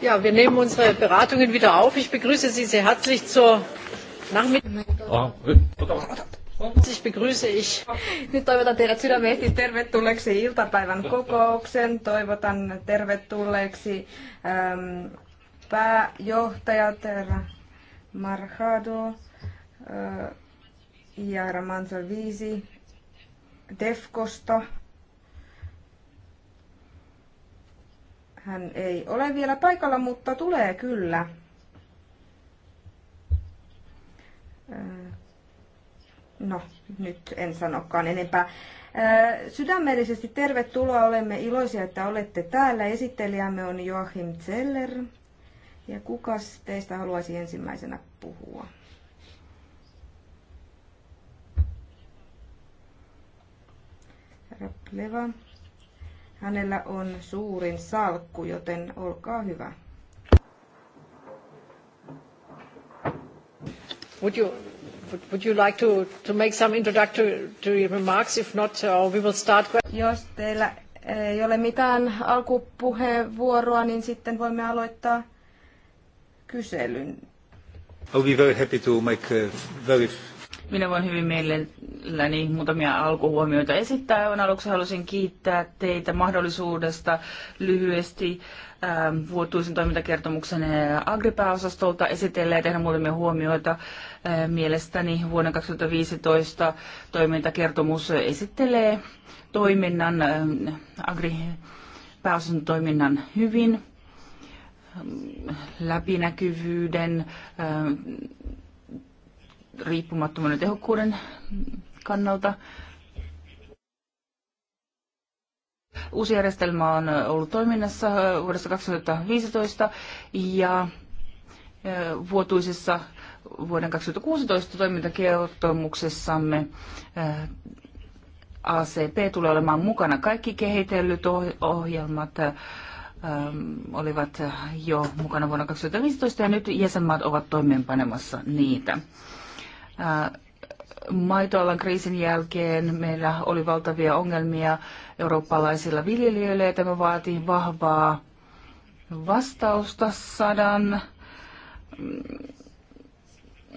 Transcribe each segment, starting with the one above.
Ja, wir nehmen unsere Beratungen wieder auf. Ich begrüße Sie sehr herzlich zur Nachmittag. Siis begrüße ich. Nyt toivotan teidät sydämesti tervetulleeksi iltapäivän kokouksen. Toivotan tervetulleeksi ähm, pääjohtajat Marhado äh, ja Ramanzo Viisi Defkosta. Hän ei ole vielä paikalla, mutta tulee kyllä. Äh, no, nyt en sanokaan enempää. Äh, sydämellisesti tervetuloa, olemme iloisia, että olette täällä. Esittelijämme on Joachim Zeller. Ja kukas teistä haluaisi ensimmäisenä puhua? Herra Pleva. Hänellä on suurin salkku, joten olkaa hyvä. Would you, would, would you like to, to make some introductory remarks? If not, uh, we will start. Jos teillä ei ole mitään alkupuheenvuoroa, niin sitten voimme aloittaa kyselyn. I'll be very happy to make a very minä voin hyvin mielelläni muutamia alkuhuomioita esittää. Aivan aluksi haluaisin kiittää teitä mahdollisuudesta lyhyesti ähm, vuotuisen toimintakertomuksen äh, Agripää-osastolta esitellä ja tehdä muutamia huomioita. Äh, mielestäni vuoden 2015 toimintakertomus esittelee toiminnan, äh, agri toiminnan hyvin läpinäkyvyyden, riippumattoman tehokkuuden kannalta. Uusi järjestelmä on ollut toiminnassa vuodesta 2015 ja vuotuisessa vuoden 2016 toimintakertomuksessamme ACP tulee olemaan mukana. Kaikki kehitellyt ohjelmat olivat jo mukana vuonna 2015 ja nyt jäsenmaat ovat toimeenpanemassa niitä. Äh, maitoalan kriisin jälkeen meillä oli valtavia ongelmia eurooppalaisilla viljelijöillä ja tämä vaatii vahvaa vastausta sadan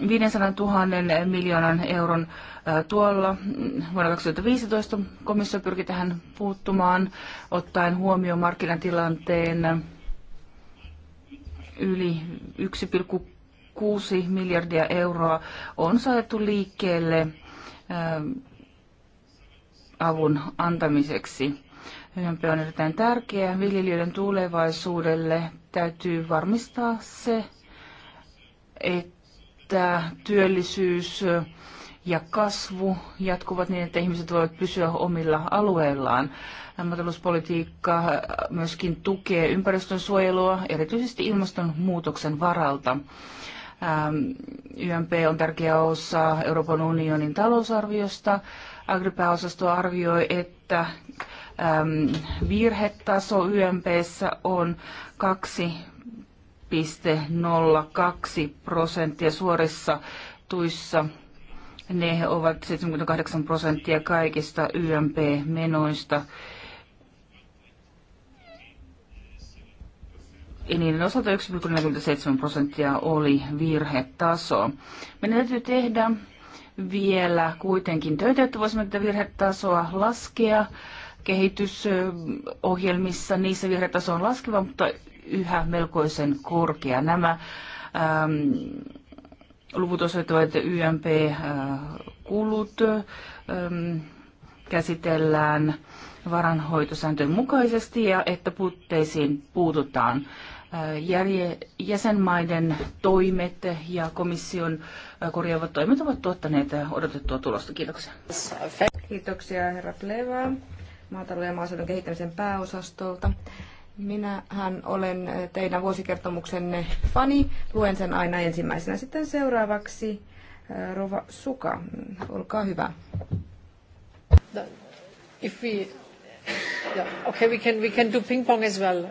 500 mm, 000 miljoonan euron äh, tuolla. Vuonna 2015 komissio pyrki tähän puuttumaan, ottaen huomioon markkinatilanteen yli 6 miljardia euroa on saatu liikkeelle ähm, avun antamiseksi. Hyömpi on erittäin tärkeää. viljelijöiden tulevaisuudelle. Täytyy varmistaa se, että työllisyys ja kasvu jatkuvat niin, että ihmiset voivat pysyä omilla alueillaan. Maatalouspolitiikka myöskin tukee ympäristönsuojelua, erityisesti ilmastonmuutoksen varalta. Ähm, YMP on tärkeä osa Euroopan unionin talousarviosta. Agripää-osasto arvioi, että ähm, virhetaso YMPssä on 2,02 prosenttia suorissa tuissa. Ne ovat 78 prosenttia kaikista YMP-menoista. ja niiden osalta 1,47 prosenttia oli virhetaso. Meidän täytyy tehdä vielä kuitenkin töitä, että voisimme tätä virhetasoa laskea kehitysohjelmissa. Niissä virhetaso on laskeva, mutta yhä melkoisen korkea. Nämä ähm, luvut osoittavat, että YMP-kulut äh, ähm, käsitellään varanhoitosääntöjen mukaisesti ja että puutteisiin puututaan jäsenmaiden toimet ja komission korjaavat toimet ovat tuottaneet odotettua tulosta. Kiitoksia. Kiitoksia herra Pleva maatalouden ja maaseudun kehittämisen pääosastolta. Minähän olen teidän vuosikertomuksenne fani. Luen sen aina ensimmäisenä. Sitten seuraavaksi Rova Suka. Olkaa hyvä. If we, yeah, okay, we can, we can do ping pong as well.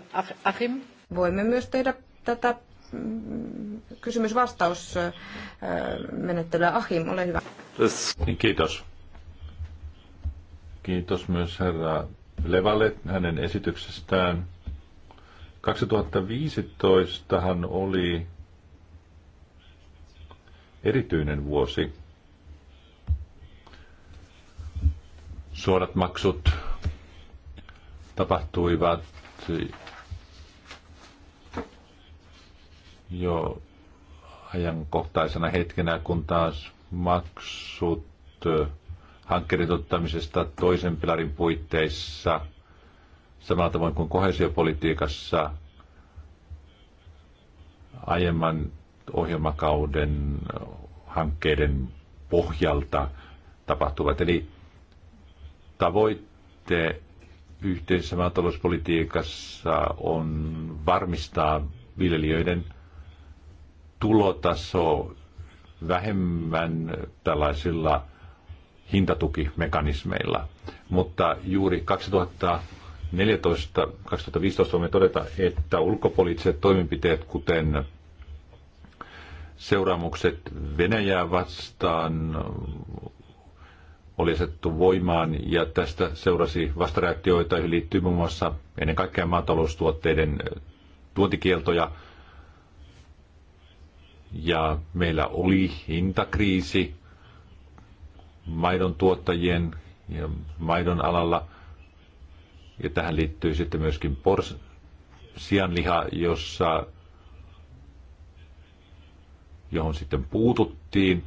Achim? Voimme myös tehdä tätä mm, kysymys-vastausmenettelyä. Ahim, ole hyvä. Niin, kiitos. Kiitos myös herra Levalle hänen esityksestään. 2015 hän oli erityinen vuosi. Suorat maksut tapahtuivat jo ajankohtaisena hetkenä, kun taas maksut hankkeiden ottamisesta toisen pilarin puitteissa, samalla tavoin kuin kohesiopolitiikassa, aiemman ohjelmakauden hankkeiden pohjalta tapahtuvat. Eli tavoitte yhteisessä maatalouspolitiikassa on varmistaa viljelijöiden – tulotaso vähemmän tällaisilla hintatukimekanismeilla. Mutta juuri 2014-2015 voimme todeta, että ulkopoliittiset toimenpiteet, kuten seuraamukset Venäjää vastaan, oli asettu voimaan ja tästä seurasi vastareaktioita, joihin liittyy muun muassa ennen kaikkea maataloustuotteiden tuontikieltoja – ja meillä oli hintakriisi maidon tuottajien ja maidon alalla. Ja tähän liittyy sitten myöskin pors, sianliha, jossa, johon sitten puututtiin.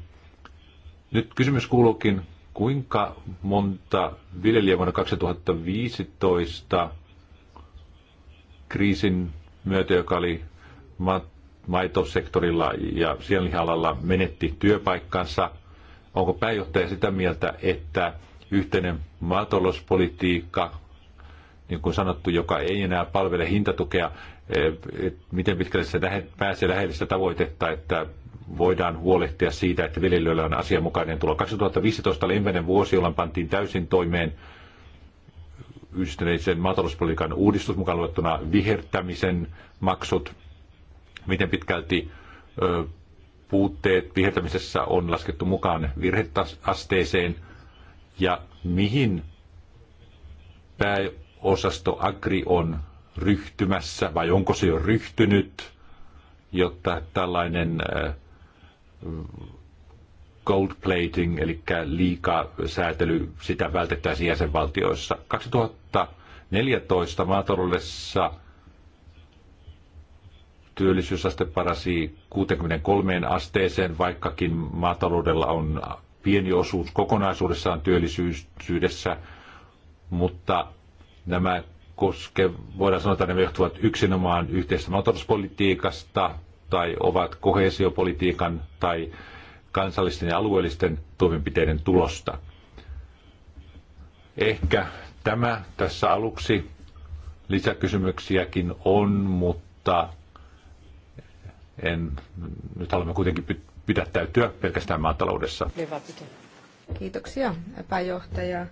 Nyt kysymys kuuluukin, kuinka monta viljelijää vuonna 2015 kriisin myötä, joka oli mat- maitosektorilla ja sienlihalalla menetti työpaikkansa. Onko pääjohtaja sitä mieltä, että yhteinen maatalouspolitiikka, niin kuin sanottu, joka ei enää palvele hintatukea, eh, miten pitkälle se pääsee lähelle sitä tavoitetta, että voidaan huolehtia siitä, että viljelijöillä on asianmukainen tulo. 2015 oli ensimmäinen vuosi, jolloin pantiin täysin toimeen yhdistyneisen maatalouspolitiikan uudistus, mukaan luettuna vihertämisen maksut, miten pitkälti puutteet vihertämisessä on laskettu mukaan virhetasteeseen ja mihin pääosasto Agri on ryhtymässä vai onko se jo ryhtynyt, jotta tällainen gold plating, eli liikasäätely, sitä vältettäisiin jäsenvaltioissa. 2014 maataloudessa työllisyysaste parasi 63 asteeseen, vaikkakin maataloudella on pieni osuus kokonaisuudessaan työllisyydessä, mutta nämä koske, voidaan sanoa, että ne johtuvat yksinomaan yhteisestä maatalouspolitiikasta tai ovat kohesiopolitiikan tai kansallisten ja alueellisten toimenpiteiden tulosta. Ehkä tämä tässä aluksi lisäkysymyksiäkin on, mutta en, nyt haluamme kuitenkin pidättäytyä pelkästään maataloudessa. Kiitoksia, pääjohtaja.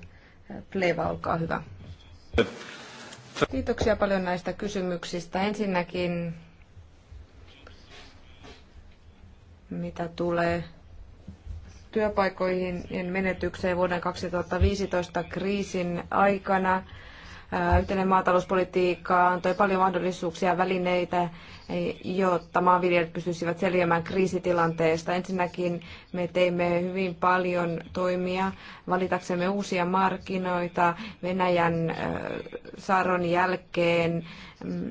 Pleva, olkaa hyvä. Kiitoksia paljon näistä kysymyksistä. Ensinnäkin, mitä tulee työpaikoihin menetykseen vuoden 2015 kriisin aikana. Yhteinen maatalouspolitiikka antoi paljon mahdollisuuksia ja välineitä jotta maanviljelijät pystyisivät selviämään kriisitilanteesta. Ensinnäkin me teimme hyvin paljon toimia valitaksemme uusia markkinoita Venäjän saron jälkeen mm,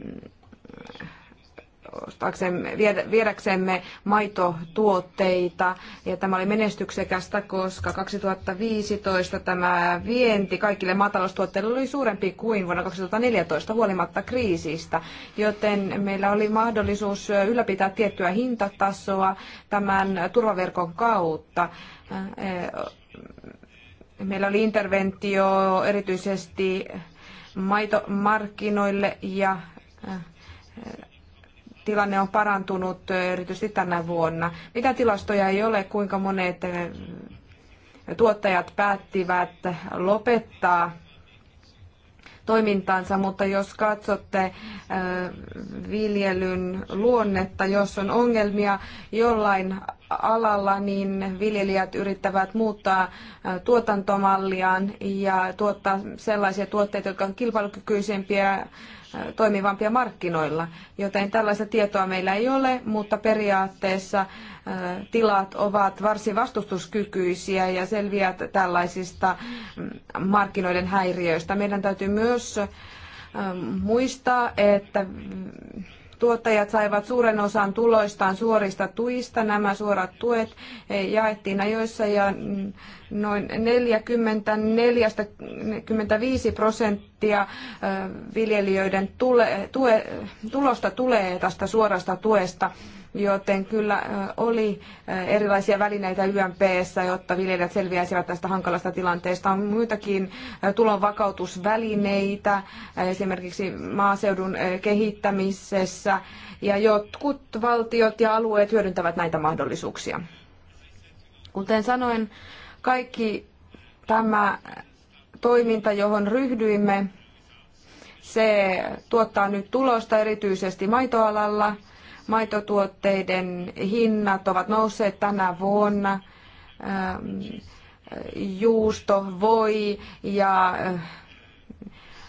viedäksemme maitotuotteita. Ja tämä oli menestyksekästä, koska 2015 tämä vienti kaikille maataloustuotteille oli suurempi kuin vuonna 2014 huolimatta kriisistä, joten meillä oli mahdollisuus ylläpitää tiettyä hintatasoa tämän turvaverkon kautta. Meillä oli interventio erityisesti maitomarkkinoille ja tilanne on parantunut erityisesti tänä vuonna. Mitä tilastoja ei ole, kuinka monet tuottajat päättivät lopettaa toimintaansa, mutta jos katsotte viljelyn luonnetta, jos on ongelmia jollain alalla, niin viljelijät yrittävät muuttaa tuotantomalliaan ja tuottaa sellaisia tuotteita, jotka on kilpailukykyisempiä toimivampia markkinoilla, joten tällaista tietoa meillä ei ole, mutta periaatteessa tilat ovat varsin vastustuskykyisiä ja selviät tällaisista mm, markkinoiden häiriöistä. Meidän täytyy myös muistaa, että Tuottajat saivat suuren osan tuloistaan suorista tuista. Nämä suorat tuet eh, jaettiin ajoissa ja mm, noin 40-45 prosenttia eh, viljelijöiden tule, tue, tulosta tulee tästä suorasta tuesta joten kyllä oli erilaisia välineitä YMPssä, jotta viljelijät selviäisivät tästä hankalasta tilanteesta. On muitakin tulonvakautusvälineitä, esimerkiksi maaseudun kehittämisessä, ja jotkut valtiot ja alueet hyödyntävät näitä mahdollisuuksia. Kuten sanoin, kaikki tämä toiminta, johon ryhdyimme, se tuottaa nyt tulosta erityisesti maitoalalla – Maitotuotteiden hinnat ovat nousseet tänä vuonna. Ähm, juusto, voi ja äh,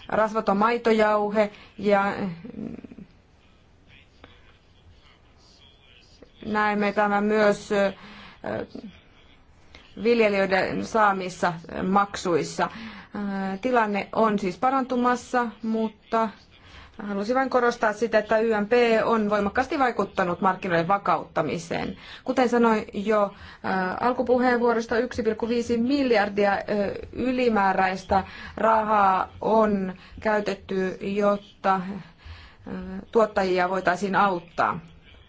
rasvaton maitojauhe ja äh, näemme tämä myös äh, viljelijöiden saamissa maksuissa. Tilanne on siis parantumassa, mutta Haluaisin vain korostaa sitä, että YMP on voimakkaasti vaikuttanut markkinoiden vakauttamiseen. Kuten sanoin jo äh, alkupuheenvuorosta, 1,5 miljardia äh, ylimääräistä rahaa on käytetty, jotta äh, tuottajia voitaisiin auttaa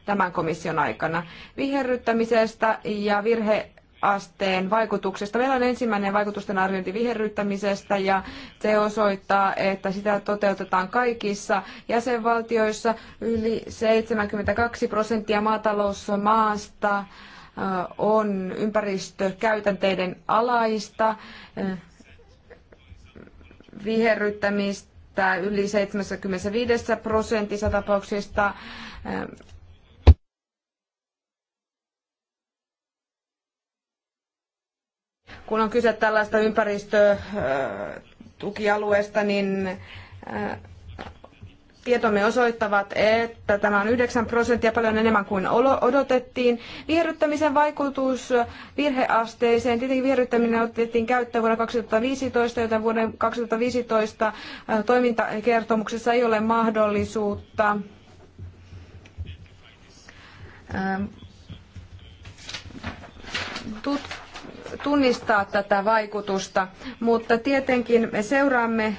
tämän komission aikana. Viherryttämisestä ja virhe asteen vaikutuksesta. Meillä on ensimmäinen vaikutusten arviointi viherryttämisestä ja se osoittaa, että sitä toteutetaan kaikissa jäsenvaltioissa. Yli 72 prosenttia maatalousmaasta on ympäristökäytänteiden alaista viherryttämistä yli 75 prosentissa tapauksista kun on kyse tällaista ympäristötukialueesta, niin äh, tietomme osoittavat, että tämä on 9 prosenttia paljon enemmän kuin odotettiin. Viherryttämisen vaikutus virheasteeseen, tietenkin viherryttäminen otettiin käyttöön vuonna 2015, joten vuoden 2015 äh, toimintakertomuksessa ei ole mahdollisuutta ähm, tutkia tunnistaa tätä vaikutusta, mutta tietenkin me seuraamme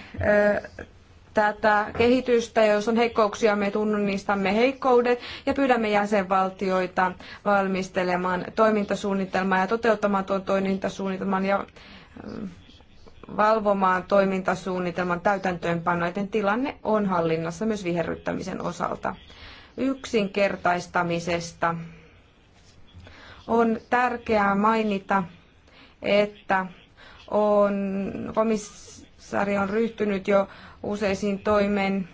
tätä kehitystä. Jos on heikkouksia, me tunnistamme heikkoudet ja pyydämme jäsenvaltioita valmistelemaan toimintasuunnitelmaa ja toteuttamaan tuon toimintasuunnitelman ja valvomaan toimintasuunnitelman täytäntöönpanoa, joten tilanne on hallinnassa myös viherryttämisen osalta. Yksinkertaistamisesta on tärkeää mainita, että on, komissaari on ryhtynyt jo useisiin toimeen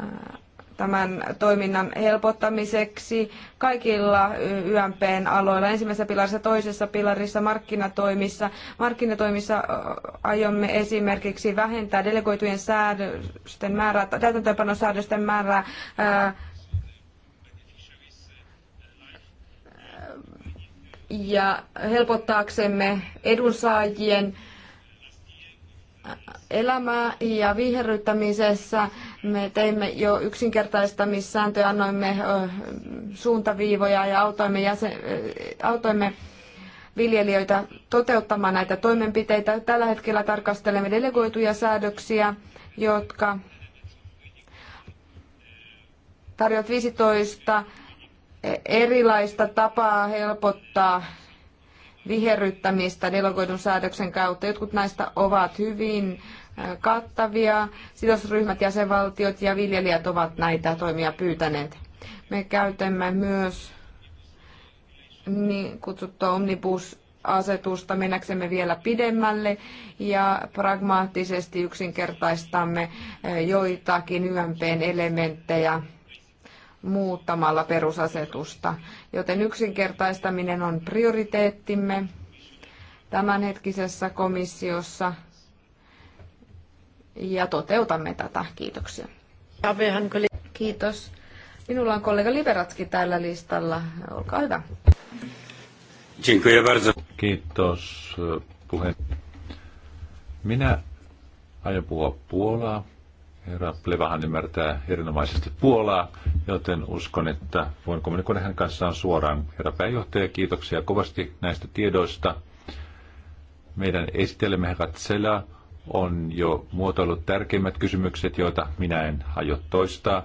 äh, tämän toiminnan helpottamiseksi kaikilla YMPn aloilla, ensimmäisessä pilarissa, toisessa pilarissa, markkinatoimissa. Markkinatoimissa aiomme esimerkiksi vähentää delegoitujen säädösten määrää, täytäntöönpanosäädösten määrää ja helpottaaksemme edunsaajien elämää ja viherryttämisessä. Me teimme jo yksinkertaistamissääntöjä, annoimme suuntaviivoja ja autoimme, jäsen, autoimme viljelijöitä toteuttamaan näitä toimenpiteitä. Tällä hetkellä tarkastelemme delegoituja säädöksiä, jotka tarjoavat 15 erilaista tapaa helpottaa viherryttämistä delegoidun säädöksen kautta. Jotkut näistä ovat hyvin kattavia. Sidosryhmät, jäsenvaltiot ja viljelijät ovat näitä toimia pyytäneet. Me käytämme myös niin kutsuttua omnibus-asetusta mennäksemme vielä pidemmälle ja pragmaattisesti yksinkertaistamme joitakin YMPn elementtejä muuttamalla perusasetusta, joten yksinkertaistaminen on prioriteettimme tämänhetkisessä komissiossa ja toteutamme tätä. Kiitoksia. Kiitos. Minulla on kollega Liberatski täällä listalla. Olkaa hyvä. Kiitos puhe. Minä aion puhua Puolaa Herra Plevahan ymmärtää erinomaisesti Puolaa, joten uskon, että voin kommunikoida hänen kanssaan suoraan. Herra pääjohtaja, kiitoksia kovasti näistä tiedoista. Meidän esittelemme herra Tsela on jo muotoillut tärkeimmät kysymykset, joita minä en aio toistaa.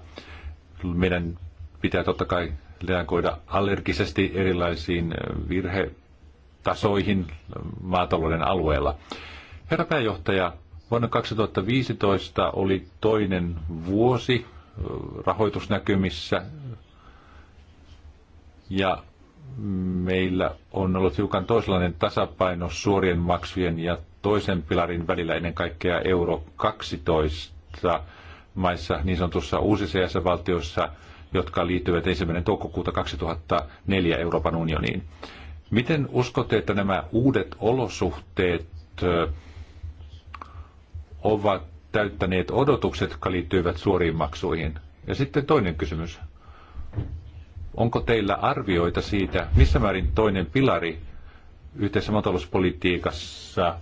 Meidän pitää totta kai reagoida allergisesti erilaisiin äh, virhetasoihin maatalouden alueella. Herra pääjohtaja, Vuonna 2015 oli toinen vuosi rahoitusnäkymissä ja meillä on ollut hiukan toisenlainen tasapaino suorien maksujen ja toisen pilarin välillä ennen kaikkea euro 12 maissa, niin sanotussa uusissa jäsenvaltioissa, jotka liittyvät 1. toukokuuta 2004 Euroopan unioniin. Miten uskotte, että nämä uudet olosuhteet ovat täyttäneet odotukset, jotka liittyvät suoriin maksuihin? Ja sitten toinen kysymys. Onko teillä arvioita siitä, missä määrin toinen pilari yhteisessä maatalouspolitiikassa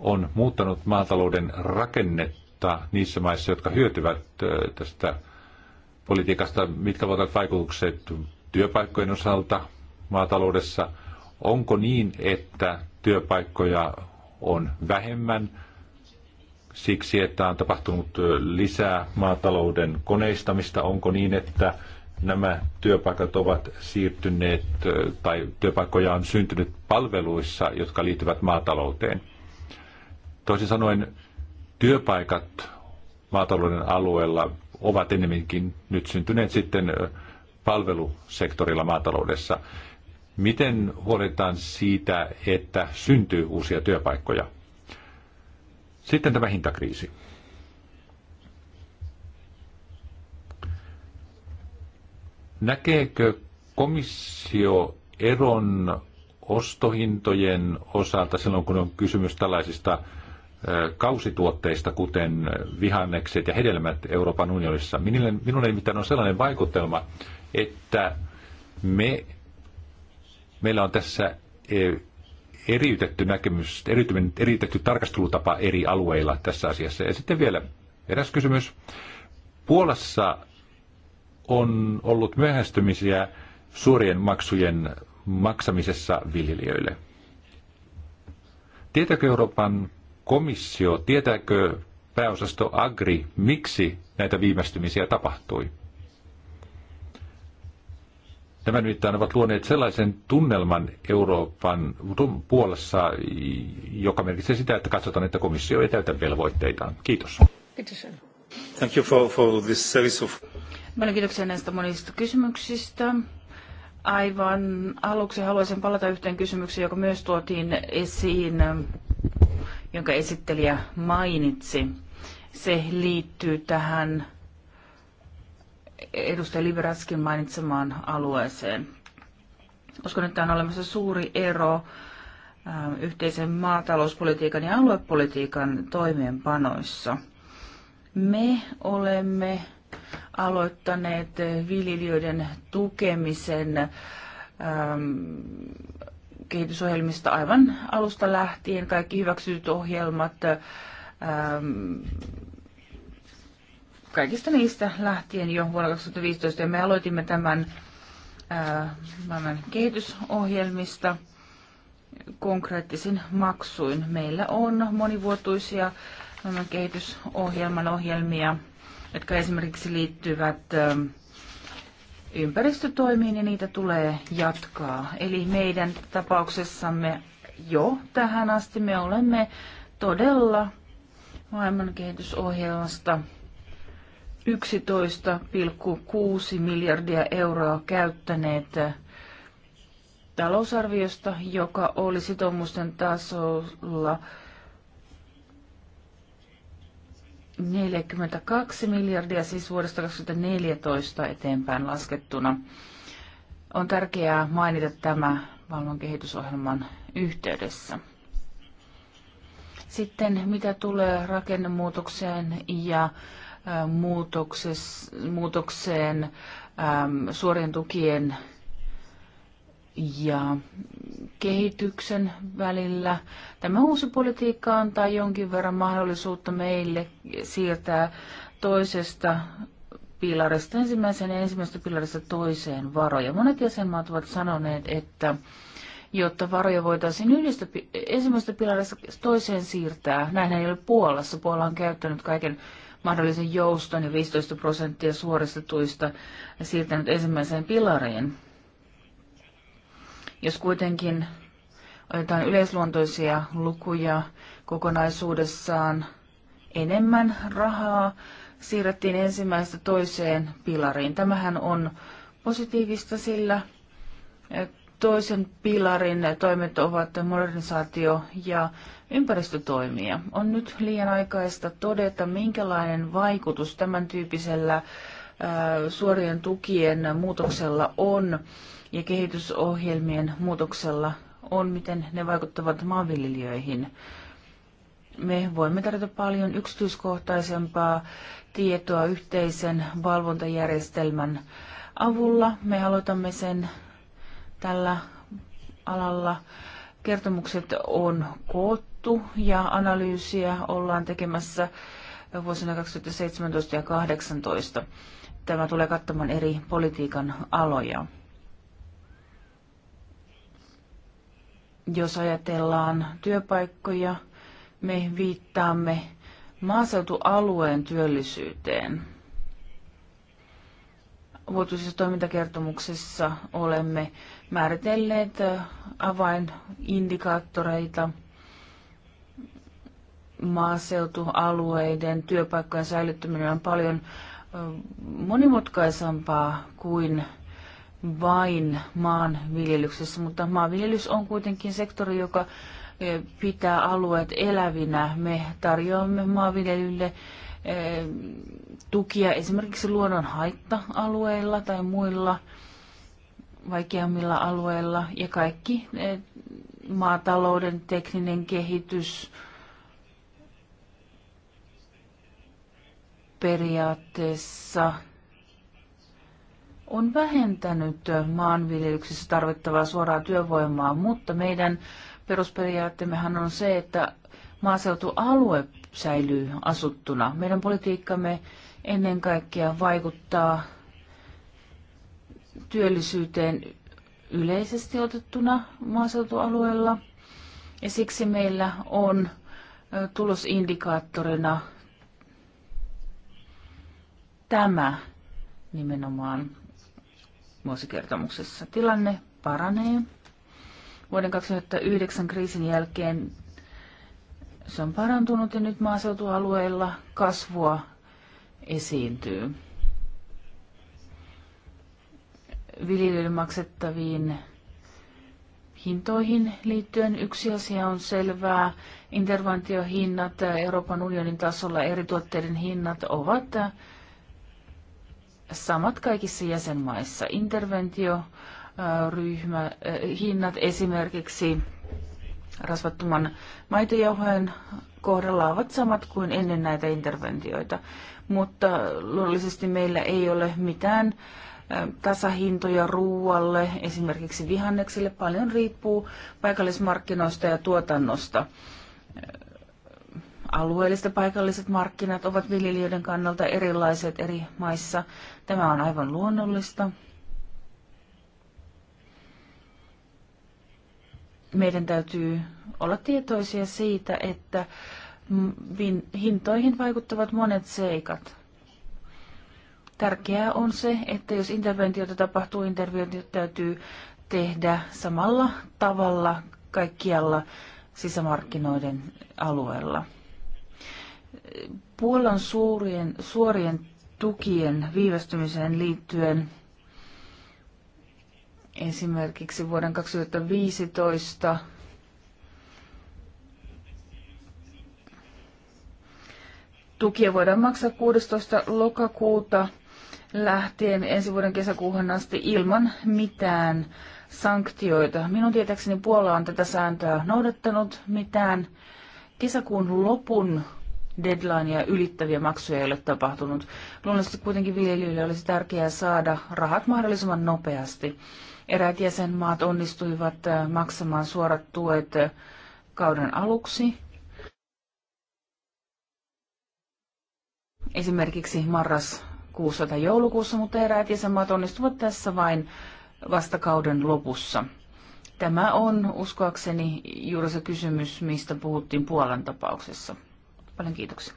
on muuttanut maatalouden rakennetta niissä maissa, jotka hyötyvät tästä politiikasta, mitkä ovat vaikutukset työpaikkojen osalta maataloudessa. Onko niin, että työpaikkoja on vähemmän siksi, että on tapahtunut lisää maatalouden koneistamista? Onko niin, että nämä työpaikat ovat siirtyneet tai työpaikkoja on syntynyt palveluissa, jotka liittyvät maatalouteen? Toisin sanoen, työpaikat maatalouden alueella ovat enemmänkin nyt syntyneet sitten palvelusektorilla maataloudessa. Miten huolehditaan siitä, että syntyy uusia työpaikkoja? Sitten tämä hintakriisi. Näkeekö komissio eron ostohintojen osalta silloin, kun on kysymys tällaisista kausituotteista, kuten vihannekset ja hedelmät Euroopan unionissa. Minun ei mitään on sellainen vaikutelma, että me, meillä on tässä eriytetty näkemys, eriytetty, eriytetty tarkastelutapa eri alueilla tässä asiassa. Ja sitten vielä eräs kysymys. Puolassa on ollut myöhästymisiä suurien maksujen maksamisessa viljelijöille. Tietääkö Euroopan komissio, tietääkö pääosasto Agri, miksi näitä viivästymisiä tapahtui? Nämä nimittäin ovat luoneet sellaisen tunnelman Euroopan puolessa, joka merkitsee sitä, että katsotaan, että komissio ei täytä velvoitteitaan. Kiitos. Kiitos. Thank you for, for this series of... Paljon kiitoksia näistä monista kysymyksistä. Aivan aluksi haluaisin palata yhteen kysymykseen, joka myös tuotiin esiin, jonka esittelijä mainitsi. Se liittyy tähän edustaja Liberatskin mainitsemaan alueeseen. Uskon, että on olemassa suuri ero yhteisen maatalouspolitiikan ja aluepolitiikan toimeenpanoissa. Me olemme aloittaneet viljelijöiden tukemisen kehitysohjelmista aivan alusta lähtien. Kaikki hyväksytyt ohjelmat, kaikista niistä lähtien jo vuonna 2015, ja me aloitimme tämän ää, maailman kehitysohjelmista konkreettisin maksuin. Meillä on monivuotuisia maailman kehitysohjelman ohjelmia, jotka esimerkiksi liittyvät ää, ympäristötoimiin, ja niitä tulee jatkaa. Eli meidän tapauksessamme jo tähän asti me olemme todella maailman kehitysohjelmasta 11,6 miljardia euroa käyttäneet talousarviosta, joka oli sitoumusten tasolla 42 miljardia, siis vuodesta 2014 eteenpäin laskettuna. On tärkeää mainita tämä maailman kehitysohjelman yhteydessä. Sitten mitä tulee rakennemuutokseen ja muutokseen suorien tukien ja kehityksen välillä. Tämä uusi politiikka antaa jonkin verran mahdollisuutta meille siirtää toisesta pilarista ensimmäisen ja ensimmäisestä pilarista toiseen varoja. Monet jäsenmaat ovat sanoneet, että jotta varoja voitaisiin yhdestä, ensimmäisestä pilarista toiseen siirtää. Näin ei ole Puolassa. Puola on käyttänyt kaiken mahdollisen jouston ja 15 prosenttia suorista tuista siirtänyt ensimmäiseen pilariin. Jos kuitenkin otetaan yleisluontoisia lukuja kokonaisuudessaan enemmän rahaa, siirrettiin ensimmäistä toiseen pilariin. Tämähän on positiivista, sillä toisen pilarin toimet ovat modernisaatio ja ympäristötoimia. On nyt liian aikaista todeta, minkälainen vaikutus tämän tyyppisellä äh, suorien tukien muutoksella on ja kehitysohjelmien muutoksella on, miten ne vaikuttavat maanviljelijöihin. Me voimme tarjota paljon yksityiskohtaisempaa tietoa yhteisen valvontajärjestelmän avulla. Me aloitamme sen tällä alalla. Kertomukset on koottu ja analyysiä ollaan tekemässä vuosina 2017 ja 2018. Tämä tulee kattamaan eri politiikan aloja. Jos ajatellaan työpaikkoja, me viittaamme maaseutualueen työllisyyteen vuotuisessa toimintakertomuksessa olemme määritelleet äh, avainindikaattoreita maaseutualueiden työpaikkojen säilyttäminen on paljon äh, monimutkaisempaa kuin vain maanviljelyksessä, mutta maanviljelys on kuitenkin sektori, joka äh, pitää alueet elävinä. Me tarjoamme maanviljelylle tukia esimerkiksi luonnon haitta-alueilla tai muilla vaikeammilla alueilla ja kaikki maatalouden tekninen kehitys periaatteessa on vähentänyt maanviljelyksessä tarvittavaa suoraa työvoimaa, mutta meidän perusperiaatteemmehan on se, että maaseutualue säilyy asuttuna. Meidän politiikkamme ennen kaikkea vaikuttaa työllisyyteen yleisesti otettuna maaseutualueella. Ja siksi meillä on tulosindikaattorina tämä nimenomaan vuosikertomuksessa. Tilanne paranee. Vuoden 2009 kriisin jälkeen se on parantunut ja nyt maaseutualueilla kasvua esiintyy. Viljelijöille maksettaviin hintoihin liittyen yksi asia on selvää. Interventiohinnat Euroopan unionin tasolla eri tuotteiden hinnat ovat samat kaikissa jäsenmaissa. Interventioryhmä, eh, hinnat esimerkiksi rasvattoman maitojauhojen kohdalla ovat samat kuin ennen näitä interventioita. Mutta luonnollisesti meillä ei ole mitään tasahintoja ruualle, esimerkiksi vihanneksille. Paljon riippuu paikallismarkkinoista ja tuotannosta. Alueelliset paikalliset markkinat ovat viljelijöiden kannalta erilaiset eri maissa. Tämä on aivan luonnollista. meidän täytyy olla tietoisia siitä, että hintoihin vaikuttavat monet seikat. Tärkeää on se, että jos interventiota tapahtuu, interventio täytyy tehdä samalla tavalla kaikkialla sisämarkkinoiden alueella. Puolan suurien, suorien tukien viivästymiseen liittyen Esimerkiksi vuoden 2015 tukia voidaan maksaa 16. lokakuuta lähtien ensi vuoden kesäkuuhun asti ilman mitään sanktioita. Minun tietääkseni Puola on tätä sääntöä noudattanut mitään. Kesäkuun lopun deadlinea ylittäviä maksuja ei ole tapahtunut. Luonnollisesti kuitenkin viljelijöille olisi tärkeää saada rahat mahdollisimman nopeasti. Eräät jäsenmaat onnistuivat äh, maksamaan suorat tuet äh, kauden aluksi. Esimerkiksi marraskuussa tai joulukuussa, mutta eräät jäsenmaat onnistuvat tässä vain vastakauden lopussa. Tämä on uskoakseni juuri se kysymys, mistä puhuttiin Puolan tapauksessa. Paljon kiitoksia.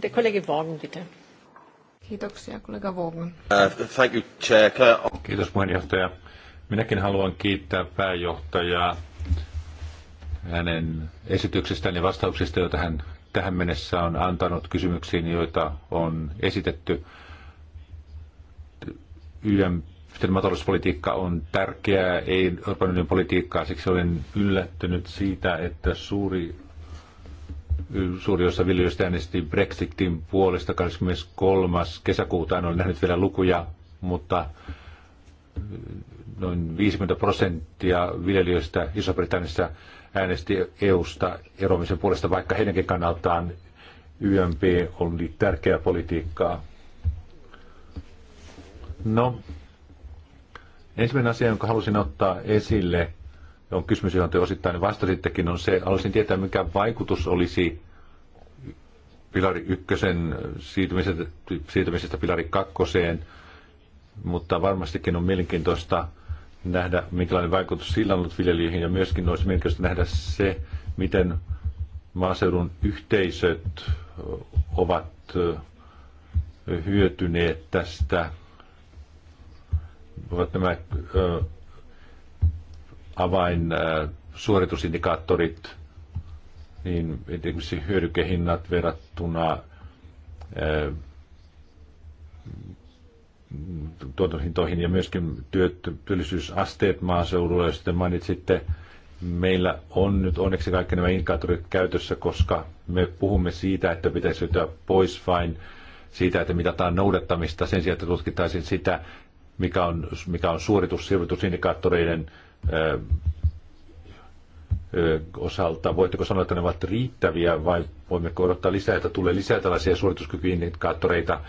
Te Vaughan, bitte. Kiitoksia, kollega Vaughan. Uh, thank you, chair. Kiitos puheenjohtaja. Minäkin haluan kiittää pääjohtajaa hänen esityksestään ja vastauksista, joita hän tähän mennessä on antanut kysymyksiin, joita on esitetty. YM maatalouspolitiikka on tärkeää, ei Euroopan unionin politiikkaa. Siksi olen yllättynyt siitä, että suuri suuri osa viljelijöistä äänesti Brexitin puolesta 23. kesäkuuta. En ole nähnyt vielä lukuja, mutta eh, noin 50 prosenttia viljelijöistä Iso-Britanniassa äänesti EUsta eroamisen puolesta, vaikka heidänkin kannaltaan YMP oli tärkeää politiikkaa. No, ensimmäinen asia, jonka halusin ottaa esille, on kysymys, johon te osittain vastasittekin, on se, haluaisin tietää, mikä vaikutus olisi pilari ykkösen siirtymisestä, siirtymisestä pilari kakkoseen, mutta varmastikin on mielenkiintoista nähdä, minkälainen vaikutus sillä on ollut viljelijöihin, ja myöskin olisi mielenkiintoista nähdä se, miten maaseudun yhteisöt ovat hyötyneet tästä, ovat nämä avain äh, suoritusindikaattorit, niin esimerkiksi hyödykehinnat verrattuna äh, tuotantohintoihin ja myöskin työllisyysasteet maaseudulla, Ja sitten mainitsitte, meillä on nyt onneksi kaikki nämä indikaattorit käytössä, koska me puhumme siitä, että pitäisi löytyä pois vain siitä, että mitataan noudattamista sen sijaan, että tutkittaisiin sitä, mikä on, mikä on suoritus sijoitusindikaattoreiden osalta? Voitteko sanoa, että ne ovat riittäviä vai voimmeko odottaa lisää, että tulee lisää tällaisia suorituskykyindikaattoreita,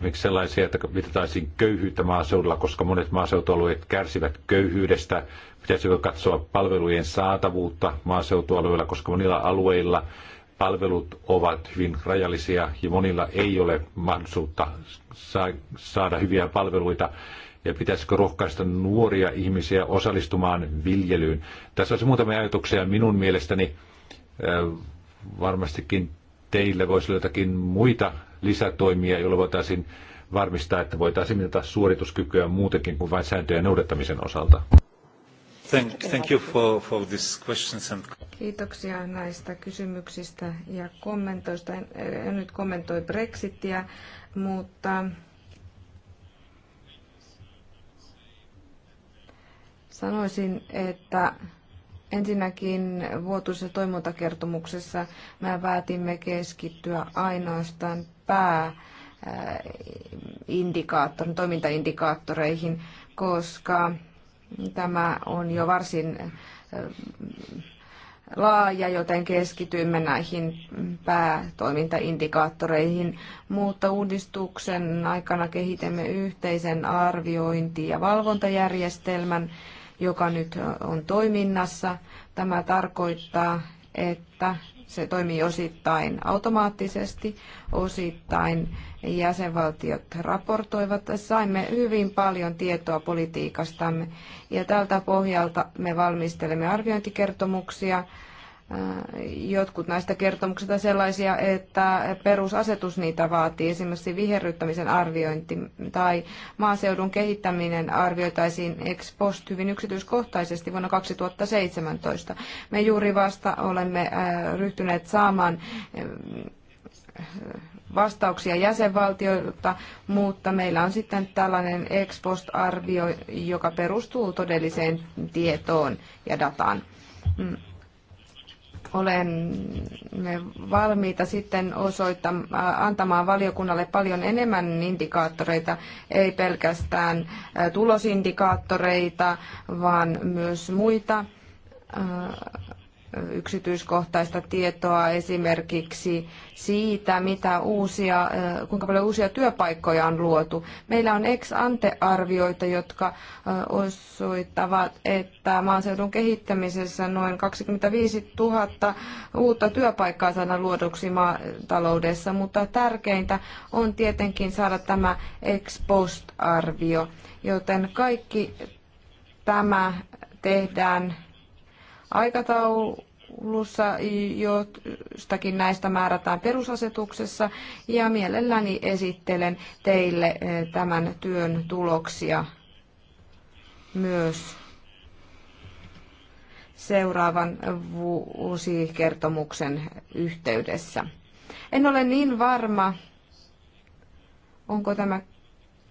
miksi sellaisia, että mitataisiin köyhyyttä maaseudulla, koska monet maaseutualueet kärsivät köyhyydestä? Pitäisikö katsoa palvelujen saatavuutta maaseutualueilla, koska monilla alueilla palvelut ovat hyvin rajallisia ja monilla ei ole mahdollisuutta saada hyviä palveluita ja pitäisikö rohkaista nuoria ihmisiä osallistumaan viljelyyn. Tässä olisi muutamia ajatuksia minun mielestäni. Varmastikin teille voisi olla jotakin muita lisätoimia, joilla voitaisiin varmistaa, että voitaisiin mitata suorituskykyä muutenkin kuin vain sääntöjen noudattamisen osalta. Thank, thank you for, for these questions and... Kiitoksia näistä kysymyksistä ja kommentoista. En, en nyt kommentoi Brexitia, mutta Sanoisin, että ensinnäkin vuotuisessa toimintakertomuksessa me päätimme keskittyä ainoastaan pää toimintaindikaattoreihin, koska tämä on jo varsin laaja, joten keskityimme näihin päätoimintaindikaattoreihin, mutta uudistuksen aikana kehitämme yhteisen arviointi- ja valvontajärjestelmän, joka nyt on toiminnassa. Tämä tarkoittaa, että se toimii osittain automaattisesti, osittain jäsenvaltiot raportoivat. Saimme hyvin paljon tietoa politiikastamme ja tältä pohjalta me valmistelemme arviointikertomuksia Jotkut näistä kertomuksista sellaisia, että perusasetus niitä vaatii, esimerkiksi viherryttämisen arviointi tai maaseudun kehittäminen arvioitaisiin ex post hyvin yksityiskohtaisesti vuonna 2017. Me juuri vasta olemme äh, ryhtyneet saamaan äh, vastauksia jäsenvaltioilta, mutta meillä on sitten tällainen ex post-arvio, joka perustuu todelliseen tietoon ja dataan. Mm olemme valmiita sitten osoittamaan, antamaan valiokunnalle paljon enemmän indikaattoreita, ei pelkästään tulosindikaattoreita, vaan myös muita yksityiskohtaista tietoa esimerkiksi siitä, mitä uusia, kuinka paljon uusia työpaikkoja on luotu. Meillä on ex-ante-arvioita, jotka osoittavat, että maaseudun kehittämisessä noin 25 000 uutta työpaikkaa saadaan luoduksi maataloudessa, mutta tärkeintä on tietenkin saada tämä ex-post-arvio, joten kaikki tämä tehdään aikataulussa, jostakin näistä määrätään perusasetuksessa ja mielelläni esittelen teille eh, tämän työn tuloksia myös seuraavan vuosikertomuksen yhteydessä. En ole niin varma, onko tämä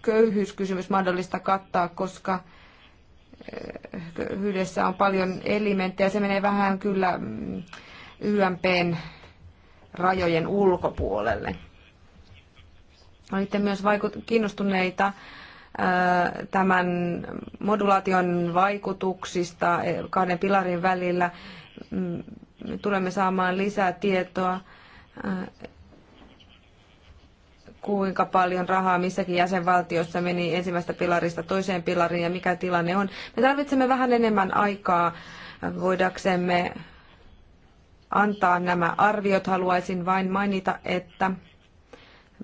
köyhyyskysymys mahdollista kattaa, koska hyydessä on paljon elementtejä. Se menee vähän kyllä mm, YMPn rajojen ulkopuolelle. Olitte myös vaikut- kiinnostuneita tämän modulaation vaikutuksista e, kahden pilarin välillä. Mm, me tulemme saamaan lisää tietoa kuinka paljon rahaa missäkin jäsenvaltiossa meni ensimmäistä pilarista toiseen pilariin ja mikä tilanne on. Me tarvitsemme vähän enemmän aikaa voidaksemme antaa nämä arviot. Haluaisin vain mainita, että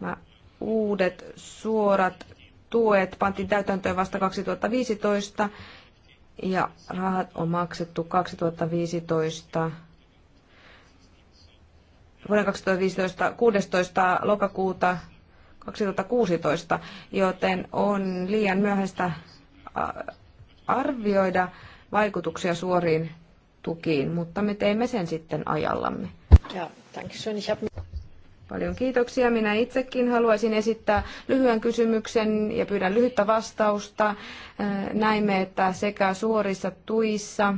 nämä uudet suorat tuet pantiin täytäntöön vasta 2015 ja rahat on maksettu 2015 vuoden 2015 16. lokakuuta 2016, joten on liian myöhäistä arvioida vaikutuksia suoriin tukiin, mutta me teemme sen sitten ajallamme. Ja, Paljon kiitoksia. Minä itsekin haluaisin esittää lyhyen kysymyksen ja pyydän lyhyttä vastausta. Näimme, että sekä suorissa tuissa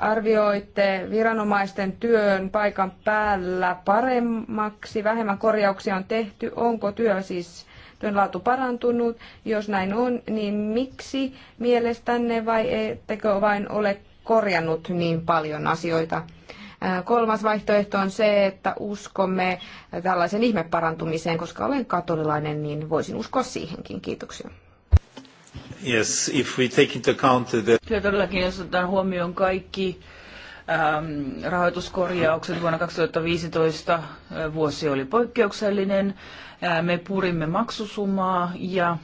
arvioitte viranomaisten työn paikan päällä paremmaksi, vähemmän korjauksia on tehty, onko työ siis työn laatu parantunut, jos näin on, niin miksi mielestänne vai ettekö vain ole korjannut niin paljon asioita? Äh, kolmas vaihtoehto on se, että uskomme tällaisen ihmeparantumiseen, koska olen katolilainen, niin voisin uskoa siihenkin. Kiitoksia. Yes, if we take into account the... Kyllä todellakin, jos otetaan huomioon kaikki ähm, rahoituskorjaukset vuonna 2015, äh, vuosi oli poikkeuksellinen, äh, me purimme maksusumaa ja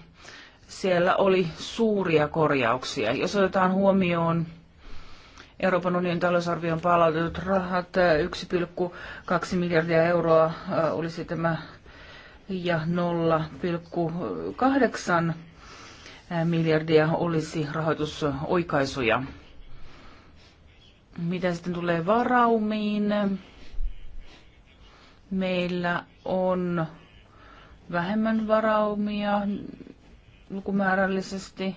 siellä oli suuria korjauksia. Jos otetaan huomioon Euroopan unionin talousarvion palautetut rahat, 1,2 äh, miljardia euroa äh, olisi tämä ja 0,8 miljardia olisi rahoitusoikaisuja. Mitä sitten tulee varaumiin? Meillä on vähemmän varaumia lukumäärällisesti.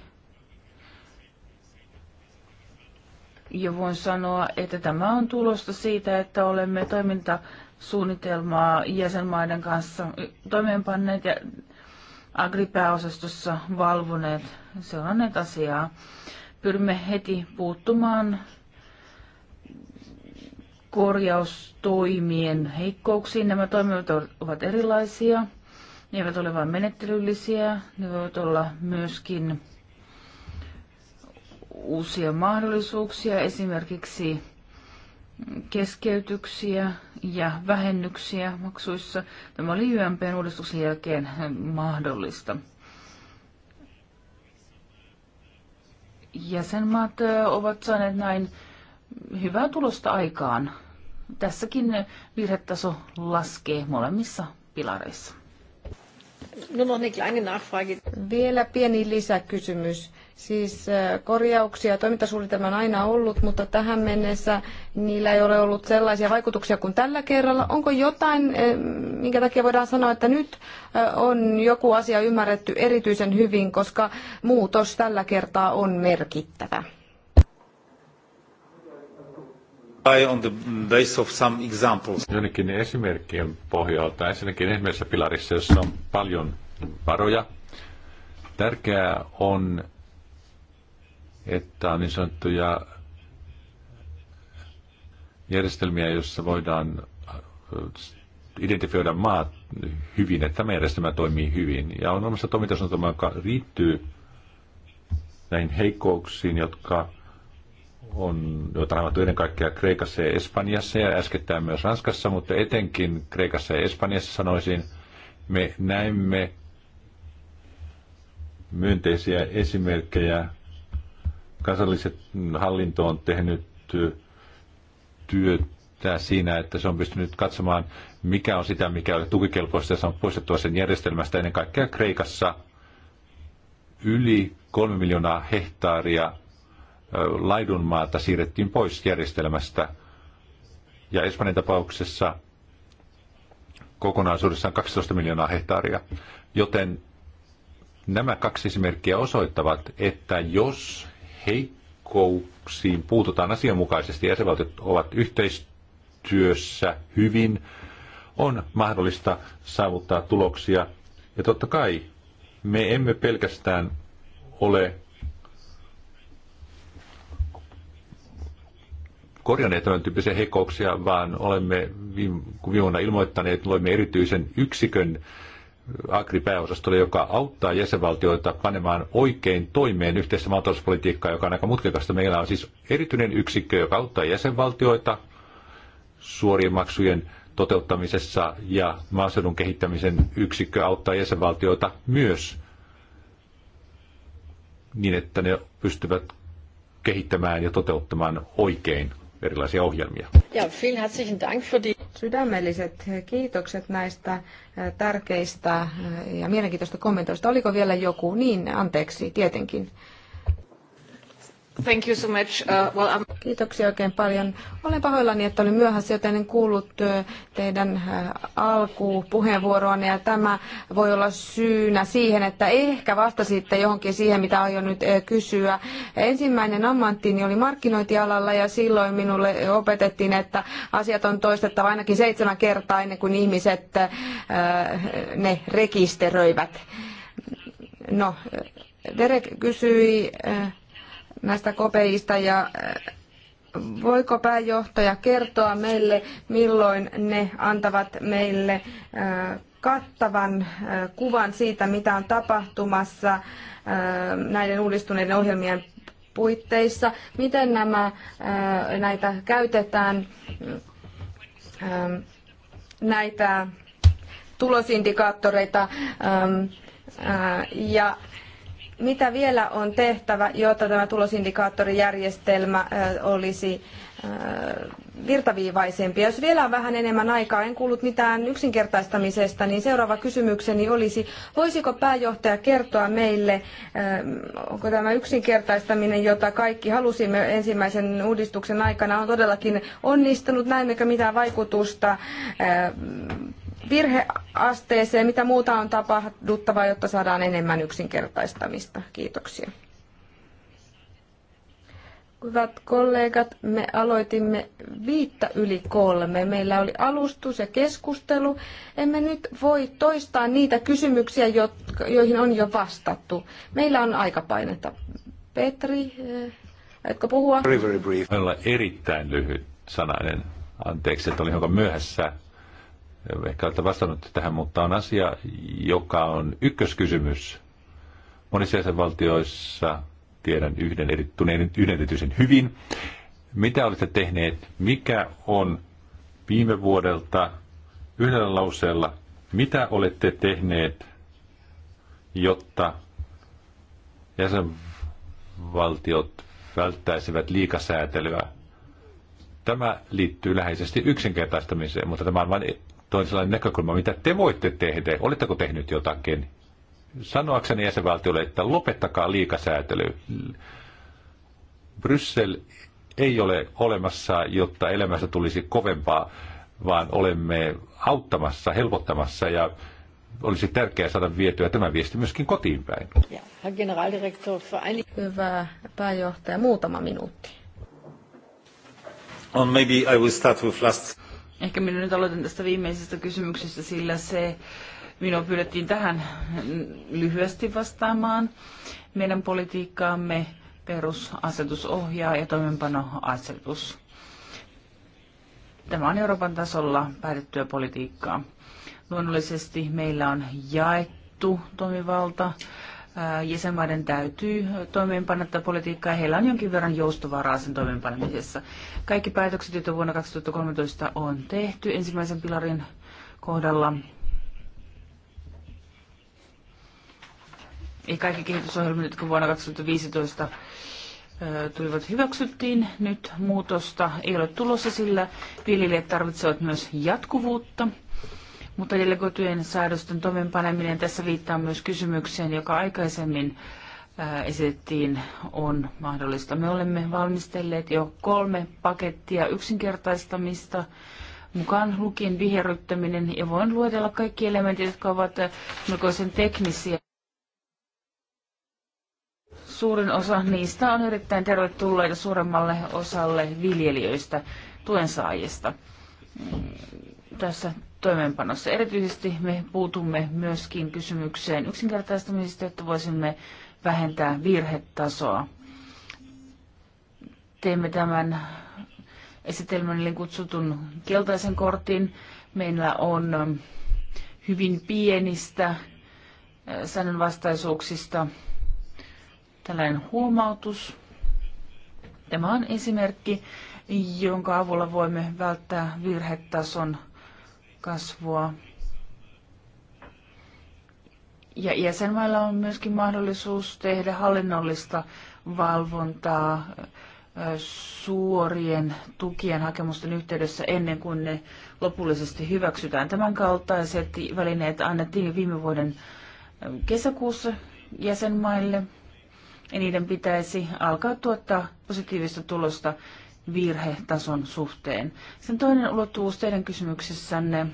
Ja voin sanoa, että tämä on tulosta siitä, että olemme toimintasuunnitelmaa jäsenmaiden kanssa toimeenpanneet ja agripääosastossa valvoneet, seuranneet asiaa. Pyrimme heti puuttumaan korjaustoimien heikkouksiin. Nämä toimet ovat erilaisia. Ne eivät ole vain menettelyllisiä, ne voivat olla myöskin uusia mahdollisuuksia, esimerkiksi keskeytyksiä ja vähennyksiä maksuissa. Tämä oli YMPn uudistuksen jälkeen mahdollista. Jäsenmaat ovat saaneet näin hyvää tulosta aikaan. Tässäkin virhetaso laskee molemmissa pilareissa. Vielä pieni lisäkysymys. Siis äh, korjauksia toimintasuunnitelma on aina ollut, mutta tähän mennessä niillä ei ole ollut sellaisia vaikutuksia kuin tällä kerralla. Onko jotain, äh, minkä takia voidaan sanoa, että nyt äh, on joku asia ymmärretty erityisen hyvin, koska muutos tällä kertaa on merkittävä? on the base of some examples. Jonnekin esimerkkien pohjalta. Ensinnäkin ensimmäisessä pilarissa, jossa on paljon varoja, tärkeää on että on niin sanottuja järjestelmiä, joissa voidaan äh, identifioida maat hyvin, että tämä järjestelmä toimii hyvin. Ja on olemassa toimintasuunnitelma, joka riittyy näihin heikkouksiin, jotka on, joita on ennen kaikkea Kreikassa ja Espanjassa ja äskettäin myös Ranskassa, mutta etenkin Kreikassa ja Espanjassa sanoisin, me näemme myönteisiä esimerkkejä kansalliset hallinto on tehnyt työtä siinä, että se on pystynyt katsomaan, mikä on sitä, mikä on tukikelpoista, ja se on poistettua sen järjestelmästä ennen kaikkea Kreikassa yli kolme miljoonaa hehtaaria laidunmaata siirrettiin pois järjestelmästä. Ja Espanjan tapauksessa kokonaisuudessaan 12 miljoonaa hehtaaria. Joten nämä kaksi esimerkkiä osoittavat, että jos heikkouksiin puututaan asianmukaisesti ja jäsenvaltiot ovat yhteistyössä hyvin, on mahdollista saavuttaa tuloksia. Ja totta kai me emme pelkästään ole korjanneet tämän tyyppisiä heikkouksia, vaan olemme viime vuonna ilmoittaneet, että loimme erityisen yksikön Agri-pääosastolle, joka auttaa jäsenvaltioita panemaan oikein toimeen yhteistä maatalouspolitiikkaa, joka on aika mutkikasta. Meillä on siis erityinen yksikkö, joka auttaa jäsenvaltioita suorien maksujen toteuttamisessa ja maaseudun kehittämisen yksikkö auttaa jäsenvaltioita myös niin, että ne pystyvät kehittämään ja toteuttamaan oikein erilaisia ohjelmia. Ja, vielen herzlichen Dank für die... Sydämelliset kiitokset näistä tärkeistä ja mielenkiintoista kommentoista. Oliko vielä joku? Niin, anteeksi, tietenkin. Thank you so much. Uh, well, I'm... Kiitoksia oikein paljon. Olen pahoillani, että olin myöhässä, joten en kuullut teidän alkupuheenvuoroanne. Ja tämä voi olla syynä siihen, että ehkä vastasitte johonkin siihen, mitä aion nyt kysyä. Ensimmäinen ammattini oli markkinointialalla ja silloin minulle opetettiin, että asiat on toistettava ainakin seitsemän kertaa ennen kuin ihmiset ne rekisteröivät. No, Derek kysyi näistä kopeista ja äh, voiko pääjohtaja kertoa meille, milloin ne antavat meille äh, kattavan äh, kuvan siitä, mitä on tapahtumassa näiden uudistuneiden ohjelmien puitteissa, miten nämä, näitä käytetään, näitä tulosindikaattoreita ähm, ja mitä vielä on tehtävä, jotta tämä tulosindikaattorijärjestelmä olisi virtaviivaisempi. Jos vielä on vähän enemmän aikaa, en kuullut mitään yksinkertaistamisesta, niin seuraava kysymykseni olisi, voisiko pääjohtaja kertoa meille, onko tämä yksinkertaistaminen, jota kaikki halusimme ensimmäisen uudistuksen aikana, on todellakin onnistunut, näemmekö mitään vaikutusta virheasteeseen, mitä muuta on tapahduttava, jotta saadaan enemmän yksinkertaistamista. Kiitoksia. Hyvät kollegat, me aloitimme viittä yli kolme. Meillä oli alustus ja keskustelu. Emme nyt voi toistaa niitä kysymyksiä, joihin on jo vastattu. Meillä on aikapainetta. Petri, eh, etkö puhua? Very, very brief. erittäin lyhyt sanainen. Anteeksi, että olin hiukan myöhässä. Ehkä olette vastannut tähän, mutta on asia, joka on ykköskysymys. Monissa jäsenvaltioissa tiedän yhden, eri, tunnen yhden erityisen hyvin. Mitä olette tehneet? Mikä on viime vuodelta yhdellä lauseella? Mitä olette tehneet, jotta jäsenvaltiot välttäisivät liikasäätelyä? Tämä liittyy läheisesti yksinkertaistamiseen, mutta tämä on vain toisenlainen näkökulma, mitä te voitte tehdä. Oletteko tehnyt jotakin? Sanoakseni jäsenvaltiolle, että lopettakaa liikasäätely. Bryssel ei ole olemassa, jotta elämässä tulisi kovempaa, vaan olemme auttamassa, helpottamassa ja olisi tärkeää saada vietyä tämä viesti myöskin kotiin päin. Hyvä pääjohtaja, muutama minuutti. On maybe I will start with last. Ehkä minä nyt aloitan tästä viimeisestä kysymyksestä, sillä se minua pyydettiin tähän lyhyesti vastaamaan. Meidän politiikkaamme perusasetus ohjaa ja toimenpanoasetus. Tämä on Euroopan tasolla päätettyä politiikkaa. Luonnollisesti meillä on jaettu toimivalta Äh, jäsenmaiden täytyy toimeenpanna tätä politiikkaa ja heillä on jonkin verran joustovaraa sen toimeenpanemisessa. Kaikki päätökset, joita vuonna 2013 on tehty ensimmäisen pilarin kohdalla, ei kaikki kehitysohjelmat, jotka vuonna 2015 äh, tulivat hyväksyttiin. Nyt muutosta ei ole tulossa, sillä viljelijät tarvitsevat myös jatkuvuutta. Mutta delegoitujen säädösten toimeenpaneminen tässä viittaa myös kysymykseen, joka aikaisemmin esitettiin, on mahdollista. Me olemme valmistelleet jo kolme pakettia yksinkertaistamista, mukaan lukien viherryttäminen, ja voin luetella kaikki elementit, jotka ovat melkoisen teknisiä. Suurin osa niistä on erittäin tervetulleita suuremmalle osalle viljelijöistä, tuen saajista. Tässä toimeenpanossa. Erityisesti me puutumme myöskin kysymykseen yksinkertaistamisesta, jotta voisimme vähentää virhetasoa. Teemme tämän esitelmän eli kutsutun keltaisen kortin. Meillä on ähm, hyvin pienistä äh, säännönvastaisuuksista tällainen huomautus. Tämä on esimerkki, jonka avulla voimme välttää virhetason kasvua. Ja jäsenmailla on myöskin mahdollisuus tehdä hallinnollista valvontaa suorien tukien hakemusten yhteydessä ennen kuin ne lopullisesti hyväksytään. Tämän kaltaiset välineet annettiin viime vuoden kesäkuussa jäsenmaille ja niiden pitäisi alkaa tuottaa positiivista tulosta virhetason suhteen. Sen toinen ulottuvuus teidän kysymyksessänne,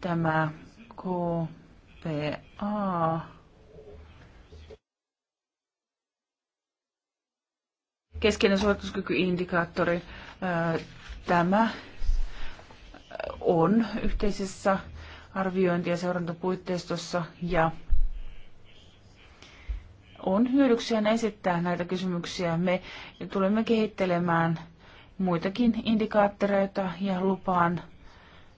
tämä KPA, keskeinen suorituskykyindikaattori, tämä on yhteisessä arviointi- ja seurantapuitteistossa ja on hyödyksiä esittää näitä kysymyksiä. Me tulemme kehittelemään muitakin indikaattoreita ja lupaan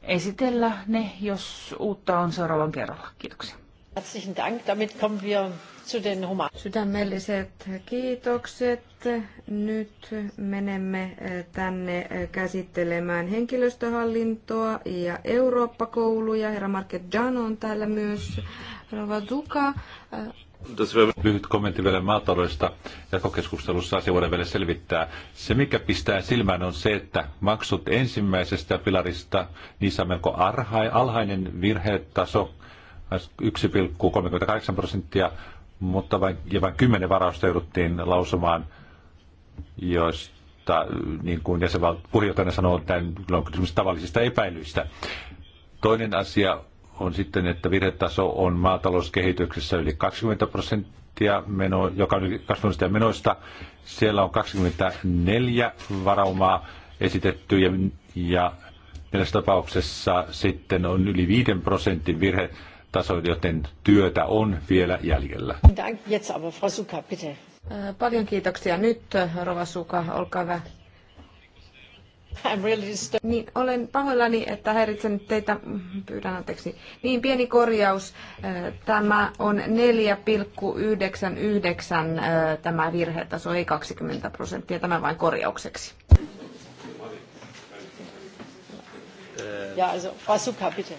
esitellä ne, jos uutta on seuraavan kerralla. Kiitoksia. Herzlichen Dank. Damit kommen wir zu den Human. Sydämelliset kiitokset. Nyt menemme eh, tänne eh, käsittelemään henkilöstöhallintoa ja Eurooppa-kouluja. Herra Market Jan on täällä myös. Rova Duka. Eh. Tässä lyhyt kommentti vielä maataloudesta. Jatkokeskustelussa asia voidaan vielä selvittää. Se, mikä pistää silmään, on se, että maksut ensimmäisestä pilarista, niissä on melko alhainen virhetaso 1,38 prosenttia, mutta vain, ja vain kymmenen varausta jouduttiin lausumaan, joista niin kuin jäsenval- puheenjohtajana sanoo, että on kysymys tavallisista epäilyistä. Toinen asia on sitten, että virhetaso on maatalouskehityksessä yli 20 prosenttia, meno, joka on 20 menoista. Siellä on 24 varaumaa esitetty ja, ja tässä tapauksessa sitten on yli 5 prosentin virhe taso, joten työtä on vielä jäljellä. Äh, paljon kiitoksia nyt, äh, Rova Suka, olkaa hyvä. Niin, olen pahoillani, että häiritsen teitä. Pyydän anteeksi. Niin, pieni korjaus. Äh, tämä on 4,99 tämä virhetaso, ei 20 prosenttia. Tämä vain korjaukseksi. Ja, also, Frau Suka, bitte.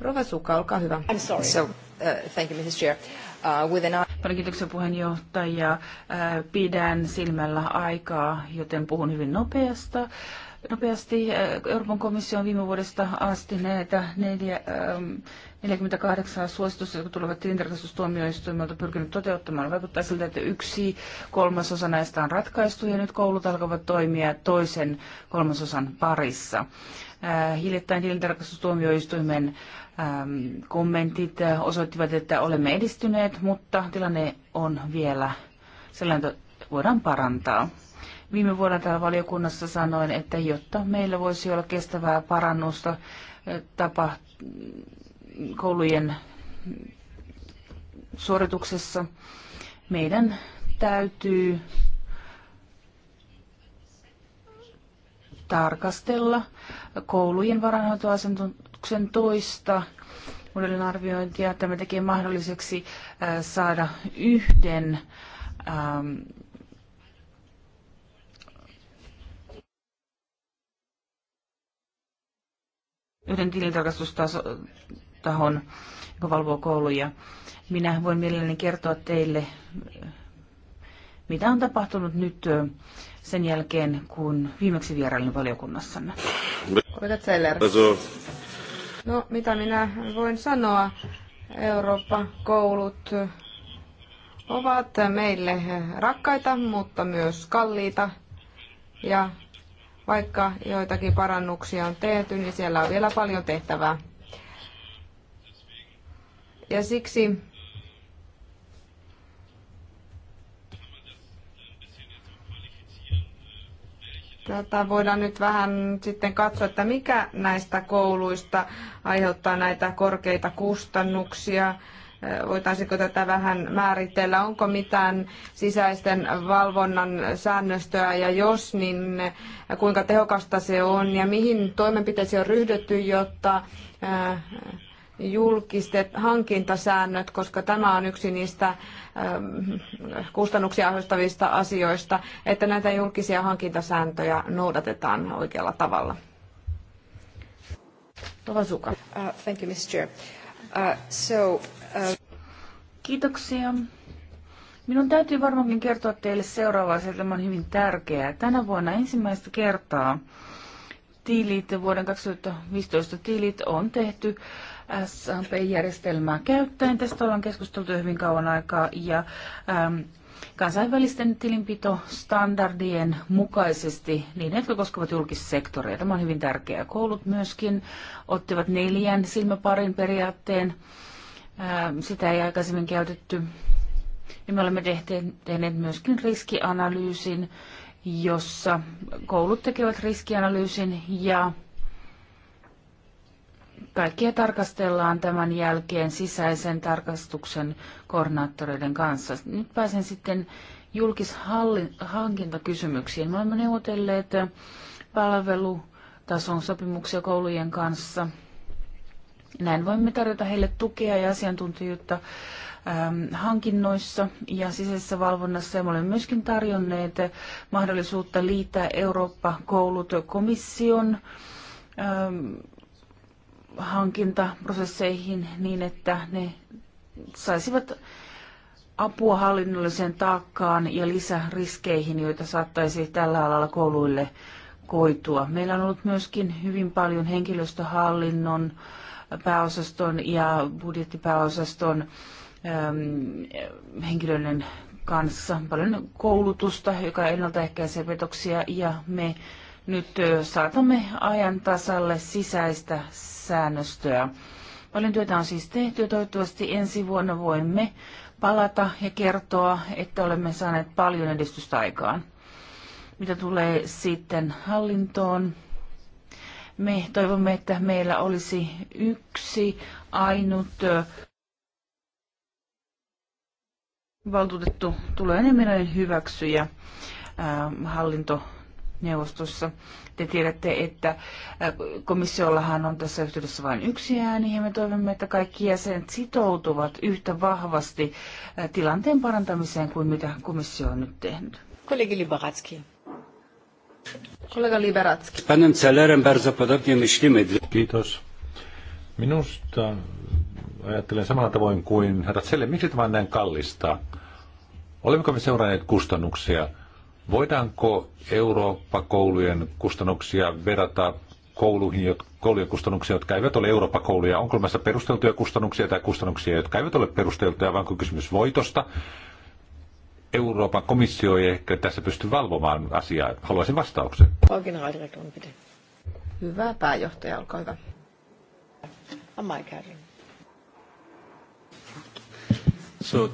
Rova olkaa hyvä. I'm sorry. So, uh, thank you, Mrs. Chair. Uh, Paljon kiitoksia puheenjohtaja. Uh, pidän silmällä aikaa, joten puhun hyvin nopeasta. Nopeasti uh, Euroopan komissio on viime vuodesta asti näitä neljä, 48 um, suositusta, jotka tulevat tilintarkastustuomioistuimelta pyrkinyt toteuttamaan. Vaikuttaa siltä, että yksi kolmasosa näistä on ratkaistu ja nyt koulut alkavat toimia toisen kolmasosan parissa. Äh, hiljattain tilintarkastustuomioistuimen ähm, kommentit äh, osoittivat, että olemme edistyneet, mutta tilanne on vielä sellainen, että voidaan parantaa. Viime vuonna täällä valiokunnassa sanoin, että jotta meillä voisi olla kestävää parannusta äh, tapa koulujen suorituksessa, meidän täytyy tarkastella koulujen varainhoitoasentuksen toista uudelleenarviointia. Tämä tekee mahdolliseksi saada yhden ähm, yhden tilintarkastustahon, joka valvoo kouluja. Minä voin mielelläni kertoa teille, mitä on tapahtunut nyt sen jälkeen, kun viimeksi vierailin valiokunnassanne? Kollega Zeller. No, mitä minä voin sanoa? Eurooppa-koulut ovat meille rakkaita, mutta myös kalliita. Ja vaikka joitakin parannuksia on tehty, niin siellä on vielä paljon tehtävää. Ja siksi tätä voidaan nyt vähän sitten katsoa, että mikä näistä kouluista aiheuttaa näitä korkeita kustannuksia. Voitaisiko tätä vähän määritellä? Onko mitään sisäisten valvonnan säännöstöä ja jos, niin kuinka tehokasta se on ja mihin toimenpiteisiin on ryhdytty, jotta julkiset hankintasäännöt, koska tämä on yksi niistä ähm, kustannuksia aiheuttavista asioista, että näitä julkisia hankintasääntöjä noudatetaan oikealla tavalla. Tovasuka. Uh, thank you, Mr. Chair. Uh, so, uh... Kiitoksia. Minun täytyy varmaankin kertoa teille seuraavaa, se tämä on hyvin tärkeää. Tänä vuonna ensimmäistä kertaa tilit, vuoden 2015 tilit on tehty SAP-järjestelmää käyttäen. Tästä ollaan keskusteltu hyvin kauan aikaa ja äm, kansainvälisten tilinpitostandardien mukaisesti, niin jotka koskevat julkissektoria. Tämä on hyvin tärkeää. Koulut myöskin ottivat neljän silmäparin periaatteen. Ähm, sitä ei aikaisemmin käytetty. Ja me olemme tehneet myöskin riskianalyysin, jossa koulut tekevät riskianalyysin ja Kaikkia tarkastellaan tämän jälkeen sisäisen tarkastuksen koordinaattoreiden kanssa. Nyt pääsen sitten julkishankintakysymyksiin. Me olemme neuvotelleet palvelutason sopimuksia koulujen kanssa. Näin voimme tarjota heille tukea ja asiantuntijuutta hankinnoissa ja sisäisessä valvonnassa. Ja me olemme myöskin tarjonneet mahdollisuutta liittää Eurooppa-koulut komission hankintaprosesseihin niin, että ne saisivat apua hallinnolliseen taakkaan ja lisäriskeihin, joita saattaisi tällä alalla kouluille koitua. Meillä on ollut myöskin hyvin paljon henkilöstöhallinnon pääosaston ja budjettipääosaston henkilöiden kanssa paljon koulutusta, joka ennaltaehkäisee petoksia ja me nyt saatamme ajan tasalle sisäistä säännöstöä. Paljon työtä on siis tehty. Toivottavasti ensi vuonna voimme palata ja kertoa, että olemme saaneet paljon edistystä aikaan. Mitä tulee sitten hallintoon, me toivomme, että meillä olisi yksi ainut valtuutettu tulee enemmän hyväksyjä hallinto neuvostossa. Te tiedätte, että äh, komissiollahan on tässä yhteydessä vain yksi ääni ja me toivomme, että kaikki jäsenet sitoutuvat yhtä vahvasti äh, tilanteen parantamiseen kuin mitä komissio on nyt tehnyt. Kollegi Liberatski. Kollega Liberatski. Panem Celerem bardzo podobnie myślimy. Kiitos. Minusta ajattelen samalla tavoin kuin herra Selle. Miksi tämä on näin kallista? Olemmeko me seuranneet kustannuksia? Voidaanko Eurooppa-koulujen kustannuksia verrata kouluihin, koulujen kustannuksia, jotka eivät ole Eurooppa-kouluja? Onko olemassa perusteltuja kustannuksia tai kustannuksia, jotka eivät ole perusteltuja, vaan kun kysymys voitosta? Euroopan komissio ei ehkä tässä pysty valvomaan asiaa. Haluaisin vastauksen. Hyvä pääjohtaja, olkaa hyvä. Am I carrying?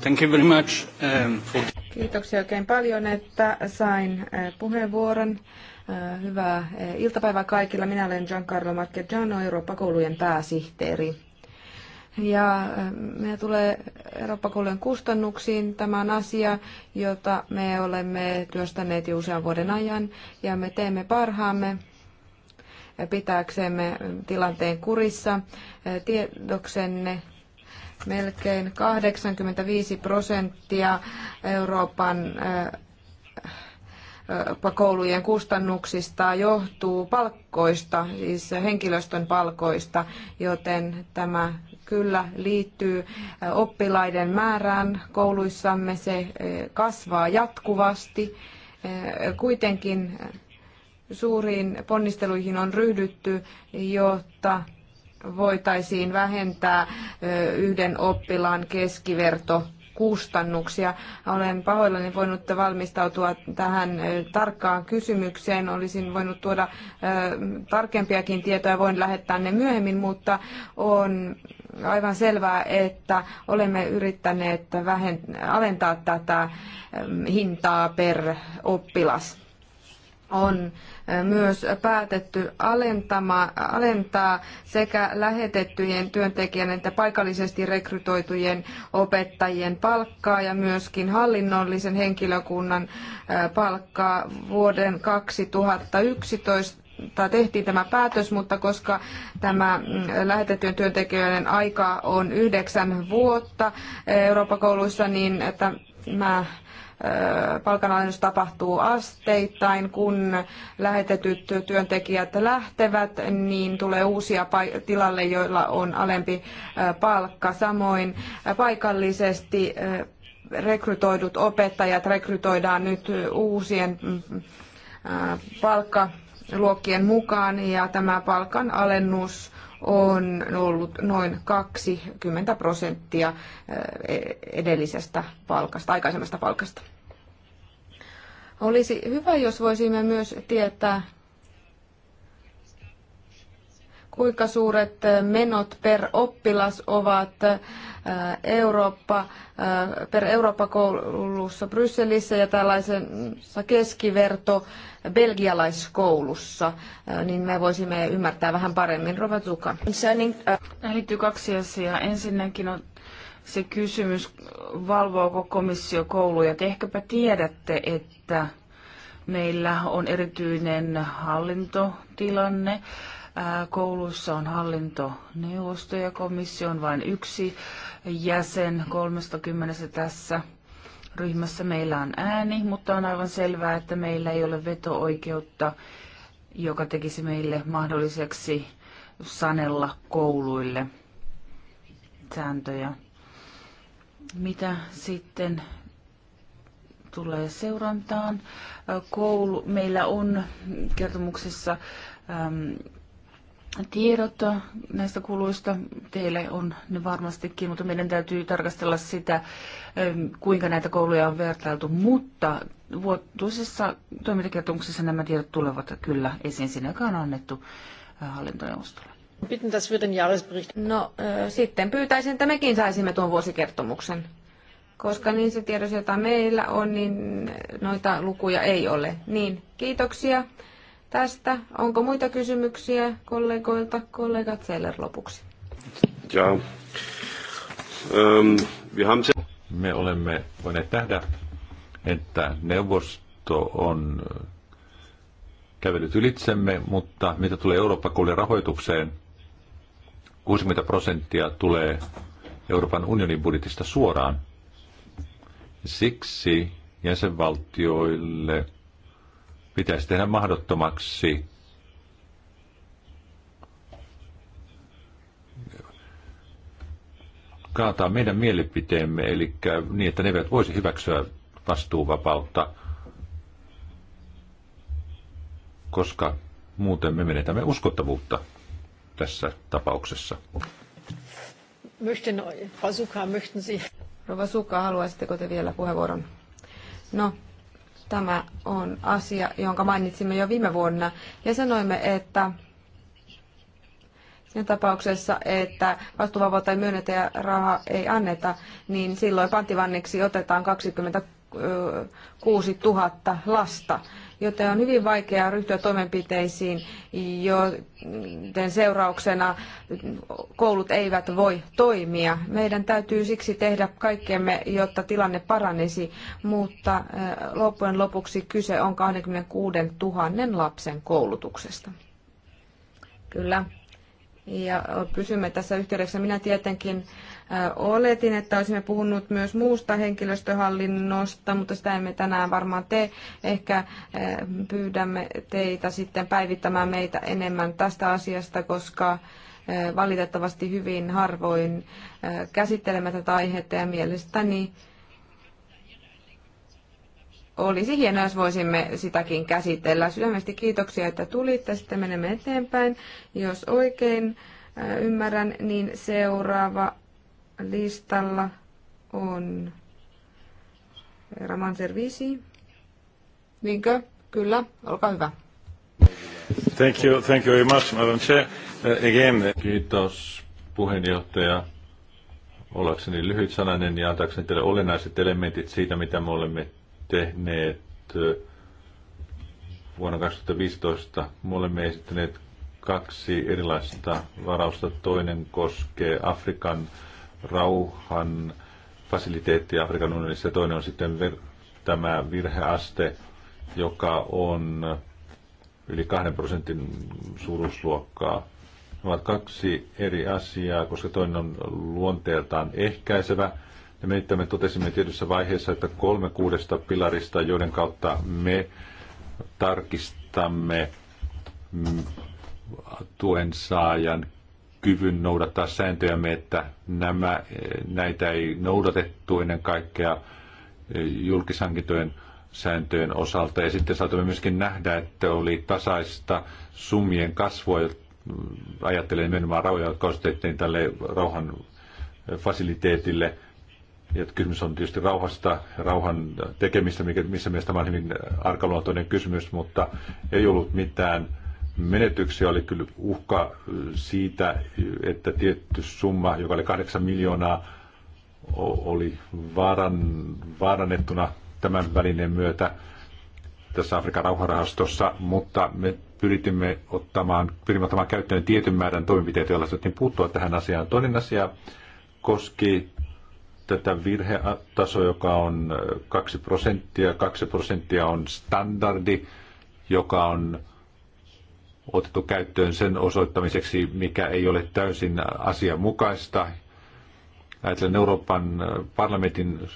thank you very much, um, for... Kiitoksia oikein paljon, että sain äh, puheenvuoron. Äh, hyvää äh, iltapäivää kaikilla. Minä olen Giancarlo Marchegiano, Eurooppa-koulujen pääsihteeri. Ja me tulee Eurooppa-koulujen kustannuksiin. Tämä on asia, jota me olemme työstäneet jo usean vuoden ajan ja me teemme parhaamme pitääksemme tilanteen kurissa. Tiedoksenne Melkein 85 prosenttia Euroopan äh, äh, koulujen kustannuksista johtuu palkkoista, siis henkilöstön palkoista, joten tämä kyllä liittyy äh, oppilaiden määrään kouluissamme. Se kasvaa jatkuvasti. Kuitenkin suuriin ponnisteluihin on ryhdytty, jotta voitaisiin vähentää yhden oppilaan keskiverto kustannuksia. Olen pahoillani voinut valmistautua tähän tarkkaan kysymykseen. Olisin voinut tuoda tarkempiakin tietoja, voin lähettää ne myöhemmin, mutta on aivan selvää, että olemme yrittäneet vähentää, alentaa tätä hintaa per oppilas on myös päätetty alentama, alentaa sekä lähetettyjen työntekijöiden että paikallisesti rekrytoitujen opettajien palkkaa ja myöskin hallinnollisen henkilökunnan palkkaa vuoden 2011 tai tehtiin tämä päätös, mutta koska tämä mm, lähetettyjen työntekijöiden aika on yhdeksän vuotta Euroopan kouluissa, niin tämä palkanalennus tapahtuu asteittain. Kun lähetetyt työntekijät lähtevät, niin tulee uusia tilalle, joilla on alempi palkka. Samoin paikallisesti rekrytoidut opettajat rekrytoidaan nyt uusien mm, palkkaluokkien mukaan ja tämä palkan alennus on ollut noin 20 prosenttia e-, edellisestä palkasta, aikaisemmasta palkasta. Olisi hyvä, jos voisimme myös tietää, kuinka suuret menot per oppilas ovat äh, Eurooppa, äh, per Eurooppa-koulussa Brysselissä ja tällaisessa keskiverto belgialaiskoulussa, äh, niin me voisimme ymmärtää vähän paremmin. Rova Zuka. Liittyy kaksi asiaa. Ensinnäkin on se kysymys, valvoako komissio kouluja. Te ehkäpä tiedätte, että meillä on erityinen hallintotilanne. Kouluissa on hallintoneuvosto ja komissio on vain yksi jäsen 30 tässä ryhmässä. Meillä on ääni, mutta on aivan selvää, että meillä ei ole veto-oikeutta, joka tekisi meille mahdolliseksi sanella kouluille sääntöjä. Mitä sitten tulee seurantaan? Koulu, meillä on kertomuksessa äm, tiedot näistä kuluista. Teille on ne varmastikin, mutta meidän täytyy tarkastella sitä, kuinka näitä kouluja on vertailtu. Mutta vuotuisessa toimintakertomuksessa nämä tiedot tulevat kyllä esiin sinne, on annettu hallintoneuvostolle. No sitten pyytäisin, että mekin saisimme tuon vuosikertomuksen, koska niin se tiedos, jota meillä on, niin noita lukuja ei ole. Niin, kiitoksia tästä. Onko muita kysymyksiä kollegoilta? Kollegat Seller lopuksi. Ja, ähm, Me olemme voineet nähdä, että neuvosto on äh, kävellyt ylitsemme, mutta mitä tulee Eurooppa rahoitukseen, 60 prosenttia tulee Euroopan unionin budjetista suoraan. Siksi jäsenvaltioille pitäisi tehdä mahdottomaksi kaataa meidän mielipiteemme, eli niin, että ne eivät voisi hyväksyä vastuuvapautta, koska muuten me menetämme uskottavuutta tässä tapauksessa. Möchten, Frau möchten Rova Suka, haluaisitteko te vielä puheenvuoron? No, tämä on asia, jonka mainitsimme jo viime vuonna ja sanoimme, että sen tapauksessa, että vastuuvapautta ei myönnetä ja rahaa ei anneta, niin silloin panttivanniksi otetaan 26 000 lasta joten on hyvin vaikeaa ryhtyä toimenpiteisiin, joten seurauksena koulut eivät voi toimia. Meidän täytyy siksi tehdä kaikkemme, jotta tilanne paranisi, mutta loppujen lopuksi kyse on 26 000 lapsen koulutuksesta. Kyllä. Ja pysymme tässä yhteydessä. Minä tietenkin Oletin, että olisimme puhunut myös muusta henkilöstöhallinnosta, mutta sitä emme tänään varmaan tee. Ehkä pyydämme teitä sitten päivittämään meitä enemmän tästä asiasta, koska valitettavasti hyvin harvoin käsittelemme tätä aihetta ja mielestäni olisi hienoa, jos voisimme sitäkin käsitellä. Sydämesti kiitoksia, että tulitte. Sitten menemme eteenpäin. Jos oikein ymmärrän, niin seuraava listalla on Raman Servisi. Niinkö? Kyllä, olkaa hyvä. Thank you, thank you very much, Madam Chair. Uh, again. Uh, Kiitos puheenjohtaja. Ollakseni lyhyt sananen ja antaakseni teille olennaiset elementit siitä, mitä me olemme tehneet uh, vuonna 2015. Me olemme esittäneet kaksi erilaista varausta. Toinen koskee Afrikan rauhan fasiliteetti Afrikan unionissa. Toinen on sitten ver- tämä virheaste, joka on yli kahden prosentin suuruusluokkaa. Ne ovat kaksi eri asiaa, koska toinen on luonteeltaan ehkäisevä. Ja me, me totesimme tietyssä vaiheessa, että kolme kuudesta pilarista, joiden kautta me tarkistamme mm, tuen saajan kyvyn noudattaa sääntöjämme, että nämä, näitä ei noudatettu ennen kaikkea e, julkishankintojen sääntöjen osalta. Ja sitten saatamme myöskin nähdä, että oli tasaista summien kasvua, ajattelen nimenomaan rauja, jotka ostettiin tälle rauhan fasiliteetille. Ja kysymys on tietysti rauhasta, rauhan tekemistä, missä mielestäni tämä on hyvin arkaluontoinen kysymys, mutta ei ollut mitään menetyksiä oli kyllä uhka äh, siitä, että tietty summa, joka oli 8 miljoonaa, oli vaaran, vaarannettuna tämän välineen myötä tässä Afrikan rauharahastossa, mutta me pyritimme ottamaan, pyrimme ottamaan käyttöön tietyn määrän toimenpiteitä, joilla saatiin puuttua tähän asiaan. Toinen asia koski tätä virhetaso, joka on 2 äh, prosenttia. 2 prosenttia on standardi, joka on otettu käyttöön sen osoittamiseksi, mikä ei ole täysin asianmukaista. Ajattelen Euroopan äh, parlamentin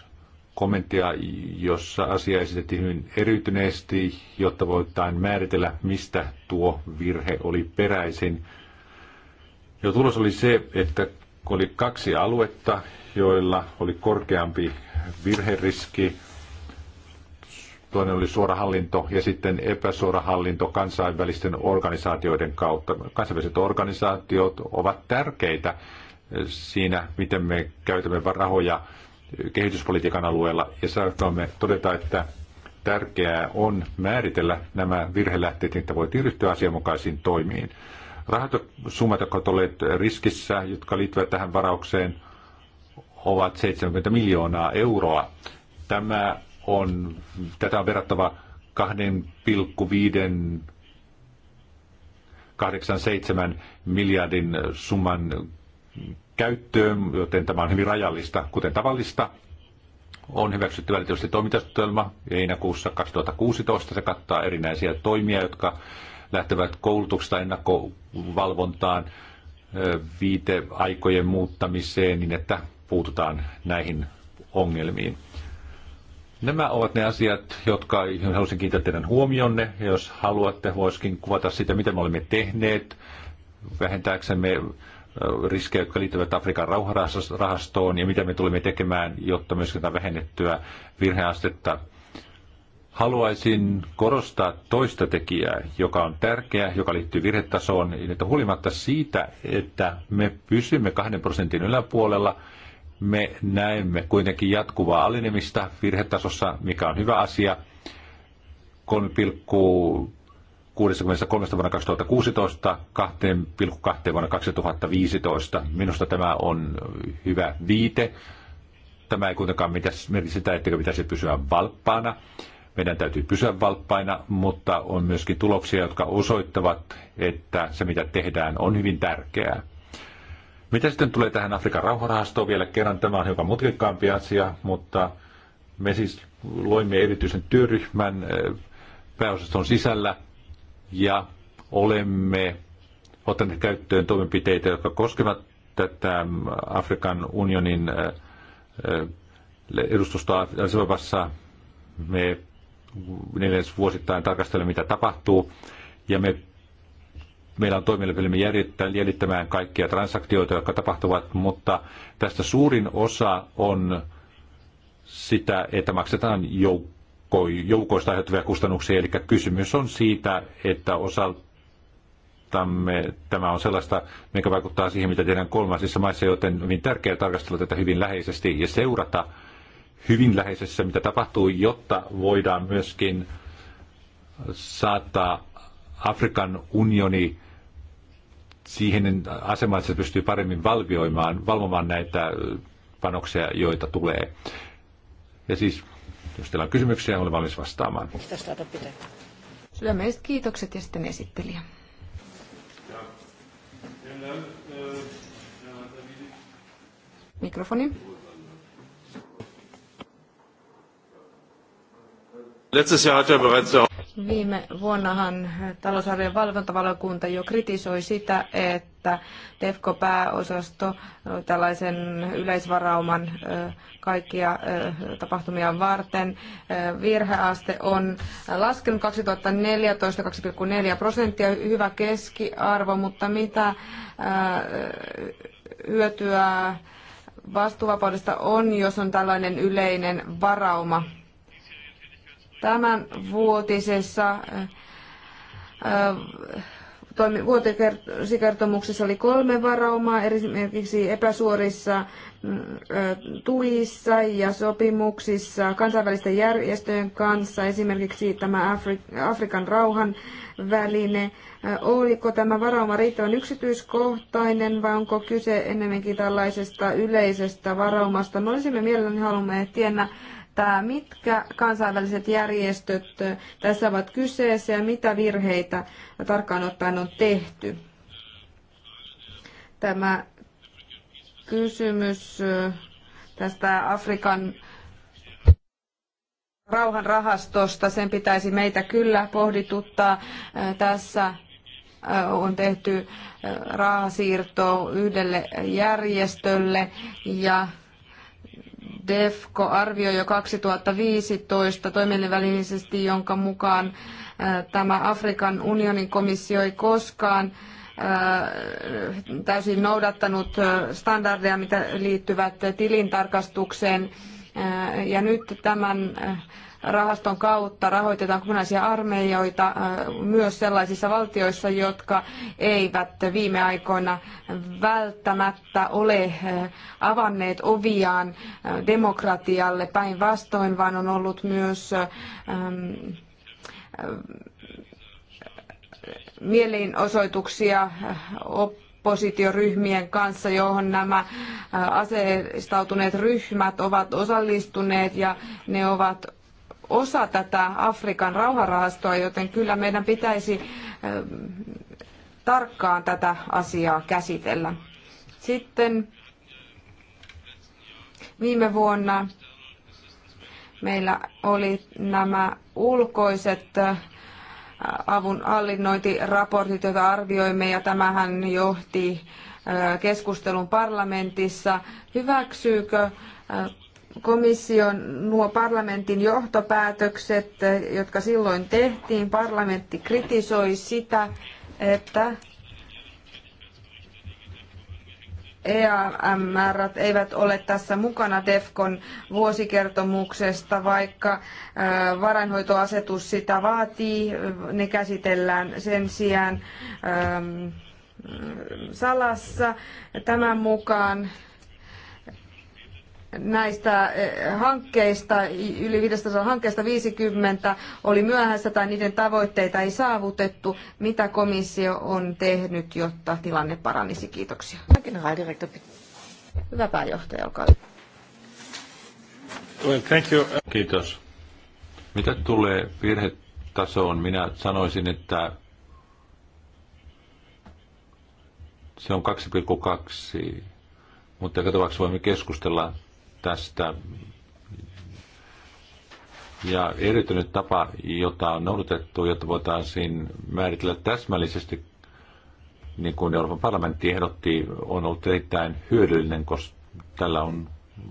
kommenttia, jossa asia esitettiin hyvin eriytyneesti, jotta voittain määritellä, mistä tuo virhe oli peräisin. Ja tulos oli se, että oli kaksi aluetta, joilla oli korkeampi virheriski toinen oli suora hallinto ja sitten epäsuora hallinto kansainvälisten organisaatioiden kautta. Kansainväliset organisaatiot ovat tärkeitä siinä, miten me käytämme rahoja kehityspolitiikan alueella ja saamme todeta, että tärkeää on määritellä nämä virhelähteet, niin että voi ryhtyä asianmukaisiin toimiin. Rahoitussummat, jotka ovat olleet riskissä, jotka liittyvät tähän varaukseen, ovat 70 miljoonaa euroa. Tämä on, tätä on verrattava 2,5 87 miljardin summan käyttöön, joten tämä on hyvin rajallista, kuten tavallista. On hyväksytty välittömästi toimintasuunnitelma heinäkuussa 2016. Se kattaa erinäisiä toimia, jotka lähtevät koulutuksesta ennakkovalvontaan, viiteaikojen muuttamiseen niin, että puututaan näihin ongelmiin. Nämä ovat ne asiat, jotka halusin kiittää teidän huomionne. Ja jos haluatte, voisikin kuvata sitä, mitä me olemme tehneet vähentääksemme riskejä, jotka liittyvät Afrikan rauharahastoon ja mitä me tulemme tekemään, jotta myöskin tätä vähennettyä virheastetta. Haluaisin korostaa toista tekijää, joka on tärkeä, joka liittyy virhetasoon, että huolimatta siitä, että me pysymme kahden prosentin yläpuolella, me näemme kuitenkin jatkuvaa alenemista virhetasossa, mikä on hyvä asia. 3,63 vuonna 2016, 2,2 vuonna 2015. Minusta tämä on hyvä viite. Tämä ei kuitenkaan merkitse sitä, etteikö pitäisi pysyä valppaana. Meidän täytyy pysyä valppaina, mutta on myöskin tuloksia, jotka osoittavat, että se mitä tehdään on hyvin tärkeää. Mitä sitten tulee tähän Afrikan rauhanrahastoon vielä kerran? Tämä on hiukan mutkikkaampi asia, mutta me siis loimme erityisen työryhmän eh, pääosaston sisällä ja olemme ottaneet käyttöön toimenpiteitä, jotka koskevat tätä mm, Afrikan unionin eh, eh, edustustoa Aseobassa. Me neljäs vuosittain tarkastelemme, mitä tapahtuu, ja me Meillä on toimielimimme jäljittämään kaikkia transaktioita, jotka tapahtuvat, mutta tästä suurin osa on sitä, että maksetaan joukko, joukoista aiheutuvia kustannuksia. Eli kysymys on siitä, että osaltamme tämä on sellaista, mikä vaikuttaa siihen, mitä tehdään kolmansissa maissa, joten hyvin tärkeää tarkastella tätä hyvin läheisesti ja seurata hyvin läheisessä, mitä tapahtuu, jotta voidaan myöskin saattaa Afrikan unioni siihen asemaan, että se pystyy paremmin valvioimaan, valvomaan näitä panoksia, joita tulee. Ja siis, jos teillä on kysymyksiä, olen valmis vastaamaan. Sydämelliset kiitokset ja sitten esittelijä. Mikrofoni. Letztes Jahr hat er bereits Viime vuonnahan talousarvion valvontavalokunta jo kritisoi sitä, että TEFCO-pääosasto tällaisen yleisvarauman kaikkia tapahtumia varten. Virheaste on laskenut 2014 2,4 prosenttia, hyvä keskiarvo, mutta mitä hyötyä vastuuvapaudesta on, jos on tällainen yleinen varauma Tämän vuotisessa äh, äh, vuotikertomuksessa oli kolme varaumaa, esimerkiksi epäsuorissa mm, äh, tuissa ja sopimuksissa kansainvälisten järjestöjen kanssa, esimerkiksi tämä Afrikan rauhan väline. Oliko tämä varauma riittävän yksityiskohtainen vai onko kyse enemmänkin tällaisesta yleisestä varaumasta? Me olisimme mielelläni halunneet tiennä että mitkä kansainväliset järjestöt tässä ovat kyseessä ja mitä virheitä tarkkaan ottaen on tehty. Tämä kysymys tästä Afrikan rauhanrahastosta, sen pitäisi meitä kyllä pohdituttaa. Tässä on tehty rahasiirto yhdelle järjestölle ja DEFCO arvioi jo 2015 toimielinvälisesti, jonka mukaan tämä Afrikan unionin komissio ei koskaan täysin noudattanut standardeja, mitä liittyvät tilintarkastukseen. Ja nyt tämän rahaston kautta rahoitetaan kokonaisia armeijoita äh, myös sellaisissa valtioissa, jotka eivät viime aikoina välttämättä ole äh, avanneet oviaan äh, demokratialle päinvastoin, vaan on ollut myös ähm, mielenosoituksia oppositioryhmien kanssa, johon nämä aseistautuneet ryhmät ovat osallistuneet ja ne ovat osa tätä Afrikan rauharahastoa, joten kyllä meidän pitäisi eh, tarkkaan tätä asiaa käsitellä. Sitten viime vuonna meillä oli nämä ulkoiset eh, avun hallinnointiraportit, joita arvioimme, ja tämähän johti eh, keskustelun parlamentissa. Hyväksyykö komission nuo parlamentin johtopäätökset, jotka silloin tehtiin, parlamentti kritisoi sitä, että EAMR eivät ole tässä mukana DEFCON vuosikertomuksesta, vaikka äh, varainhoitoasetus sitä vaatii, ne käsitellään sen sijaan ähm, salassa. Tämän mukaan näistä eh, hankkeista, yli 500 hankkeesta 50 oli myöhässä tai niiden tavoitteita ei saavutettu. Mitä komissio on tehnyt, jotta tilanne paranisi? Kiitoksia. Hyvä pääjohtaja, olkaa hyvä. Well, thank you. Kiitos. Mitä tulee virhetasoon, minä sanoisin, että se on 2,2, mutta katsotaanko voimme keskustella tästä. Ja erityinen tapa, jota on noudatettu, jotta voitaisiin määritellä täsmällisesti, niin kuin Euroopan parlamentti ehdotti, on ollut erittäin hyödyllinen, koska tällä on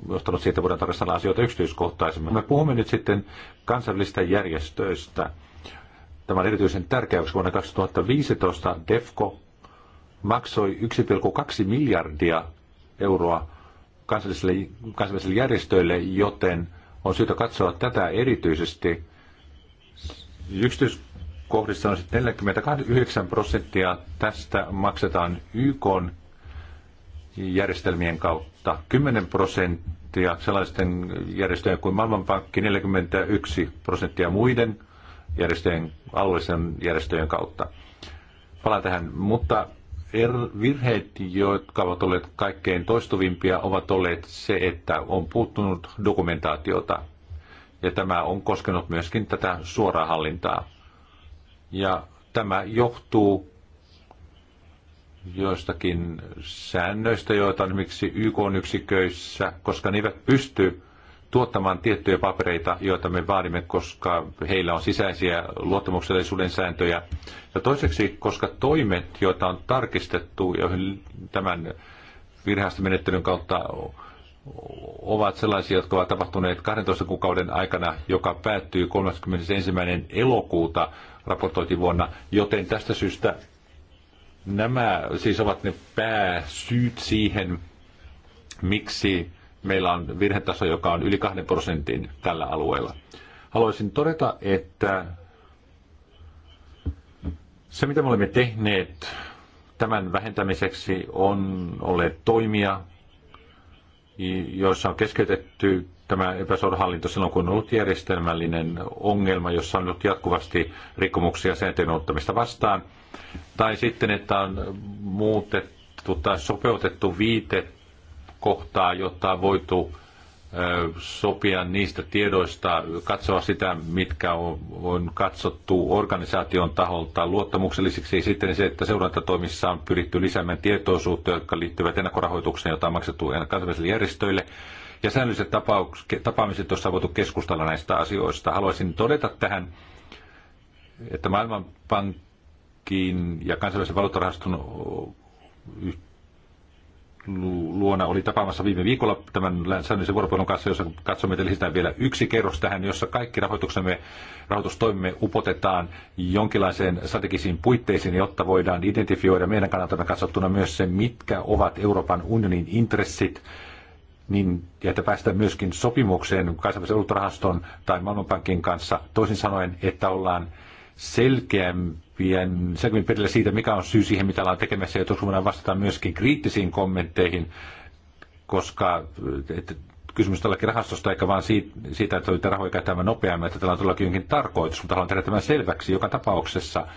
johtanut siitä, että voidaan tarkastella asioita yksityiskohtaisemmin. Me puhumme nyt sitten kansainvälisistä järjestöistä. Tämä on erityisen tärkeä, koska vuonna 2015 DEFCO maksoi 1,2 miljardia euroa kansallisille, kansallisille järjestöille, joten on syytä katsoa tätä erityisesti. Yksityiskohdissa on 49 prosenttia tästä maksetaan YK järjestelmien kautta. 10 prosenttia sellaisten järjestöjen kuin Maailmanpankki, 41 prosenttia muiden järjestöjen, alueellisen järjestöjen kautta. Palaan tähän, mutta er- virheet, jotka ovat olleet kaikkein toistuvimpia, ovat olleet se, että on puuttunut dokumentaatiota. Ja tämä on koskenut myöskin tätä suoraa hallintaa. Ja tämä johtuu joistakin säännöistä, joita on esimerkiksi YK-yksiköissä, koska ne eivät pysty tuottamaan tiettyjä papereita, joita me vaadimme, koska heillä on sisäisiä luottamuksellisuuden sääntöjä. Ja toiseksi, koska toimet, joita on tarkistettu, joihin tämän menettelyn kautta ovat sellaisia, jotka ovat tapahtuneet 12 kuukauden aikana, joka päättyy 31. elokuuta raportointivuonna, joten tästä syystä nämä siis ovat ne pääsyyt siihen, miksi meillä on virhetaso, joka on yli kahden prosentin tällä alueella. Haluaisin todeta, että se mitä me olemme tehneet tämän vähentämiseksi on olleet toimia, joissa on keskeytetty tämä epäsuorahallinto silloin, kun on ollut järjestelmällinen ongelma, jossa on ollut jatkuvasti rikkomuksia sääntöjen ottamista vastaan. Tai sitten, että on muutettu tai sopeutettu viitet kohtaa, jotta on voitu sopia niistä tiedoista, katsoa sitä, mitkä on katsottu organisaation taholta luottamuksellisiksi, ja sitten se, että seurantatoimissa on pyritty lisäämään tietoisuutta, jotka liittyvät ennakkorahoitukseen, jota on maksettu kansainvälisille järjestöille, ja säännölliset tapaus, tapaamiset, joissa on voitu keskustella näistä asioista. Haluaisin todeta tähän, että Maailmanpankin ja kansainvälisen valuuttarahaston luona oli tapaamassa viime viikolla tämän säännöllisen vuoropuhelun kanssa, jossa katsomme, että lisätään vielä yksi kerros tähän, jossa kaikki rahoituksemme, rahoitustoimme upotetaan jonkinlaiseen strategisiin puitteisiin, jotta voidaan identifioida meidän kannaltamme katsottuna myös se, mitkä ovat Euroopan unionin intressit, niin, ja että päästään myöskin sopimukseen kansainvälisen ultrahaston tai maailmanpankin kanssa, toisin sanoen, että ollaan selkeämmin vien sekin perille siitä, mikä on syy siihen, mitä ollaan tekemässä, ja tuossa vastata myöskin kriittisiin kommentteihin, koska et, kysymys tälläkin rahastosta, eikä vaan siitä, että niitä rahoja käytetään nopeammin, että tällä on todellakin jonkin tarkoitus, mutta haluan tehdä tämän selväksi joka tapauksessa.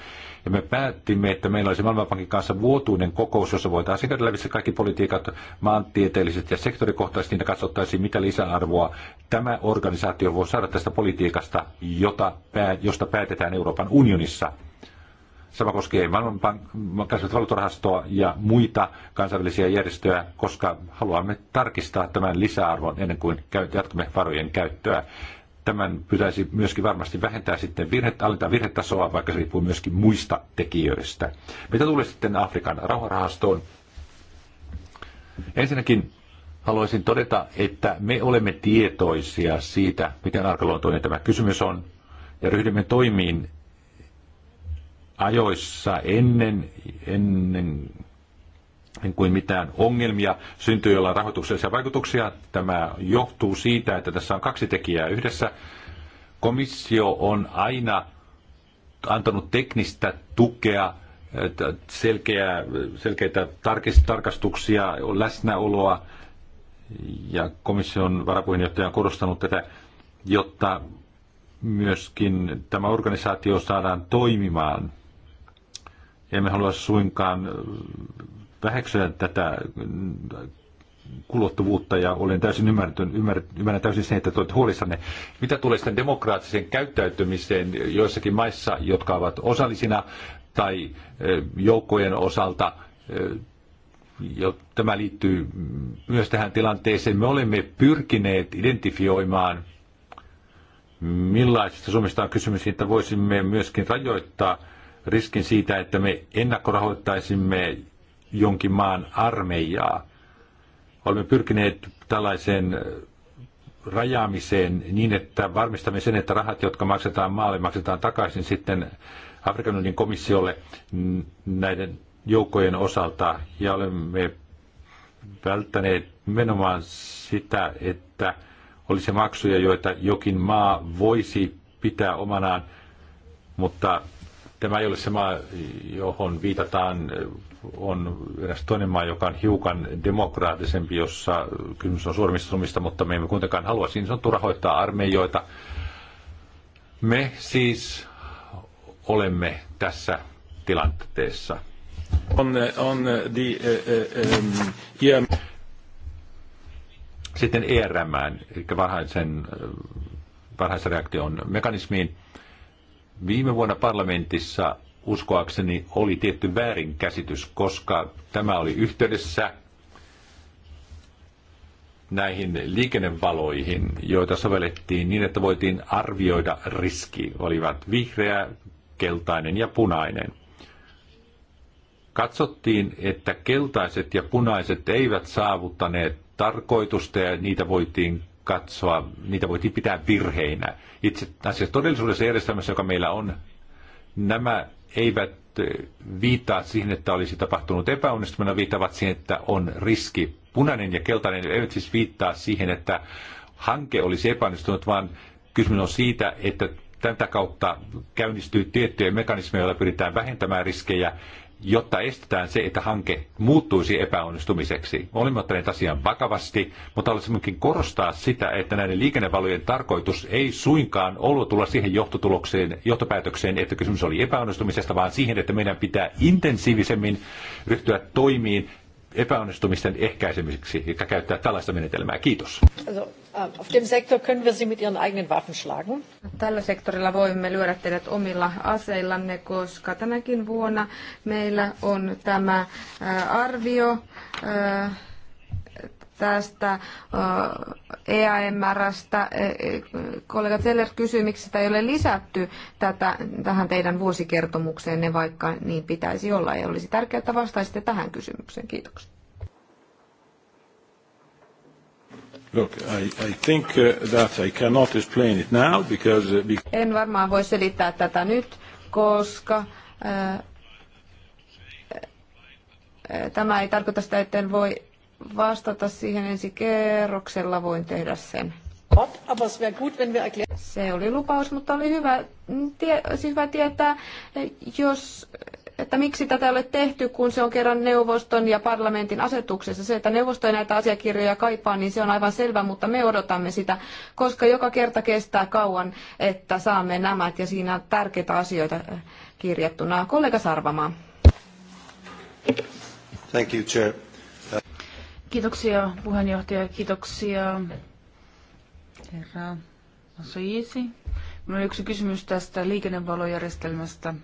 Ja me päättimme, että meillä olisi Maailmanpankin kanssa vuotuinen kokous, jossa voitaisiin käydä lävitse kaikki politiikat maantieteelliset ja sektorikohtaisesti, niin katsottaisiin, mitä lisäarvoa tämä organisaatio voi saada tästä politiikasta, jota, josta päätetään Euroopan unionissa Sama koskee kansainvälistä ja muita kansainvälisiä järjestöjä, koska haluamme tarkistaa tämän lisäarvon ennen kuin jatkamme varojen käyttöä. Tämän pitäisi myöskin varmasti vähentää sitten virhet, alentaa virhetasoa, vaikka se riippuu myöskin muista tekijöistä. Mitä tulee sitten Afrikan rauharahastoon? Ensinnäkin haluaisin todeta, että me olemme tietoisia siitä, miten arkaluontoinen tämä kysymys on, ja ryhdymme toimiin ajoissa ennen, ennen niin kuin mitään ongelmia syntyy on rahoituksellisia vaikutuksia. Tämä johtuu siitä, että tässä on kaksi tekijää yhdessä. Komissio on aina antanut teknistä tukea, selkeä selkeitä tarkastuksia, läsnäoloa, ja komission varapuheenjohtaja on korostanut tätä, jotta myöskin tämä organisaatio saadaan toimimaan. Emme halua suinkaan äh, väheksyä tätä kulottuvuutta ja olen täysin ymmärtänyt, ymmärrän täysin sen, että olet huolissanne. Mitä tulee sitten demokraattiseen käyttäytymiseen joissakin maissa, jotka ovat osallisina tai äh, joukkojen osalta, äh, jo, tämä liittyy myös tähän tilanteeseen. Me olemme pyrkineet identifioimaan, millaisista Suomesta on kysymys, niin että voisimme myöskin rajoittaa – riskin siitä, että me ennakkorahoittaisimme jonkin maan armeijaa. Olemme pyrkineet tällaiseen rajaamiseen niin, että varmistamme sen, että rahat, jotka maksetaan maalle, maksetaan takaisin sitten Afrikan unionin komissiolle näiden joukkojen osalta. Ja olemme välttäneet menomaan sitä, että olisi maksuja, joita jokin maa voisi pitää omanaan, mutta Tämä ei ole se maa, johon viitataan, on eräs toinen maa, joka on hiukan demokraattisempi, jossa kysymys on suurimmista mutta me emme kuitenkaan halua siinä on rahoittaa armeijoita. Me siis olemme tässä tilanteessa. On, on the, uh, eh, um, yeah. Eh, Sitten ERM, eli varhaisen, eh, varhaisen reaktion mekanismiin. Viime vuonna parlamentissa uskoakseni oli tietty väärinkäsitys, koska tämä oli yhteydessä näihin liikennevaloihin, joita sovellettiin niin, että voitiin arvioida riski. Olivat vihreä, keltainen ja punainen. Katsottiin, että keltaiset ja punaiset eivät saavuttaneet tarkoitusta ja niitä voitiin katsoa, niitä voitiin pitää virheinä. Itse asiassa todellisuudessa järjestelmässä, joka meillä on, nämä eivät eh, viittaa siihen, että olisi tapahtunut epäonnistuminen, viittaavat siihen, että on riski. Punainen ja keltainen eivät siis viittaa siihen, että hanke olisi epäonnistunut, vaan kysymys on siitä, että tätä kautta käynnistyy tiettyjä mekanismeja, joilla pyritään vähentämään riskejä jotta estetään se, että hanke muuttuisi epäonnistumiseksi. Olemme ottaneet asian vakavasti, mutta haluaisimmekin korostaa sitä, että näiden liikennevalojen tarkoitus ei suinkaan ollut tulla siihen johtotulokseen, johtopäätökseen, että kysymys oli epäonnistumisesta, vaan siihen, että meidän pitää intensiivisemmin ryhtyä toimiin epäonnistumisten ehkäisemiseksi, jotka käyttää tällaista menetelmää. Kiitos. Ähm, auf dem Sektor können wir sie mit ihren eigenen Waffen schlagen. Tällä sektorilla voimme lyödä teidät omilla aseillanne, koska tänäkin vuonna meillä on tämä äh, arvio äh, tästä EAMRstä. E, e, kollega Zeller kysyi, miksi sitä ei ole lisätty tätä, tähän teidän vuosikertomukseenne, vaikka niin pitäisi olla. Ja olisi tärkeää, että vastaisitte tähän kysymykseen. Kiitoksia. Look, I, I think uh, that I cannot explain it now because... Uh, en varmaan voi selittää tätä nyt, koska äh, tämä ei tarkoita sitä, että en voi vastata siihen ensi kerroksella, voin tehdä sen. Se oli lupaus, mutta oli hyvä, tie, siis hyvä tietää, jos, että miksi tätä ei ole tehty, kun se on kerran neuvoston ja parlamentin asetuksessa. Se, että neuvosto ei näitä asiakirjoja kaipaa, niin se on aivan selvä, mutta me odotamme sitä, koska joka kerta kestää kauan, että saamme nämä ja siinä on tärkeitä asioita eh, kirjattuna. Kollega Sarvamaa. Thank you, Chair. Kiitoksia puheenjohtaja, kiitoksia herra Soisi. Minulla on yksi kysymys tästä liikennevalojärjestelmästä.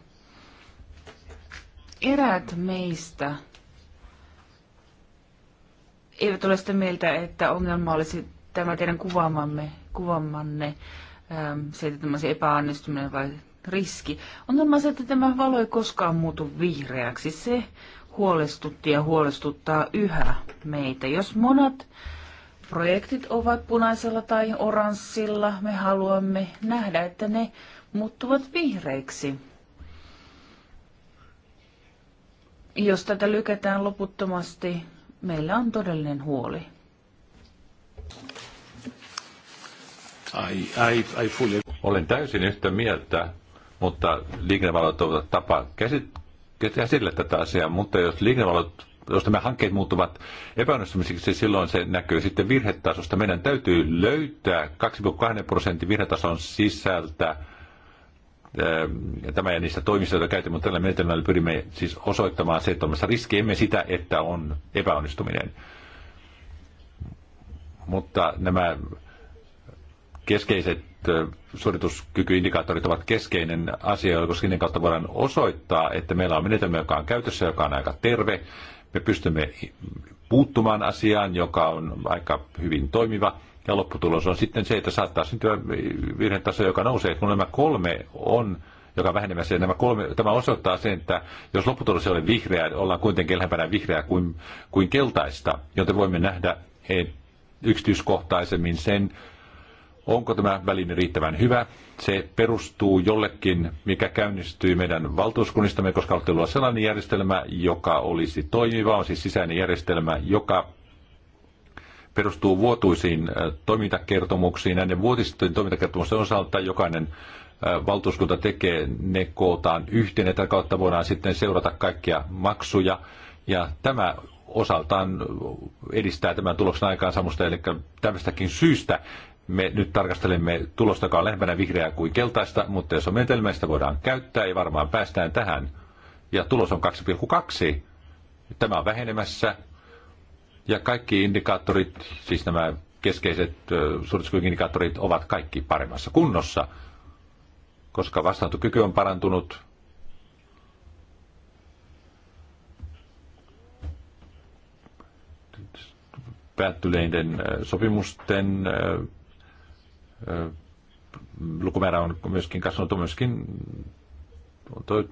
Eräät meistä eivät ole sitä mieltä, että ongelma olisi tämä teidän kuvaamamme, kuvaamanne, ähm, se, että tämä epäonnistuminen vai riski. Ongelma se, että tämä valo ei koskaan muutu vihreäksi. Se huolestutti ja huolestuttaa yhä meitä. Jos monat projektit ovat punaisella tai oranssilla, me haluamme nähdä, että ne muuttuvat vihreiksi. Jos tätä lykätään loputtomasti, meillä on todellinen huoli. I, I, I fully... Olen täysin yhtä mieltä, mutta liikennevalot ovat tapa tehdä sille tätä asiaa, mutta jos liikennevalot jos nämä hankkeet muuttuvat epäonnistumisiksi, silloin se näkyy sitten virhetasosta. Meidän täytyy löytää 2,2 prosentin virhetason sisältä eh, tämä ja niistä toimista, joita käytämme tällä menetelmällä, pyrimme siis osoittamaan se, että on riski, emme sitä, että on epäonnistuminen. Mutta nämä keskeiset suorituskykyindikaattorit ovat keskeinen asia, koska sinne kautta voidaan osoittaa, että meillä on menetelmä, joka on käytössä, joka on aika terve. Me pystymme puuttumaan asiaan, joka on aika hyvin toimiva. Ja lopputulos on sitten se, että saattaa syntyä virhetaso, joka nousee. Että kun nämä kolme on joka vähenemässä. Ja nämä kolme, tämä osoittaa sen, että jos lopputulos ei ole vihreää, ollaan kuitenkin lähempänä vihreää kuin, kuin keltaista, joten voimme nähdä, että yksityiskohtaisemmin sen, Onko tämä väline riittävän hyvä? Se perustuu jollekin, mikä käynnistyy meidän valtuuskunnistamme, koska olette luoda sellainen järjestelmä, joka olisi toimiva, on siis sisäinen järjestelmä, joka perustuu vuotuisiin äh, toimintakertomuksiin. Näiden vuotisten toimintakertomusten osalta jokainen äh, valtuuskunta tekee, ne kootaan yhteen, että kautta voidaan sitten seurata kaikkia maksuja. Ja tämä osaltaan edistää tämän tuloksen aikaansaamusta, eli tämmöistäkin syystä me nyt tarkastelemme tulosta, joka on lähempänä vihreää kuin keltaista, mutta jos on menetelmä, sitä voidaan käyttää ja varmaan päästään tähän. Ja tulos on 2,2. Tämä on vähenemässä. Ja kaikki indikaattorit, siis nämä keskeiset suorituskykyindikaattorit ovat kaikki paremmassa kunnossa, koska vastaantokyky on parantunut. Päättyneiden sopimusten lukumäärä on myöskin kasvanut, on myöskin on toi,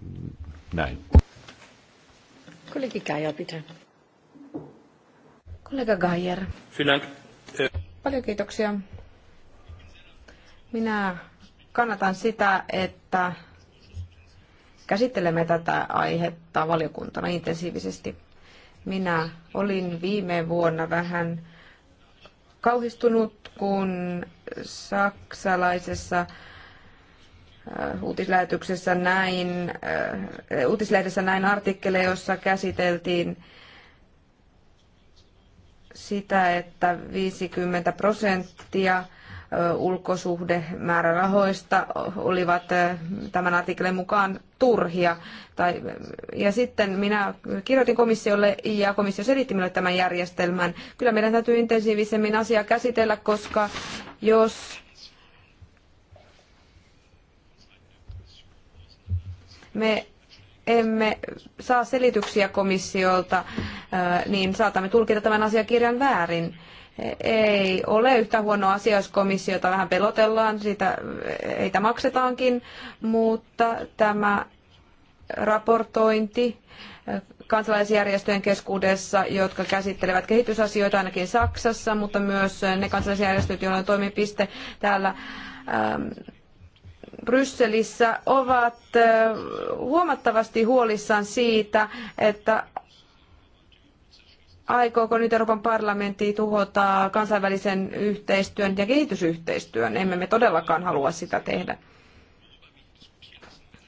näin. Kollegi Geier, pitää. Kollega Gayer. Finland. Paljon kiitoksia. Minä kannatan sitä, että käsittelemme tätä aihetta valiokuntana intensiivisesti. Minä olin viime vuonna vähän kauhistunut, kun saksalaisessa äh, uutislähetyksessä näin, äh, uutislehdessä näin artikkele, jossa käsiteltiin sitä, että 50 prosenttia – ulkosuhdemäärärahoista olivat tämän artikkelin mukaan turhia. Tai, ja sitten minä kirjoitin komissiolle ja komissio selitti minulle tämän järjestelmän. Kyllä meidän täytyy intensiivisemmin asiaa käsitellä, koska jos me emme saa selityksiä komissiolta, niin saatamme tulkita tämän asiakirjan väärin ei ole yhtä huono asia, jos komissiota vähän pelotellaan, siitä heitä maksetaankin, mutta tämä raportointi kansalaisjärjestöjen keskuudessa, jotka käsittelevät kehitysasioita ainakin Saksassa, mutta myös ne kansalaisjärjestöt, joilla on toimipiste täällä ähm, Brysselissä ovat äh, huomattavasti huolissaan siitä, että aikooko nyt Euroopan parlamentti tuhota kansainvälisen yhteistyön ja kehitysyhteistyön? Emme me todellakaan halua sitä tehdä.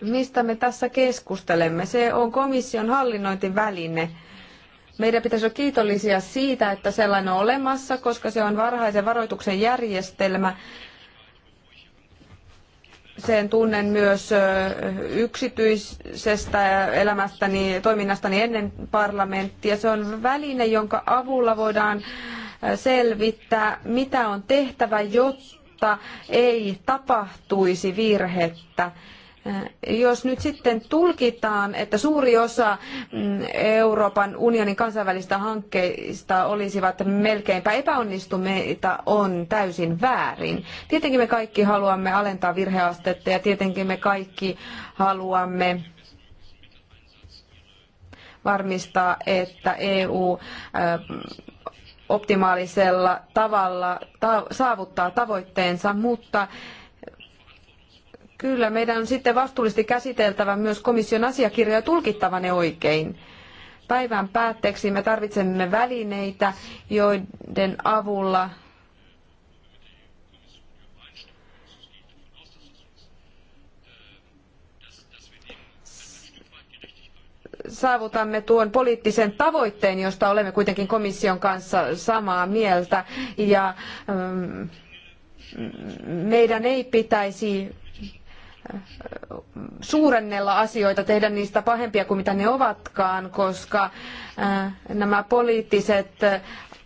Mistä me tässä keskustelemme? Se on komission hallinnointiväline. Meidän pitäisi olla kiitollisia siitä, että sellainen on olemassa, koska se on varhaisen varoituksen järjestelmä, sen tunnen myös yksityisestä elämästäni, toiminnastani ennen parlamenttia. Se on väline, jonka avulla voidaan selvittää, mitä on tehtävä, jotta ei tapahtuisi virhettä. Äh, jos nyt sitten tulkitaan, että suuri osa mm, Euroopan unionin kansainvälistä hankkeista olisivat melkeinpä epäonnistuneita, on täysin väärin. Tietenkin me kaikki haluamme alentaa virheastetta ja tietenkin me kaikki haluamme varmistaa, että EU äh, optimaalisella tavalla saavuttaa tavoitteensa, mutta Kyllä, meidän on sitten vastuullisesti käsiteltävä myös komission asiakirjoja tulkittava ne oikein. Päivän päätteeksi me tarvitsemme välineitä, joiden avulla saavutamme tuon poliittisen tavoitteen, josta olemme kuitenkin komission kanssa samaa mieltä. Ja mm, meidän ei pitäisi suurennella asioita, tehdä niistä pahempia kuin mitä ne ovatkaan, koska äh, nämä poliittiset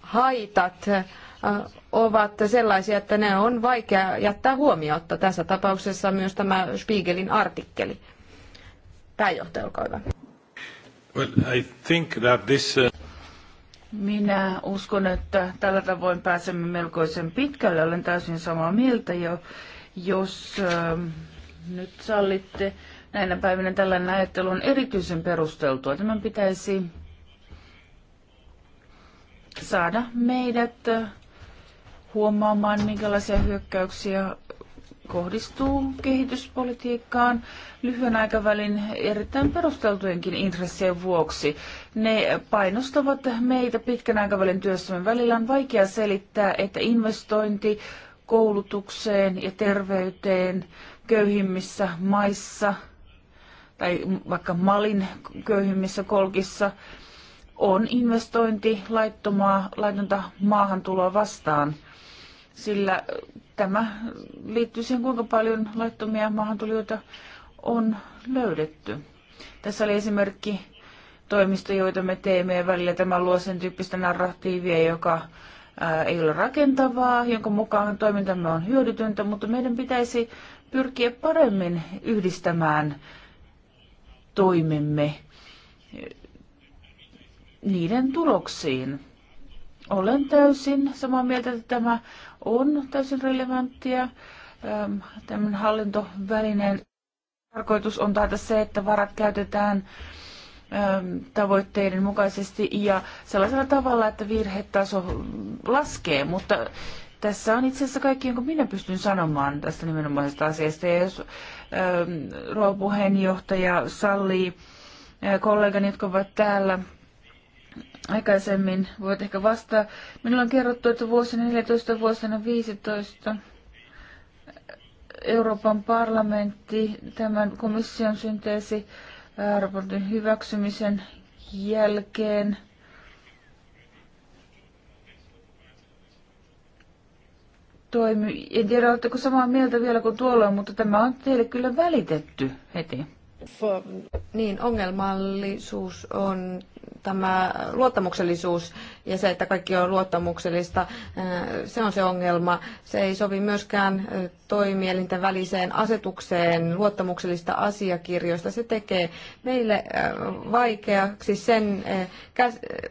haitat äh, ovat sellaisia, että ne on vaikea jättää huomiotta. Tässä tapauksessa myös tämä Spiegelin artikkeli. Pääjohtaja, olkaa hyvä. Well, I think that this, uh, Minä uskon, että tällä tavoin pääsemme melkoisen pitkälle. Olen täysin samaa mieltä jo, jos ähm, nyt sallitte. Näinä päivinä tällainen ajattelu on erityisen perusteltua. Tämän pitäisi saada meidät huomaamaan, minkälaisia hyökkäyksiä kohdistuu kehityspolitiikkaan lyhyen aikavälin erittäin perusteltujenkin intressien vuoksi. Ne painostavat meitä pitkän aikavälin työssämme. Välillä on vaikea selittää, että investointi koulutukseen ja terveyteen köyhimmissä maissa tai vaikka Malin köyhimmissä kolkissa on investointi laittomaa, laitonta maahantuloa vastaan, sillä tämä liittyy siihen, kuinka paljon laittomia maahantulijoita on löydetty. Tässä oli esimerkki toimista, joita me teemme ja välillä tämä luo sen tyyppistä narratiivia, joka ei ole rakentavaa, jonka mukaan toimintamme on hyödytöntä, mutta meidän pitäisi pyrkiä paremmin yhdistämään toimimme niiden tuloksiin. Olen täysin samaa mieltä, että tämä on täysin relevanttia. Tämän hallintovälineen tarkoitus on taata se, että varat käytetään Ähm, tavoitteiden mukaisesti ja sellaisella tavalla, että virhetaso laskee, mutta tässä on itse asiassa kaikki, jonka minä pystyn sanomaan tästä nimenomaisesta asiasta. Ja jos ähm, rouva puheenjohtaja sallii äh, kollegani, jotka ovat täällä aikaisemmin, voit ehkä vastata. Minulla on kerrottu, että vuosina 14 vuosina 15 Euroopan parlamentti, tämän komission synteesi, pääraportin hyväksymisen jälkeen. Toimi. En tiedä, oletteko samaa mieltä vielä kuin tuolloin, mutta tämä on teille kyllä välitetty heti. Niin, ongelmallisuus on tämä luottamuksellisuus ja se, että kaikki on luottamuksellista, eh, se on se ongelma. Se ei sovi myöskään eh, toimielinten väliseen asetukseen luottamuksellista asiakirjoista. Se tekee meille eh, vaikeaksi sen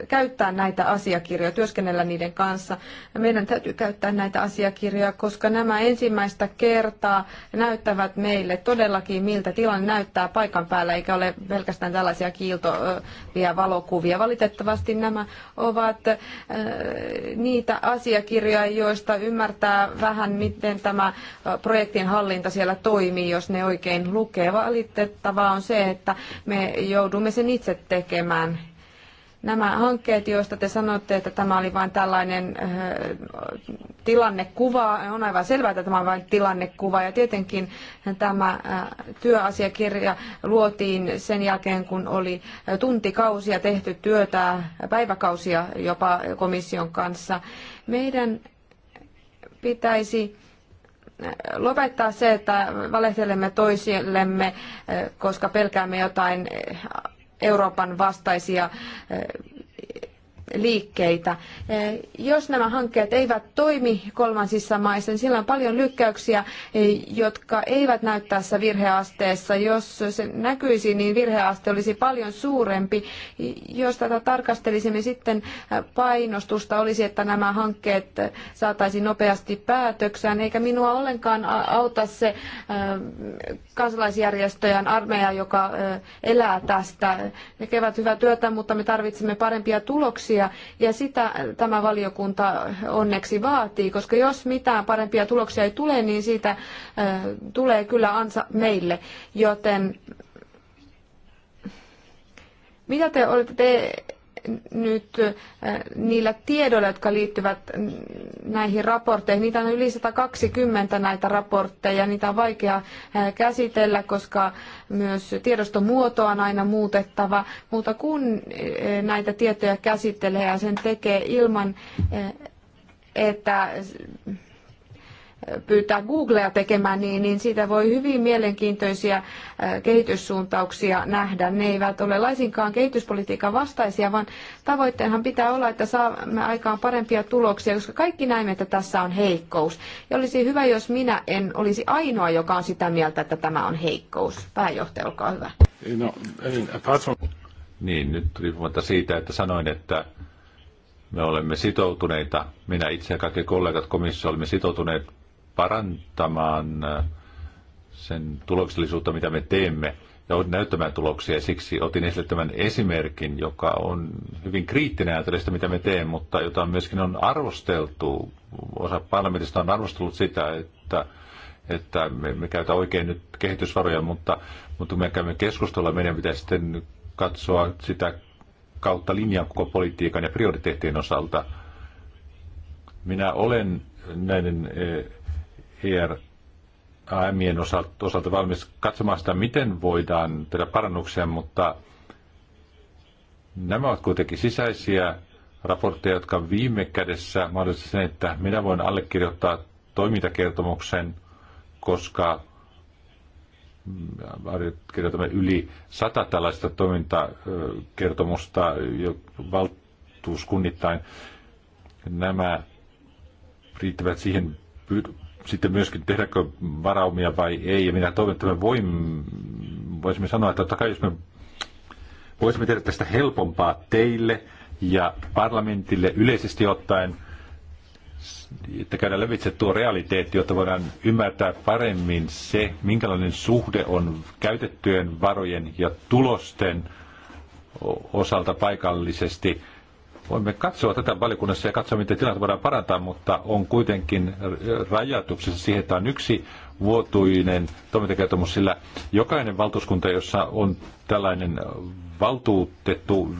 käyttää näitä asiakirjoja, työskennellä niiden kanssa. Meidän täytyy käyttää näitä asiakirjoja, koska nämä ensimmäistä kertaa näyttävät meille todellakin, miltä tilanne näyttää paikan päällä, eikä ole pelkästään tällaisia kiiltovia valokuvia elokuvia. Valitettavasti nämä ovat äh, niitä asiakirjoja, joista ymmärtää vähän, miten tämä äh, projektin hallinta siellä toimii, jos ne oikein lukee. Valitettavaa on se, että me joudumme sen itse tekemään Nämä hankkeet, joista te sanoitte, että tämä oli vain tällainen tilannekuva, on aivan selvää, että tämä on vain tilannekuva. Ja tietenkin tämä työasiakirja luotiin sen jälkeen, kun oli tuntikausia tehty työtä, päiväkausia jopa komission kanssa. Meidän pitäisi lopettaa se, että valehtelemme toisillemme, koska pelkäämme jotain Euroopan vastaisia liikkeitä. Jos nämä hankkeet eivät toimi kolmansissa maissa, niin sillä on paljon lykkäyksiä, e, jotka eivät näy tässä virheasteessa. Jos se näkyisi, niin virheaste olisi paljon suurempi. Jos tätä tarkastelisimme sitten painostusta, olisi, että nämä hankkeet saataisiin nopeasti päätökseen, eikä minua ollenkaan auta se e, kansalaisjärjestöjen armeija, joka e, elää tästä. Ne tekevät hyvää työtä, mutta me tarvitsemme parempia tuloksia tuloksia, ja sitä tämä valiokunta onneksi vaatii, koska jos mitään parempia tuloksia ei tule, niin siitä tulee kyllä ansa meille. Joten mitä te olette nyt äh, niillä tiedoilla, jotka liittyvät näihin raportteihin. Niitä on yli 120 näitä raportteja. Niitä on vaikea äh, käsitellä, koska myös tiedostomuoto on aina muutettava. Mutta kun äh, näitä tietoja käsittelee ja sen tekee ilman, että pyytää Googlea tekemään niin, niin siitä voi hyvin mielenkiintoisia äh, kehityssuuntauksia nähdä. Ne eivät ole laisinkaan kehityspolitiikan vastaisia, vaan tavoitteenhan pitää olla, että saamme aikaan parempia tuloksia, koska kaikki näemme, että tässä on heikkous. Ja olisi hyvä, jos minä en olisi ainoa, joka on sitä mieltä, että tämä on heikkous. Pääjohtaja, olkaa hyvä. No, Niin, nyt riippumatta siitä, että sanoin, että me olemme sitoutuneita, minä itse ja kaikki kollegat komissio, olemme sitoutuneet parantamaan äh, sen tuloksellisuutta, mitä me teemme, ja näyttämään tuloksia. Siksi otin esille tämän esimerkin, joka on hyvin kriittinen ajatellista, mitä me teemme, mutta jota myöskin on arvosteltu. Osa parlamentista on arvostellut sitä, että, että me, me käytämme oikein nyt kehitysvaroja, mutta, mutta kun me käymme keskustella, meidän pitäisi sitten katsoa sitä kautta linjan koko politiikan ja prioriteettien osalta. Minä olen näiden eh, hier AMien osalta, osalta valmis katsomaan sitä, miten voidaan tehdä parannuksia, mutta nämä ovat kuitenkin sisäisiä raportteja, jotka viime kädessä mahdollisesti sen, että minä voin allekirjoittaa toimintakertomuksen, koska kirjoitamme yli sata tällaista toimintakertomusta valtuuskunnittain. Nämä riittävät siihen sitten myöskin tehdäkö varaumia vai ei. Ja minä toivon, että me voimme, voisimme sanoa, että totta kai jos me voisimme tehdä tästä helpompaa teille ja parlamentille yleisesti ottaen, että käydään lävitse tuo realiteetti, jotta voidaan ymmärtää paremmin se, minkälainen suhde on käytettyjen varojen ja tulosten osalta paikallisesti – voimme katsoa tätä valikunnassa ja katsoa, miten tilanne voidaan parantaa, mutta on kuitenkin rajatuksessa siihen, että on yksi vuotuinen toimintakertomus, sillä jokainen valtuuskunta, jossa on tällainen valtuutettu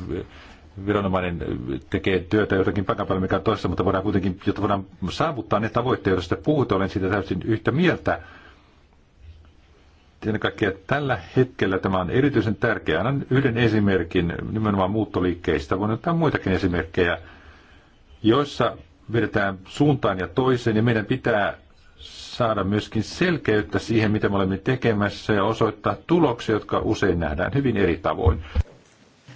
viranomainen tekee työtä jotakin paikan mikä on toista, mutta voidaan kuitenkin, jotta voidaan saavuttaa ne tavoitteet, joista puhutaan, olen siitä täysin yhtä mieltä ennen kaikkea tällä hetkellä tämä on erityisen tärkeää. Annan yhden esimerkin nimenomaan muuttoliikkeistä. Voin ottaa muitakin esimerkkejä, joissa vedetään suuntaan ja toiseen ja meidän pitää saada myöskin selkeyttä siihen, mitä me olemme tekemässä ja osoittaa tuloksia, jotka usein nähdään hyvin eri tavoin.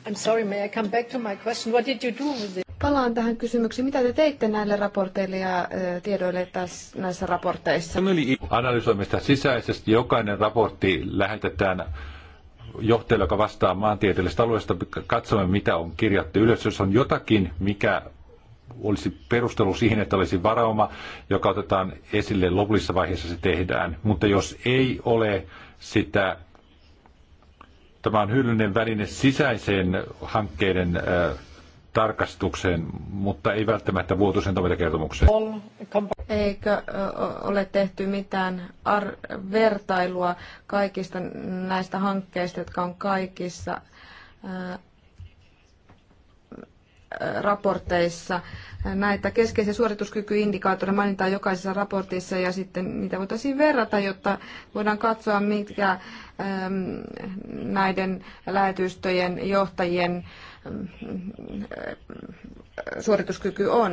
I'm sorry, may I come back to my question? What did you do with it? Palaan tähän kysymykseen. Mitä te teitte näille raporteille ja tiedoille tässä, näissä raporteissa? Analysoimista sisäisesti jokainen raportti lähetetään johtajalle, joka vastaa maantieteellisestä alueesta. Katsomme, mitä on kirjattu ylös. Jos on jotakin, mikä olisi perustelu siihen, että olisi varauma, joka otetaan esille lopullisessa vaiheessa se tehdään. Mutta jos ei ole sitä, tämä on hyödyllinen väline sisäiseen hankkeiden tarkastukseen, mutta ei välttämättä vuotuisen toimintakertomukseen. Eikö ole tehty mitään vertailua kaikista näistä hankkeista, jotka on kaikissa raporteissa. Näitä keskeisiä suorituskykyindikaattoreita mainitaan jokaisessa raportissa ja sitten niitä voitaisiin verrata, jotta voidaan katsoa, mitkä näiden lähetystöjen johtajien suorituskyky on.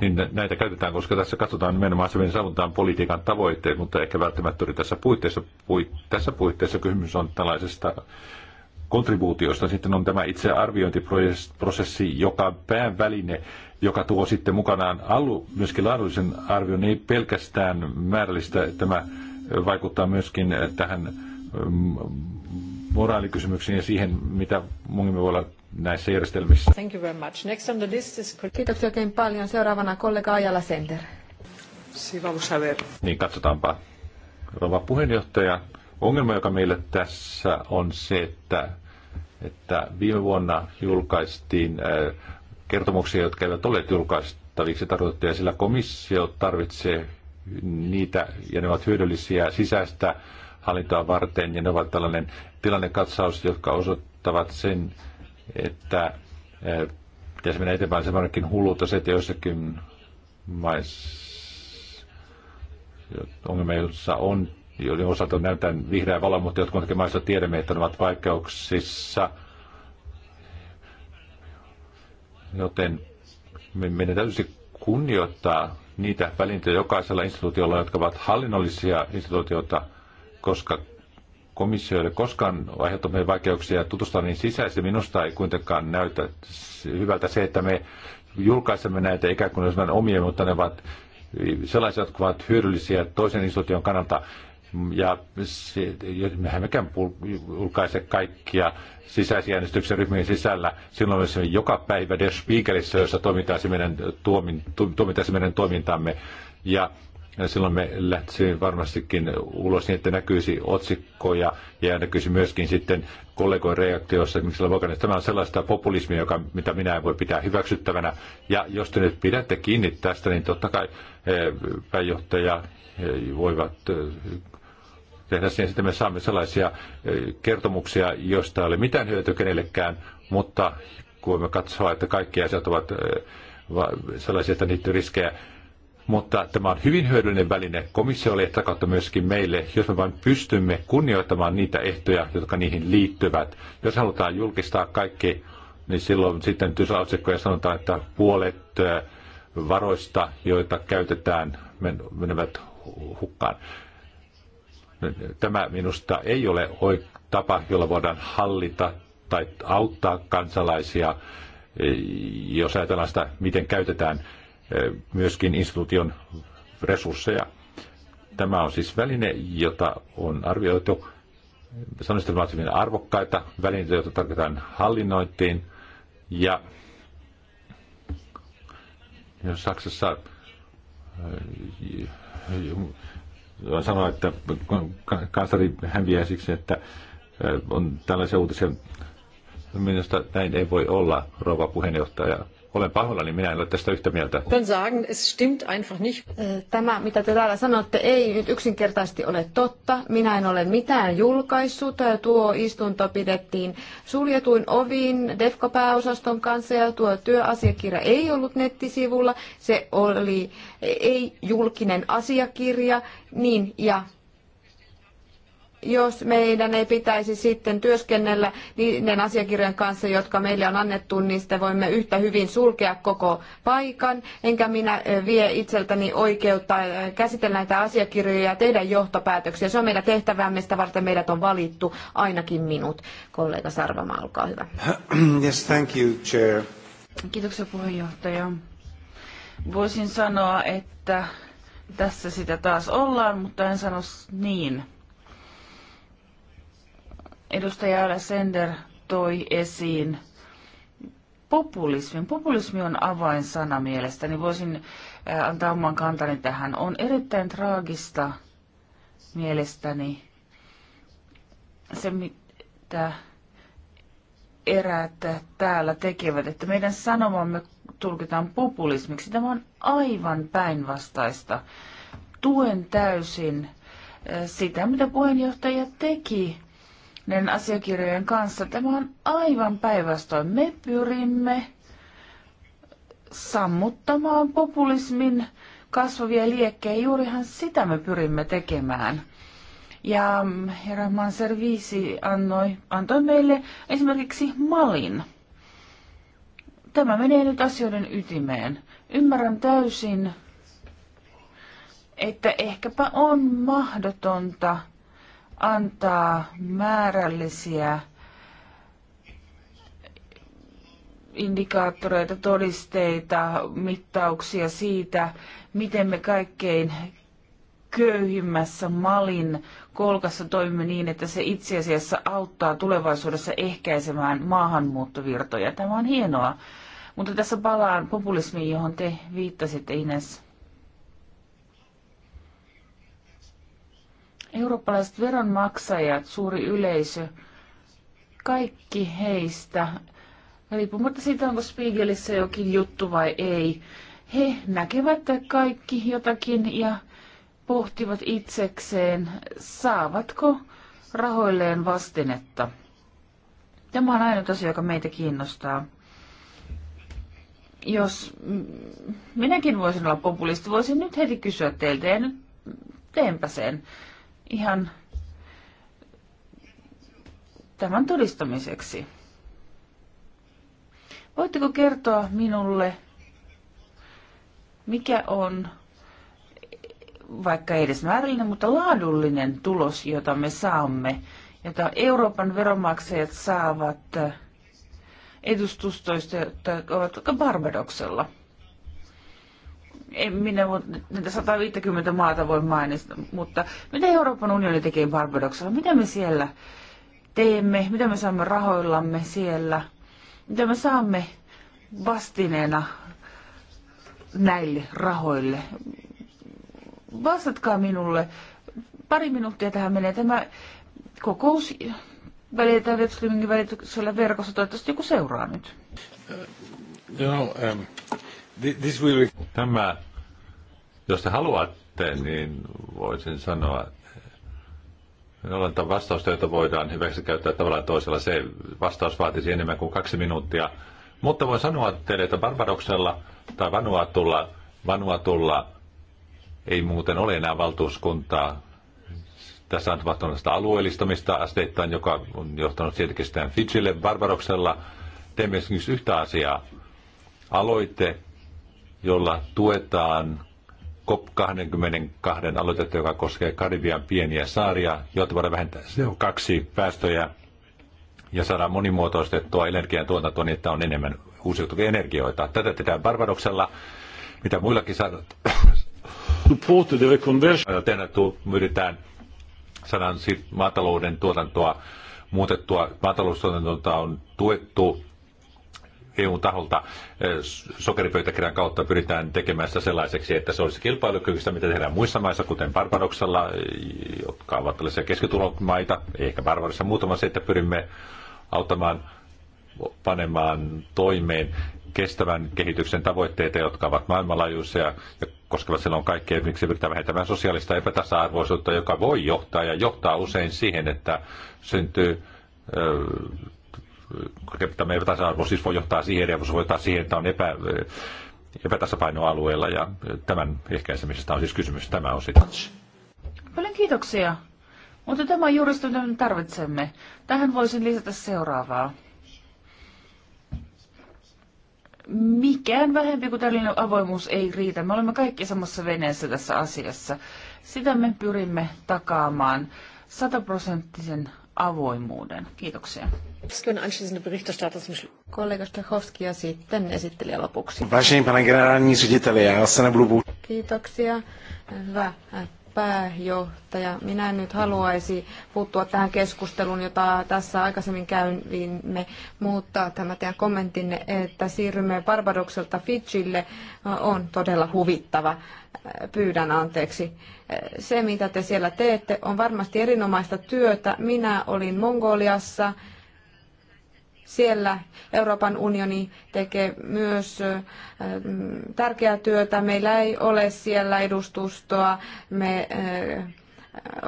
Niin näitä käytetään, koska tässä katsotaan nimenomaan hyvin saavutetaan politiikan tavoitteet, mutta ehkä välttämättä oli tässä puitteissa, pui, tässä puitteissa kysymys on tällaisesta kontribuutiosta. Sitten on tämä itse arviointiprosessi, joka on pääväline, joka tuo sitten mukanaan alu, myöskin laadullisen arvion, ei pelkästään määrällistä. Tämä vaikuttaa myöskin tähän mm, moraalikysymyksiin ja siihen, mitä ongelmia voi olla näissä järjestelmissä. Thank you very much. Next on the list is... Kiitoksia oikein paljon. Seuraavana kollega Ajala Center. Niin, katsotaanpa. Rova puheenjohtaja, ongelma, joka meillä tässä on se, että, että viime vuonna julkaistiin äh, kertomuksia, jotka eivät ole julkaistaviksi tarkoitettuja, sillä komissio tarvitsee niitä, ja ne ovat hyödyllisiä sisäistä hallintoa varten, ja ne ovat tällainen tilannekatsaus, jotka osoittavat sen, että pitäisi mennä eteenpäin semmoinenkin hulluutta se, että joissakin maissa ongelmissa on, joiden osalta näyttää vihreä valo, mutta jotkut maissa tiedämme, että ne ovat vaikeuksissa. Joten meidän täytyisi kunnioittaa niitä välineitä jokaisella instituutiolla, jotka ovat hallinnollisia instituutioita, koska Komissioille koskaan aiheuttamia vaikeuksia tutustua niin sisäisesti. Minusta ei kuitenkaan näytä hyvältä se, että me julkaisemme näitä ikään kuin olisivat omia, mutta ne ovat sellaisia, jotka ovat hyödyllisiä toisen instituution kannalta. Ja se, mehän mekään julkaise kaikkia äänestyksen ryhmien sisällä. Silloin myös joka päivä Der Spiegelissä, jossa toimitaan meidän, meidän toimintamme. Ja ja silloin me lähtisimme varmastikin ulos niin, että näkyisi otsikkoja ja näkyisi myöskin sitten kollegojen reaktioissa, miksi Lavokan, että tämä on sellaista populismia, joka, mitä minä en voi pitää hyväksyttävänä. Ja jos te nyt pidätte kiinni tästä, niin totta kai eh, pääjohtaja eh, voivat eh, tehdä siihen, sitten me saamme sellaisia kertomuksia, joista ei ole mitään hyötyä kenellekään, mutta kun me katsoa, että kaikki asiat ovat sellaisia, että niitä riskejä mutta tämä on hyvin hyödyllinen väline komissiolle ja kautta myöskin meille, jos me vain pystymme kunnioittamaan niitä ehtoja, jotka niihin liittyvät. Jos halutaan julkistaa kaikki, niin silloin sitten tysaotsikkoja sanotaan, että puolet varoista, joita käytetään, menevät hukkaan. Tämä minusta ei ole tapa, jolla voidaan hallita tai auttaa kansalaisia, jos ajatellaan sitä, miten käytetään myöskin instituution resursseja. Tämä on siis väline, jota on arvioitu. Sanoisin, että hyvin arvokkaita välineitä, joita tarkoitetaan hallinnointiin. Ja jos Saksassa äh, äh, sanoa, että kansari häviää siksi, että äh, on tällaisia uutisia. Minusta näin ei voi olla, rouva puheenjohtaja. Olen pahoillani, minä en ole tästä yhtä mieltä. Sagen, es stimmt einfach nicht. Tämä, mitä te täällä sanotte, ei nyt yksinkertaisesti ole totta. Minä en ole mitään julkaissut. Tuo istunto pidettiin suljetuin oviin. DEFCO-pääosaston kanssa ja tuo työasiakirja ei ollut nettisivulla. Se oli ei-julkinen asiakirja. Niin, ja jos meidän ei pitäisi sitten työskennellä niiden asiakirjojen kanssa, jotka meille on annettu, niin sitten voimme yhtä hyvin sulkea koko paikan. Enkä minä eh, vie itseltäni oikeutta eh, käsitellä näitä asiakirjoja ja tehdä johtopäätöksiä. Se on meidän tehtävämme, sitä varten meidät on valittu, ainakin minut. Kollega Sarvama, olkaa hyvä. Yes, thank you, chair. Kiitoksia puheenjohtaja. Voisin sanoa, että tässä sitä taas ollaan, mutta en sano niin edustaja Sender toi esiin populismin. Populismi on avainsana mielestäni. Voisin äh, antaa oman kantani tähän. On erittäin traagista mielestäni se, mitä eräät täällä tekevät, että meidän sanomamme tulkitaan populismiksi. Tämä on aivan päinvastaista. Tuen täysin äh, sitä, mitä puheenjohtaja teki näiden asiakirjojen kanssa. Tämä on aivan päinvastoin. Me pyrimme sammuttamaan populismin kasvavia liekkejä. Juurihan sitä me pyrimme tekemään. Ja herra Viisi annoi, antoi meille esimerkiksi malin. Tämä menee nyt asioiden ytimeen. Ymmärrän täysin, että ehkäpä on mahdotonta antaa määrällisiä indikaattoreita, todisteita, mittauksia siitä, miten me kaikkein köyhimmässä malin kolkassa toimimme niin, että se itse asiassa auttaa tulevaisuudessa ehkäisemään maahanmuuttovirtoja. Tämä on hienoa. Mutta tässä palaan populismiin, johon te viittasitte, Ines. Eurooppalaiset veronmaksajat, suuri yleisö, kaikki heistä, riippumatta siitä, onko Spiegelissä jokin juttu vai ei, he näkevät kaikki jotakin ja pohtivat itsekseen, saavatko rahoilleen vastinetta. Tämä on ainoa asia, joka meitä kiinnostaa. Jos minäkin voisin olla populisti, voisin nyt heti kysyä teiltä ja nyt teenpä sen ihan tämän todistamiseksi. Voitteko kertoa minulle, mikä on, vaikka ei edes määrällinen, mutta laadullinen tulos, jota me saamme, jota Euroopan veronmaksajat saavat edustustoista, jotka ovat Barbadoksella? en minä näitä 150 maata voi mainita, mutta mitä Euroopan unioni tekee Barbadoksella? Mitä me siellä teemme? Mitä me saamme rahoillamme siellä? Mitä me saamme vastineena näille rahoille? Vastatkaa minulle. Pari minuuttia tähän menee. Tämä kokous välitetään webstreamingin välityksellä verkossa. Toivottavasti joku seuraa nyt. Uh, you know, um... This will... Tämä, jos te haluatte, niin voisin sanoa, jollain tavalla vastausta, jota voidaan hyväksi käyttää tavallaan toisella. Se vastaus vaatisi enemmän kuin kaksi minuuttia. Mutta voin sanoa teille, että Barbadoksella tai Vanuatulla, Vanuatulla ei muuten ole enää valtuuskuntaa. Tässä on tapahtunut sitä alueellistamista asteittain, joka on johtanut sieltäkin Fidjille. Barbadoksella teemme esimerkiksi yhtä asiaa. Aloite jolla tuetaan COP22 aloitetta, joka koskee Karibian pieniä saaria, jotta voidaan vähentää CO2-päästöjä ja saada monimuotoistettua energiantuotantoa niin, että on enemmän uusiutuvia energioita. Tätä tehdään Barbadoksella, mitä muillakin saadaan. Yritetään saadaan maatalouden tuotantoa muutettua. Maataloustuotantoa on tuettu eu taholta e, sokeripöytäkirjan kautta pyritään tekemään sitä sellaiseksi, että se olisi kilpailukykyistä, mitä tehdään muissa maissa, kuten Barbadoksella, e, jotka ovat tällaisia keskitulomaita, ehkä Barbadossa muutama se, että pyrimme auttamaan panemaan toimeen kestävän kehityksen tavoitteita, jotka ovat maailmanlaajuisia ja koskevat silloin kaikkea, miksi pyritään vähentämään sosiaalista epätasa-arvoisuutta, joka voi johtaa ja johtaa usein siihen, että syntyy ö, korkeampitamme epätasa-arvo siis voi johtaa siihen, ja voi johtaa siihen, että on epä, eh, epätasapainoalueella, ja tämän ehkäisemisestä on siis kysymys. Tämä on sitä. Paljon kiitoksia. Mutta tämä on juuri sitä, mitä me tarvitsemme. Tähän voisin lisätä seuraavaa. Mikään vähempi kuin tällainen avoimuus ei riitä. Me olemme kaikki samassa veneessä tässä asiassa. Sitä me pyrimme takaamaan sataprosenttisen avoimuuden. Kiitoksia. Kollega Stachowski ja sitten esittelijä lopuksi. se Kiitoksia. Hyvä eh, pääjohtaja. Minä en nyt haluaisi puuttua tähän keskusteluun, jota tässä aikaisemmin käyvimme, mutta tämä teidän kommenttinne, että siirrymme Barbadokselta Fidjille, eh, on todella huvittava. Eh, pyydän anteeksi. Se, mitä te siellä teette, on varmasti erinomaista työtä. Minä olin Mongoliassa siellä Euroopan unioni tekee myös tärkeää työtä. Meillä ei ole siellä edustustoa. Me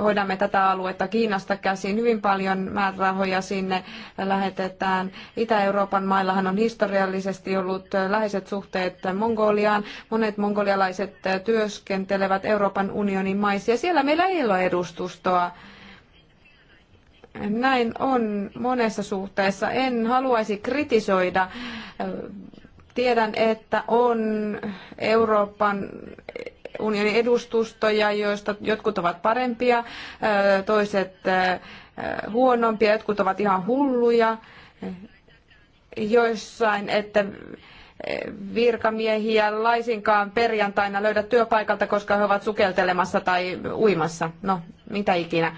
hoidamme tätä aluetta Kiinasta käsin. Hyvin paljon määrärahoja sinne lähetetään. Itä-Euroopan maillahan on historiallisesti ollut läheiset suhteet Mongoliaan. Monet mongolialaiset työskentelevät Euroopan unionin maissa ja siellä meillä ei ole edustustoa. Näin on monessa suhteessa. En haluaisi kritisoida. Tiedän, että on Euroopan unionin edustustoja, joista jotkut ovat parempia, toiset eh, huonompia, jotkut ovat ihan hulluja. Joissain, että eh, virkamiehiä laisinkaan perjantaina löydä työpaikalta, koska he ovat sukeltelemassa tai uimassa. No, mitä ikinä.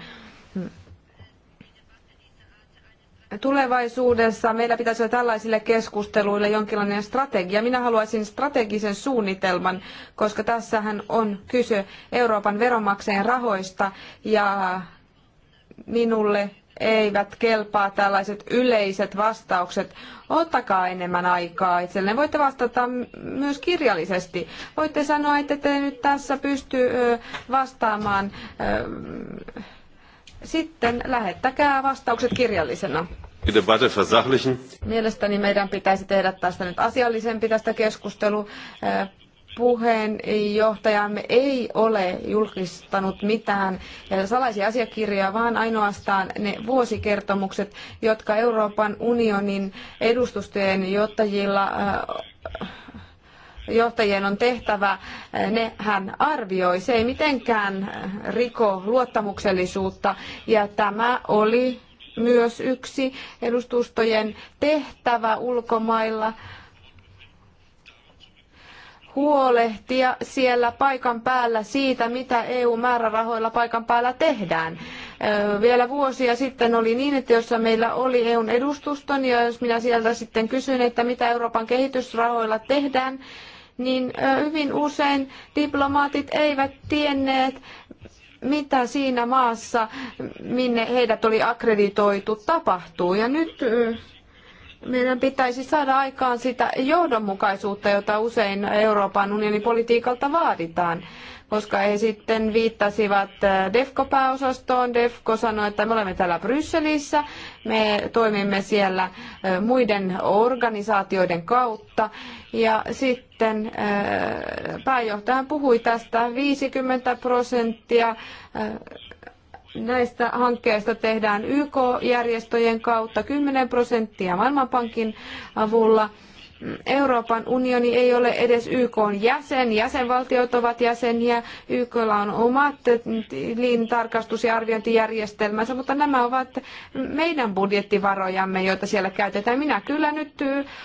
Tulevaisuudessa meillä pitäisi olla tällaisille keskusteluille jonkinlainen strategia. Minä haluaisin strategisen suunnitelman, koska tässähän on kyse Euroopan veronmaksajien rahoista ja minulle eivät kelpaa tällaiset yleiset vastaukset. Ottakaa enemmän aikaa itsellenne. Voitte vastata myös kirjallisesti. Voitte sanoa, että te nyt tässä pysty vastaamaan sitten lähettäkää vastaukset kirjallisena. Mielestäni meidän pitäisi tehdä tästä nyt asiallisempi tästä keskustelu. Puheenjohtajamme ei ole julkistanut mitään salaisia asiakirjoja, vaan ainoastaan ne vuosikertomukset, jotka Euroopan unionin edustustojen johtajilla johtajien on tehtävä, eh, ne hän arvioi. Se ei mitenkään eh, riko luottamuksellisuutta ja tämä oli myös yksi edustustojen tehtävä ulkomailla huolehtia siellä paikan päällä siitä, mitä EU-määrärahoilla paikan päällä tehdään. Eh, vielä vuosia sitten oli niin, että jos meillä oli EUn edustuston ja jos minä sieltä sitten kysyin, että mitä Euroopan kehitysrahoilla tehdään, niin hyvin usein diplomaatit eivät tienneet, mitä siinä maassa, minne heidät oli akkreditoitu, tapahtuu. Ja nyt meidän pitäisi saada aikaan sitä johdonmukaisuutta, jota usein Euroopan unionin politiikalta vaaditaan koska he sitten viittasivat äh, DEFCO-pääosastoon. DEFCO sanoi, että me olemme täällä Brysselissä, me toimimme siellä äh, muiden organisaatioiden kautta. Ja sitten äh, pääjohtaja puhui tästä 50 prosenttia näistä hankkeista tehdään YK-järjestöjen kautta, 10 prosenttia Maailmanpankin avulla Euroopan unioni ei ole edes YK jäsen, jäsenvaltiot ovat jäseniä, YKlla on omat tarkastus- ja arviointijärjestelmänsä, mutta nämä ovat meidän budjettivarojamme, joita siellä käytetään. Minä kyllä nyt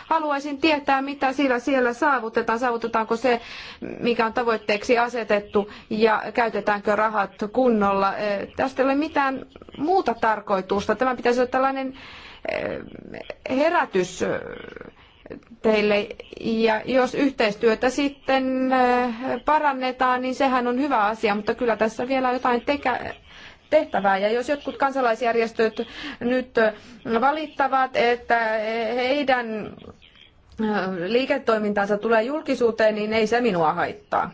haluaisin tietää, mitä siellä, siellä saavutetaan, saavutetaanko se, mikä on tavoitteeksi asetettu ja käytetäänkö rahat kunnolla. Tästä ei ole mitään muuta tarkoitusta. Tämä pitäisi olla tällainen herätys teille. Ja jos yhteistyötä sitten eh, parannetaan, niin sehän on hyvä asia, mutta kyllä tässä vielä jotain tekä, tehtävää. Ja jos jotkut kansalaisjärjestöt nyt eh, valittavat, että heidän eh, liiketoimintansa tulee julkisuuteen, niin ei se minua haittaa.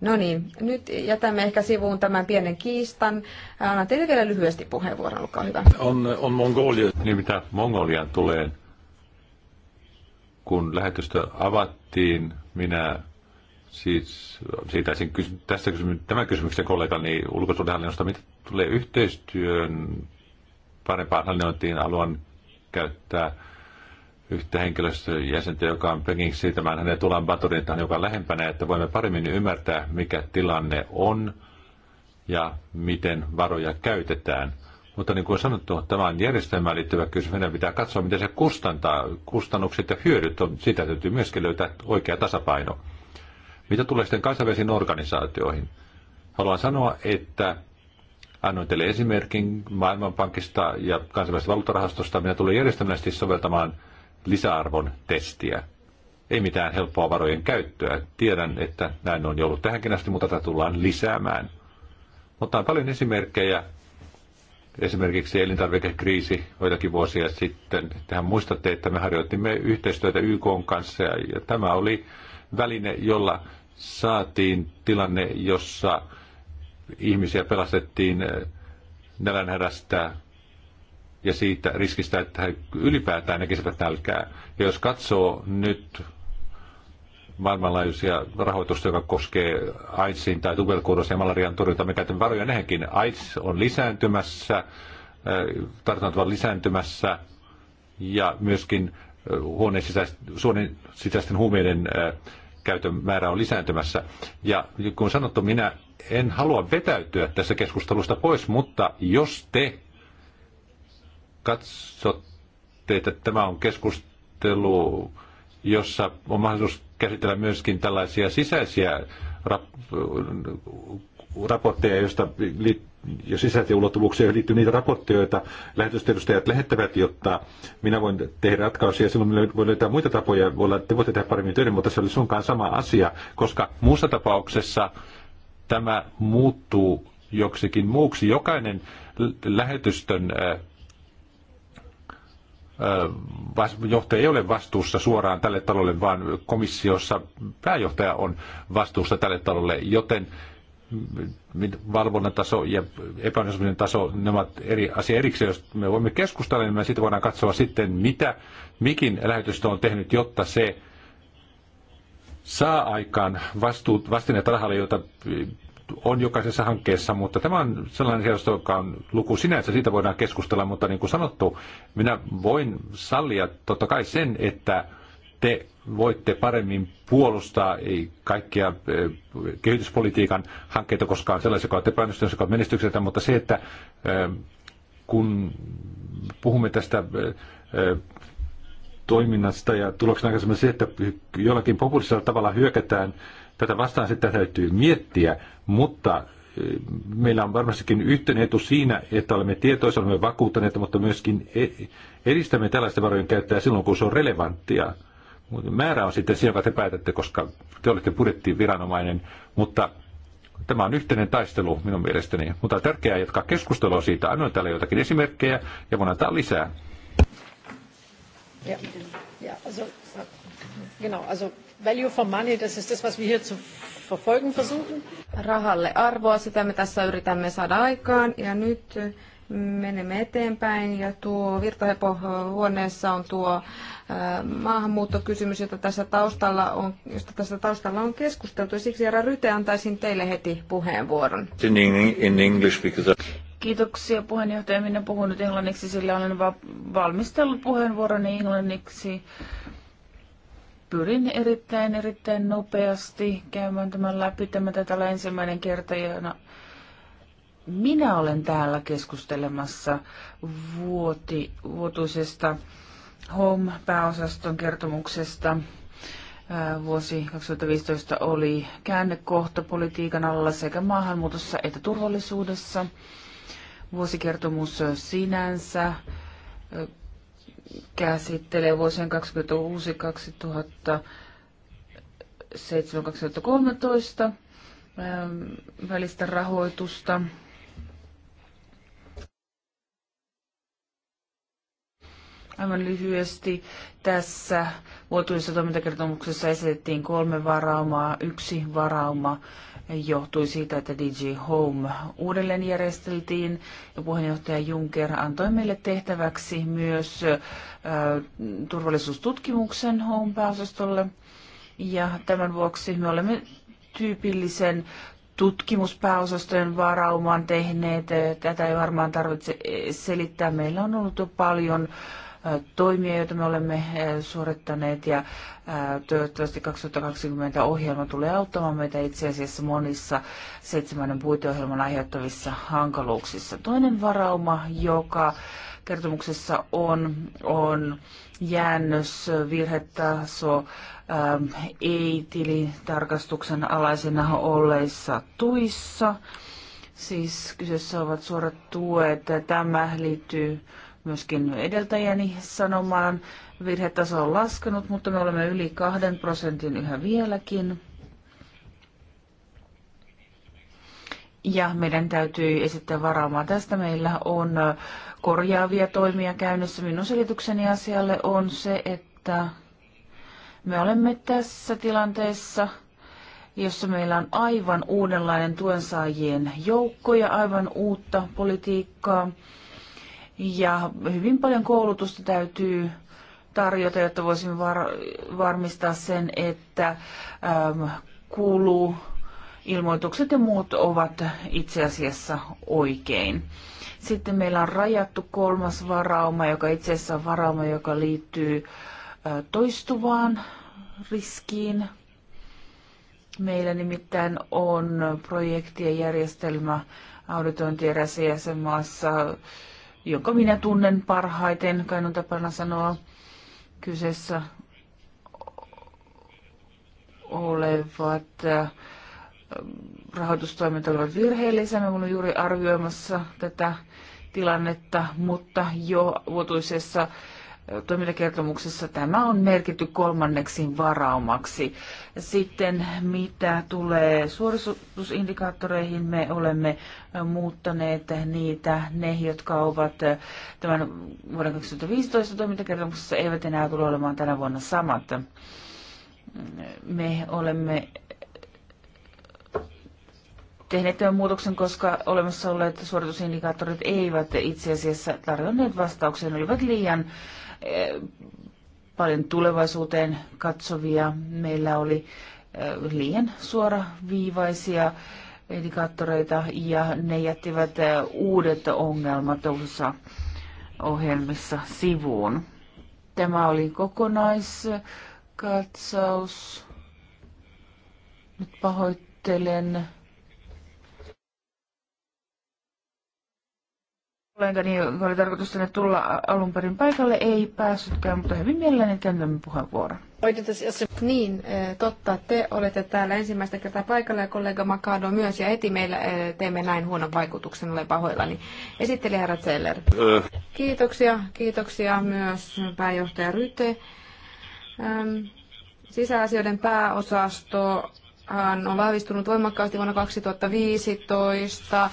No niin, nyt jätämme ehkä sivuun tämän pienen kiistan. Annan teille vielä lyhyesti puheenvuoron, olkaa hyvä. On, on Mongolia. Niin mitä Mongolian tulee, kun lähetystö avattiin, minä siis siitäisin kysy- tästä kysymys, tämän kysymyksen kollegani ulkosuhdehallinnosta, mitä tulee yhteistyön parempaan hallinnointiin, haluan käyttää yhtä henkilöstöjäsentä, joka on Peking siirtämään hänen tulan tähän, joka on lähempänä, että voimme paremmin ymmärtää, mikä tilanne on ja miten varoja käytetään. Mutta niin kuin sanottu, tämä on järjestelmään liittyvä kysymys. Meidän pitää katsoa, miten se kustantaa. Kustannukset ja hyödyt, on, siitä täytyy myöskin löytää oikea tasapaino. Mitä tulee sitten kansainvälisiin organisaatioihin? Haluan sanoa, että annoin teille esimerkin Maailmanpankista ja kansainvälisestä valuuttarahastosta. Minä tulen järjestelmällisesti soveltamaan lisäarvon testiä. Ei mitään helppoa varojen käyttöä. Tiedän, että näin on ollut tähänkin asti, mutta tätä tullaan lisäämään. Mutta on paljon esimerkkejä esimerkiksi elintarvikekriisi joitakin vuosia sitten. Tähän muistatte, että me harjoitimme yhteistyötä YK kanssa ja tämä oli väline, jolla saatiin tilanne, jossa ihmisiä pelastettiin äh, nälänhädästä ja siitä riskistä, että he ylipäätään näkisivät nälkää. Ja jos katsoo nyt maailmanlaajuisia rahoitusta, joka koskee AIDSin tai tuberkuloosin ja malarian torjuntaa. Me käytämme varoja näihinkin. AIDS on lisääntymässä, äh, tartunnat ovat lisääntymässä ja myöskin äh, huoneen sisäisten, sisäisten huumeiden äh, käytön määrä on lisääntymässä. Ja kun sanottu, minä en halua vetäytyä tässä keskustelusta pois, mutta jos te katsotte, että tämä on keskustelu jossa on mahdollisuus käsitellä myöskin tällaisia sisäisiä rap- raportteja, joista jo sisäisiä ulottuvuuksia liittyy niitä raportteja, joita lähetysedustajat lähettävät, jotta minä voin tehdä ratkaisuja. Silloin voi löytää muita tapoja, voi olla, te voitte tehdä paremmin töiden, mutta se oli sunkaan sama asia, koska muussa tapauksessa tämä muuttuu joksikin muuksi. Jokainen lähetystön äh, johtaja ei ole vastuussa suoraan tälle talolle, vaan komissiossa pääjohtaja on vastuussa tälle talolle, joten valvonnan taso ja epäonnistumisen taso, ne ovat eri asia erikseen. Jos me voimme keskustella, niin me sitten voidaan katsoa sitten, mitä mikin lähetystö on tehnyt, jotta se saa aikaan vastuut, vastineet rahalle, jota on jokaisessa hankkeessa, mutta tämä on sellainen seurasta, joka on luku sinänsä, siitä voidaan keskustella, mutta niin kuin sanottu, minä voin sallia totta kai sen, että te voitte paremmin puolustaa kaikkia eh, kehityspolitiikan hankkeita, koska on sellaisia, jotka olette epäonnistuneet, jotka menestykseltä, mutta se, että eh, kun puhumme tästä eh, toiminnasta ja tuloksena on se, että jollakin populistisella tavalla hyökätään Tätä vastaan sitten täytyy miettiä, mutta meillä on varmastikin yhteinen etu siinä, että olemme tietoisia, olemme vakuuttaneet, mutta myöskin edistämme tällaista varojen käyttöä silloin, kun se on relevanttia. Määrä on sitten siinä, joka te päätätte, koska te olette budjettiviranomainen, mutta tämä on yhteinen taistelu minun mielestäni. Mutta on tärkeää jatkaa keskustelua siitä. Annoin täällä jotakin esimerkkejä ja voin antaa lisää. Ja, ja, also, genau, also Value for money, das ist das, was wir hier zu verfolgen versuchen. Rahalle arvoa, sitä me tässä yritämme saada aikaan. Ja nyt äh, menemme eteenpäin. Ja tuo Virtahepo huoneessa on tuo äh, maahanmuuttokysymys, jota tässä taustalla on, josta tässä taustalla on keskusteltu. Siksi Jara Ryte antaisin teille heti puheenvuoron. In English, because I... Kiitoksia puheenjohtaja. Minä puhun nyt englanniksi, sillä olen valmistellut puheenvuoroni englanniksi pyrin erittäin, erittäin nopeasti käymään tämän läpi. Tämä tätä ensimmäinen kerta, jona minä olen täällä keskustelemassa vuoti, vuotuisesta Home-pääosaston kertomuksesta. Vuosi 2015 oli käännekohta politiikan alla sekä maahanmuutossa että turvallisuudessa. Vuosikertomus sinänsä käsittelee vuosien 2006, 2007, 2013 välistä rahoitusta. Aivan lyhyesti tässä vuotuisessa toimintakertomuksessa esitettiin kolme varaumaa, yksi varauma johtui siitä, että DG Home uudelleen järjesteltiin ja puheenjohtaja Juncker antoi meille tehtäväksi myös ä, turvallisuustutkimuksen Home-pääosastolle. Ja tämän vuoksi me olemme tyypillisen tutkimuspääosastojen varauman tehneet. Tätä ei varmaan tarvitse selittää. Meillä on ollut paljon ä, toimia, joita me olemme suorittaneet ja toivottavasti 2020 ohjelma tulee auttamaan meitä itse asiassa monissa seitsemännen puiteohjelman aiheuttavissa hankaluuksissa. Toinen varauma, joka kertomuksessa on, on jäännös, virhetaso, ei tilitarkastuksen alaisena olleissa tuissa. Siis kyseessä ovat suorat tuet. Tämä liittyy myöskin edeltäjäni sanomaan. Virhetaso on laskenut, mutta me olemme yli kahden prosentin yhä vieläkin. Ja meidän täytyy esittää varaamaan tästä. Meillä on korjaavia toimia käynnissä. Minun selitykseni asialle on se, että me olemme tässä tilanteessa, jossa meillä on aivan uudenlainen tuensaajien joukko ja aivan uutta politiikkaa ja hyvin paljon koulutusta täytyy tarjota, jotta voisimme var- varmistaa sen, että äm, kuuluu ilmoitukset ja muut ovat itse asiassa oikein. Sitten meillä on rajattu kolmas varauma, joka itse asiassa on varauma, joka liittyy äh, toistuvaan riskiin. Meillä nimittäin on projekti ja järjestelmä auditointi erässä jäsenmaassa jonka minä tunnen parhaiten, kai on tapana sanoa, kyseessä olevat äh, rahoitustoimet olivat virheellisiä. Me olemme juuri arvioimassa tätä tilannetta, mutta jo vuotuisessa toimintakertomuksessa tämä on merkitty kolmanneksi varaumaksi. Sitten mitä tulee suoritusindikaattoreihin, me olemme muuttaneet niitä, ne jotka ovat tämän vuoden 2015 toimintakertomuksessa eivät enää tule olemaan tänä vuonna samat. Me olemme tehneet tämän muutoksen, koska olemassa olleet suoritusindikaattorit eivät itse asiassa tarjonneet vastauksia. Ne olivat liian äh, Eh, paljon tulevaisuuteen katsovia. Meillä oli eh, liian suoraviivaisia indikaattoreita ja ne jättivät eh, uudet ongelmat osassa ohjelmissa sivuun. Tämä oli kokonaiskatsaus. Nyt pahoittelen. kollegani, joka oli tarkoitus tänne tulla alun perin paikalle, ei päässytkään, mutta hyvin mielelläni käyn tämän puheenvuoron. Niin, e, totta. Te olette täällä ensimmäistä kertaa paikalla ja kollega Makado myös ja eti meillä e, teemme näin huonon vaikutuksen, olen pahoillani. Esitteli herra Zeller. Kiitoksia, kiitoksia myös pääjohtaja Ryte. Sisäasioiden pääosasto hän on vahvistunut voimakkaasti vuonna 2015. Äh,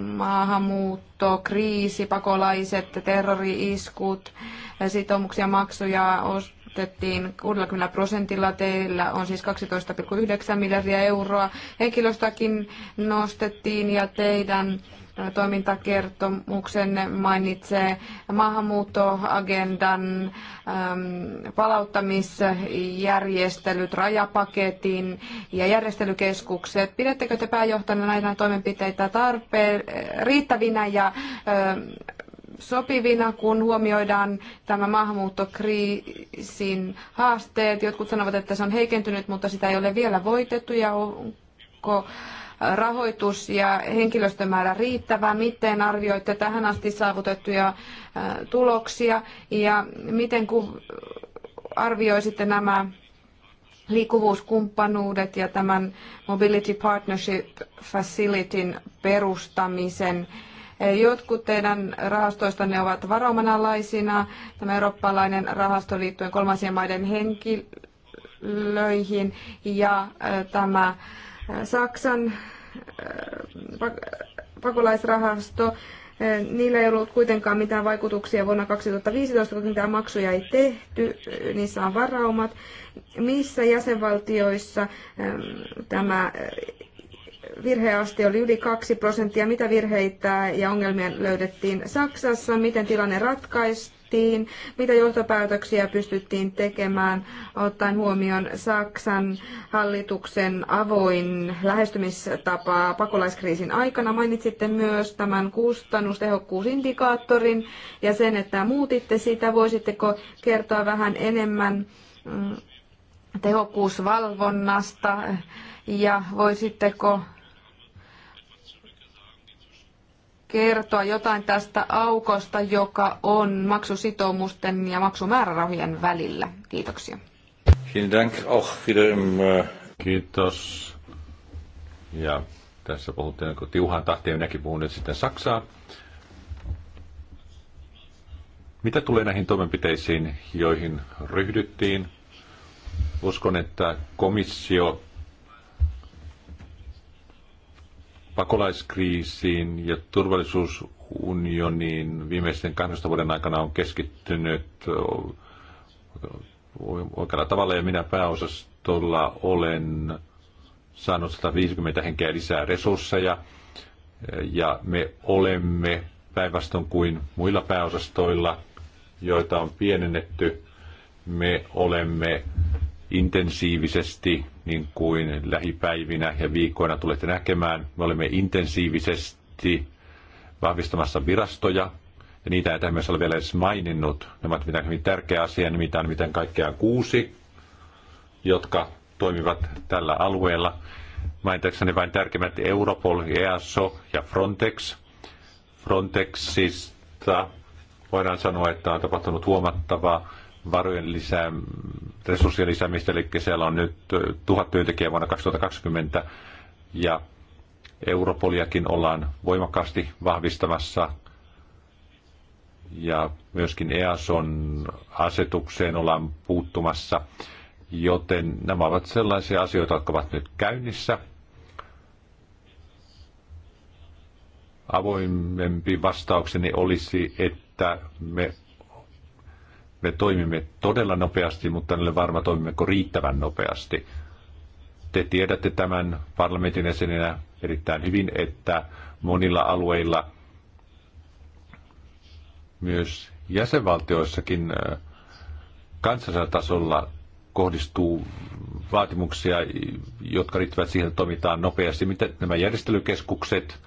maahanmuutto, kriisi, pakolaiset, terrori-iskut, äh, sitoumuksia, maksuja ostettiin 60 prosentilla. Teillä on siis 12,9 miljardia euroa. Henkilöstäkin nostettiin ja teidän toimintakertomuksenne mainitsee maahanmuuttoagendan, palauttamisjärjestelyt, rajapaketin ja järjestelykeskukset. Pidättekö te pääjohtajana näitä toimenpiteitä tarpeen, riittävinä ja sopivina, kun huomioidaan tämä maahanmuuttokriisin haasteet. Jotkut sanovat, että se on heikentynyt, mutta sitä ei ole vielä voitettu ja onko rahoitus ja henkilöstömäärä riittävä? Miten arvioitte tähän asti saavutettuja äh, tuloksia ja miten kun arvioisitte nämä liikkuvuuskumppanuudet ja tämän Mobility Partnership Facilityn perustamisen. Jotkut teidän rahastoistanne ovat varomanalaisina, tämä eurooppalainen rahasto liittyen kolmansien maiden henkilöihin ja äh, tämä Äh, Saksan äh, pakolaisrahasto, äh, niillä ei ollut kuitenkaan mitään vaikutuksia vuonna 2015, kun mitään maksuja ei tehty, niissä on varaumat. Missä jäsenvaltioissa tämä virheaste oli yli 2 prosenttia. Mitä virheitä ja ongelmia löydettiin Saksassa? Miten tilanne ratkaistiin? Mitä johtopäätöksiä pystyttiin tekemään ottaen huomioon Saksan hallituksen avoin lähestymistapa pakolaiskriisin aikana? Mainitsitte myös tämän kustannustehokkuusindikaattorin ja sen, että muutitte sitä. Voisitteko kertoa vähän enemmän mm, tehokkuusvalvonnasta? Ja voisitteko kertoa jotain tästä aukosta, joka on maksusitoumusten ja maksumäärärahojen välillä? Kiitoksia. Äh, Kiitos. Ja tässä puhuttiin kun tiuhaan tahtia, minäkin puhun nyt sitten Saksaa. Mitä tulee näihin toimenpiteisiin, joihin ryhdyttiin? Uskon, että komissio pakolaiskriisiin ja turvallisuusunioniin viimeisten 12 vuoden aikana on keskittynyt oikealla tavalla ja minä pääosastolla olen saanut 150 henkeä lisää resursseja ja me olemme päinvastoin kuin muilla pääosastoilla, joita on pienennetty, me olemme intensiivisesti niin kuin lähipäivinä ja viikkoina tulette näkemään. Me olemme intensiivisesti vahvistamassa virastoja, ja niitä ei tämmöisessä ole vielä edes maininnut. Nämä ovat mitään hyvin tärkeä asia, nimittäin miten kaikkea kuusi, jotka toimivat tällä alueella. Mainitakseni vain tärkeimmät Europol, EASO ja Frontex. Frontexista voidaan sanoa, että on tapahtunut huomattavaa varojen lisää, resurssien lisäämistä, eli siellä on nyt tuhat työntekijää vuonna 2020, ja Europoliakin ollaan voimakkaasti vahvistamassa, ja myöskin EASON asetukseen ollaan puuttumassa, joten nämä ovat sellaisia asioita, jotka ovat nyt käynnissä. Avoimempi vastaukseni olisi, että me me toimimme todella nopeasti, mutta en ole varma, toimimmeko riittävän nopeasti. Te tiedätte tämän parlamentin jäsenenä erittäin hyvin, että monilla alueilla myös jäsenvaltioissakin kansallisella tasolla kohdistuu vaatimuksia, jotka riittävät siihen, että toimitaan nopeasti. Mitä nämä järjestelykeskukset,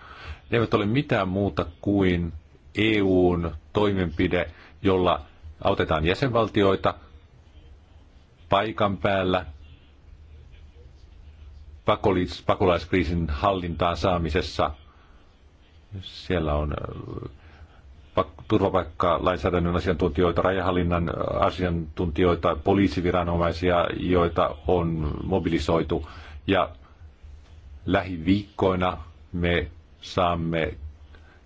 ne eivät ole mitään muuta kuin EUn toimenpide, jolla autetaan jäsenvaltioita paikan päällä pakolaiskriisin hallintaan saamisessa. Siellä on äh, turvapaikkalainsäädännön asiantuntijoita, rajahallinnan äh, asiantuntijoita, poliisiviranomaisia, joita on mobilisoitu. Ja lähiviikkoina me saamme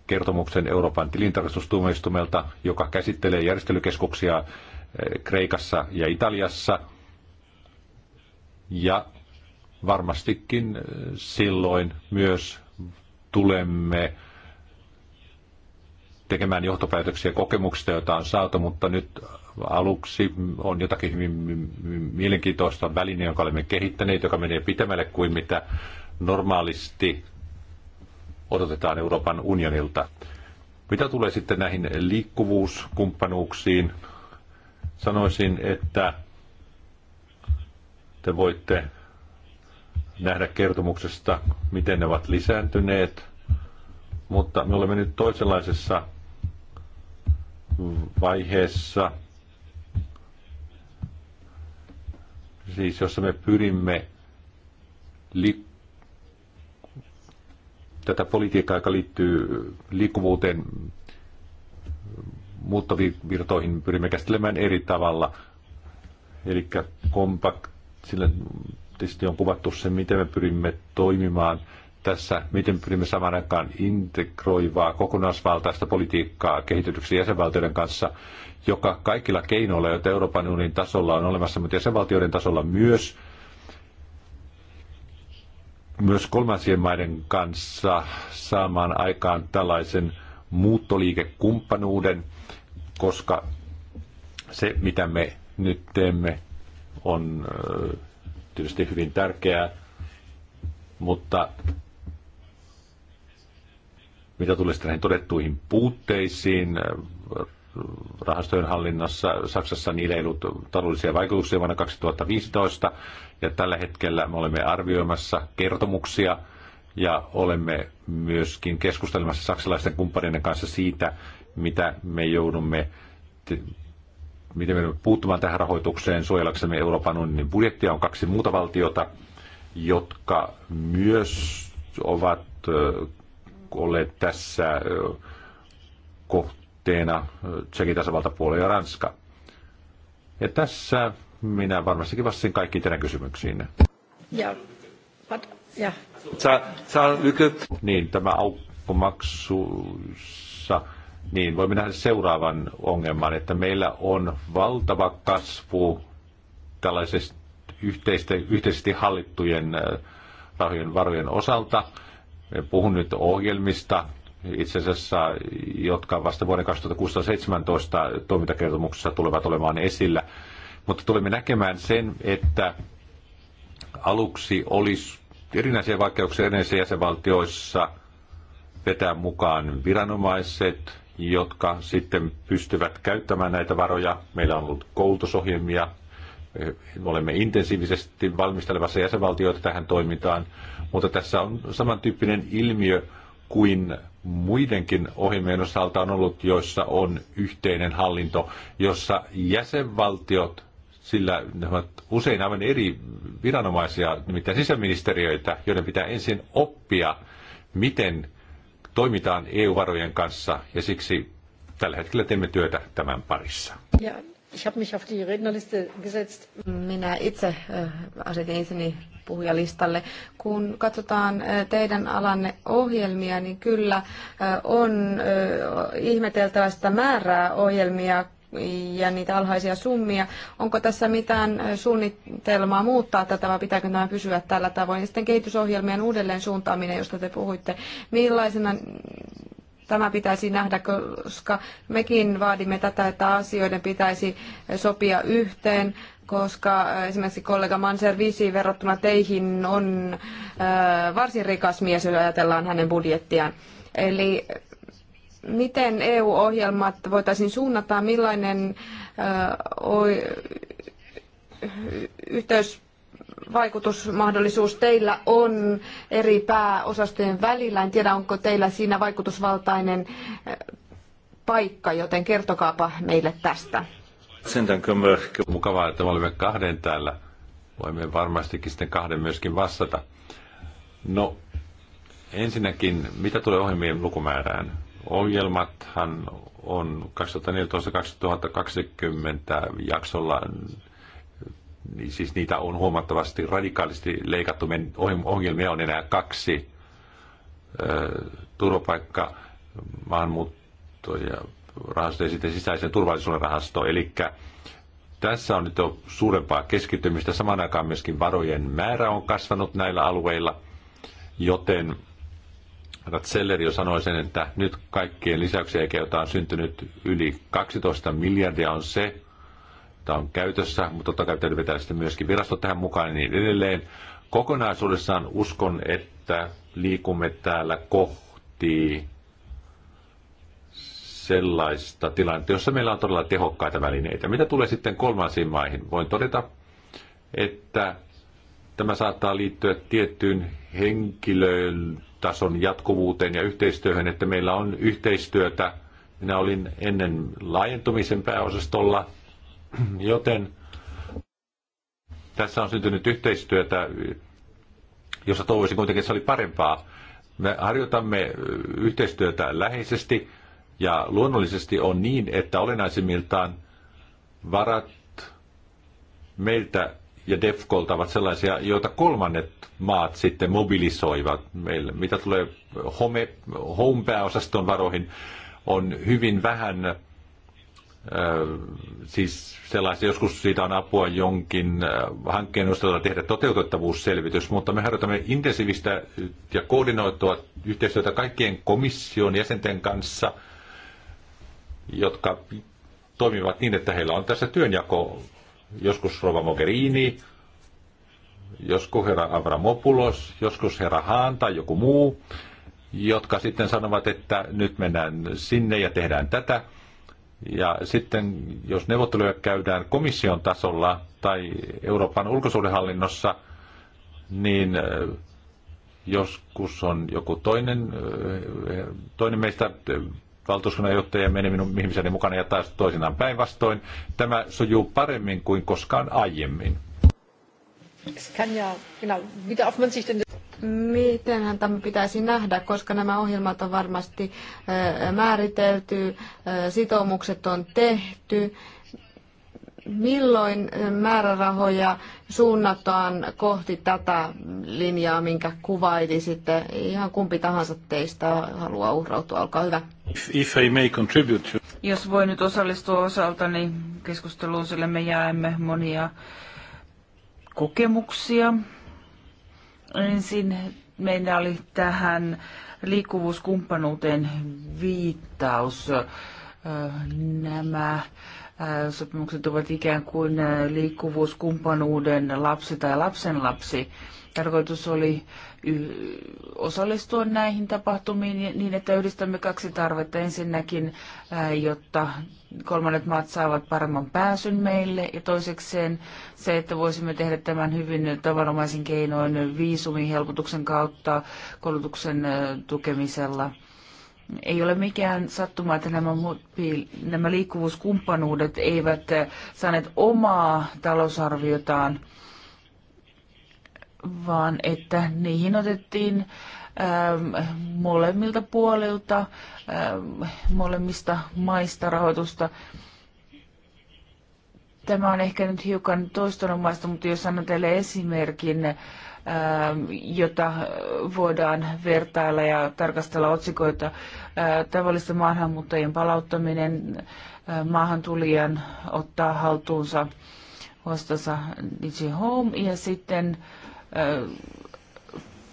kertomuksen Euroopan tilintarkastustuomioistuimelta, joka käsittelee järjestelykeskuksia eh, Kreikassa ja Italiassa. Ja varmastikin eh, silloin myös tulemme tekemään johtopäätöksiä kokemuksista, joita on saatu, mutta nyt aluksi on jotakin hyvin mielenkiintoista väline, jonka olemme kehittäneet, joka menee pitemmälle kuin mitä normaalisti odotetaan Euroopan unionilta. Mitä tulee sitten näihin liikkuvuuskumppanuuksiin, sanoisin, että te voitte nähdä kertomuksesta, miten ne ovat lisääntyneet, mutta me olemme nyt toisenlaisessa vaiheessa, siis jossa me pyrimme li- tätä politiikkaa, joka liittyy liikkuvuuteen, muuttovirtoihin pyrimme käsittelemään eri tavalla. Eli kompakt, sillä tietysti on kuvattu se, miten me pyrimme toimimaan tässä, miten pyrimme samaan aikaan integroivaa kokonaisvaltaista politiikkaa kehitytyksi jäsenvaltioiden kanssa, joka kaikilla keinoilla, joita Euroopan unionin tasolla on olemassa, mutta jäsenvaltioiden tasolla myös, myös kolmansien maiden kanssa saamaan aikaan tällaisen muuttoliikekumppanuuden, koska se, mitä me nyt teemme, on tietysti hyvin tärkeää, mutta mitä tulee sitten näihin todettuihin puutteisiin rahastojen hallinnassa. Saksassa niillä ei ollut taloudellisia vaikutuksia vuonna 2015 ja tällä hetkellä me olemme arvioimassa kertomuksia ja olemme myöskin keskustelemassa saksalaisten kumppaneiden kanssa siitä, mitä me joudumme miten me joudumme puuttumaan tähän rahoitukseen suojellaksemme Euroopan unionin budjettia. On kaksi muuta valtiota, jotka myös ovat olleet tässä kohtaa kohteena Tsekin tasavalta, Puola ja Ranska. Ja tässä minä varmastikin vastasin kaikkiin teidän kysymyksiin. Ja, but, ja. Saa, saa niin, tämä aukkomaksussa, niin voimme nähdä seuraavan ongelman, että meillä on valtava kasvu tällaisesta yhteistä, yhteisesti hallittujen rahojen varojen osalta. Puhun nyt ohjelmista, itse asiassa, jotka vasta vuoden 2016 toimintakertomuksessa tulevat olemaan esillä. Mutta tulemme näkemään sen, että aluksi olisi erinäisiä vaikeuksia erinäisissä jäsenvaltioissa vetää mukaan viranomaiset, jotka sitten pystyvät käyttämään näitä varoja. Meillä on ollut koulutusohjelmia, me olemme intensiivisesti valmistelevassa jäsenvaltioita tähän toimintaan, mutta tässä on samantyyppinen ilmiö kuin muidenkin ohimien osalta on ollut, joissa on yhteinen hallinto, jossa jäsenvaltiot, sillä ne ovat usein aivan eri viranomaisia, nimittäin sisäministeriöitä, joiden pitää ensin oppia, miten toimitaan EU-varojen kanssa, ja siksi tällä hetkellä teemme työtä tämän parissa. Yeah. Minä itse asetin itseni puhujalistalle. Kun katsotaan teidän alanne ohjelmia, niin kyllä on ihmeteltävä sitä määrää ohjelmia, ja niitä alhaisia summia. Onko tässä mitään suunnitelmaa muuttaa tätä vai pitääkö tämä pysyä tällä tavoin? Ja sitten kehitysohjelmien uudelleen suuntaaminen, josta te puhuitte, millaisena Tämä pitäisi nähdä, koska mekin vaadimme tätä, että asioiden pitäisi sopia yhteen, koska esimerkiksi kollega Manser Visi verrattuna teihin on äh, varsin rikas mies, jos ajatellaan hänen budjettiaan. Eli miten EU-ohjelmat voitaisiin suunnata, millainen äh, yhteys vaikutusmahdollisuus teillä on eri pääosastojen välillä. En tiedä, onko teillä siinä vaikutusvaltainen eh, paikka, joten kertokaapa meille tästä. mukavaa, että me olemme kahden täällä. Voimme varmastikin sitten kahden myöskin vastata. No, ensinnäkin, mitä tulee ohjelmien lukumäärään? Ohjelmathan on 2014-2020 jaksolla niin siis niitä on huomattavasti radikaalisti leikattu. Ongelmia on enää kaksi. Turvapaikka, maahanmuutto ja rahasto ja sitten sisäisen turvallisuuden rahasto. Eli tässä on nyt jo suurempaa keskittymistä. Samaan aikaan myöskin varojen määrä on kasvanut näillä alueilla, joten Ratzeller jo sanoi sen, että nyt kaikkien lisäyksiä, joita on syntynyt yli 12 miljardia, on se, tämä on käytössä, mutta totta kai täytyy vetää sitten myöskin virastot tähän mukaan ja niin edelleen. Kokonaisuudessaan uskon, että liikumme täällä kohti sellaista tilannetta, jossa meillä on todella tehokkaita välineitä. Mitä tulee sitten kolmansiin maihin? Voin todeta, että tämä saattaa liittyä tiettyyn henkilöön tason jatkuvuuteen ja yhteistyöhön, että meillä on yhteistyötä. Minä olin ennen laajentumisen pääosastolla Joten tässä on syntynyt yhteistyötä, jossa toivoisin kuitenkin, että se oli parempaa. Me harjoitamme yhteistyötä läheisesti ja luonnollisesti on niin, että olennaisimmiltaan varat meiltä ja DEFCOlta ovat sellaisia, joita kolmannet maat sitten mobilisoivat. meille. mitä tulee home, home-pääosaston varoihin, on hyvin vähän Äh, siis sellaisia, joskus siitä on apua jonkin äh, hankkeen osalta tehdä toteutettavuusselvitys, mutta me harjoitamme intensiivistä ja koordinoitua yhteistyötä kaikkien komission jäsenten kanssa, jotka toimivat niin, että heillä on tässä työnjako joskus Rova Mogherini, joskus herra Avramopoulos, joskus herra Haan tai joku muu, jotka sitten sanovat, että nyt mennään sinne ja tehdään tätä – ja sitten, jos neuvotteluja käydään komission tasolla tai Euroopan ulkosuudenhallinnossa, niin joskus on joku toinen, toinen meistä valtuuskunnan johtaja meni minun ihmiseni mukana ja taas toisinaan päinvastoin. Tämä sujuu paremmin kuin koskaan aiemmin. Mitenhän tämä pitäisi nähdä, koska nämä ohjelmat on varmasti äh, määritelty, äh, sitoumukset on tehty. Milloin äh, määrärahoja suunnataan kohti tätä linjaa, minkä kuvailisitte? Ihan kumpi tahansa teistä haluaa uhrautua, olkaa hyvä. If I may contribute. Jos voin nyt osallistua osaltani keskusteluun, sillä me jäämme monia kokemuksia. Ensin meillä oli tähän liikkuvuuskumppanuuteen viittaus. Nämä sopimukset ovat ikään kuin liikkuvuuskumppanuuden lapsi tai lapsenlapsi. Tarkoitus oli osallistua näihin tapahtumiin niin, että yhdistämme kaksi tarvetta. Ensinnäkin, jotta kolmannet maat saavat paremman pääsyn meille. Ja toisekseen se, että voisimme tehdä tämän hyvin tavanomaisin keinoin viisumihelpotuksen kautta koulutuksen tukemisella. Ei ole mikään sattuma, että nämä, nämä liikkuvuuskumppanuudet eivät saaneet omaa talousarviotaan, vaan että niihin otettiin äh, Ähm, molemmilta puolilta, ähm, molemmista maista rahoitusta. Tämä on ehkä nyt hiukan toistonomaista, mutta jos annan teille esimerkin, ähm, jota voidaan vertailla ja tarkastella otsikoita. Äh, tavallisten maahanmuuttajien palauttaminen, äh, maahantulijan ottaa haltuunsa huostansa Digi Home ja sitten äh,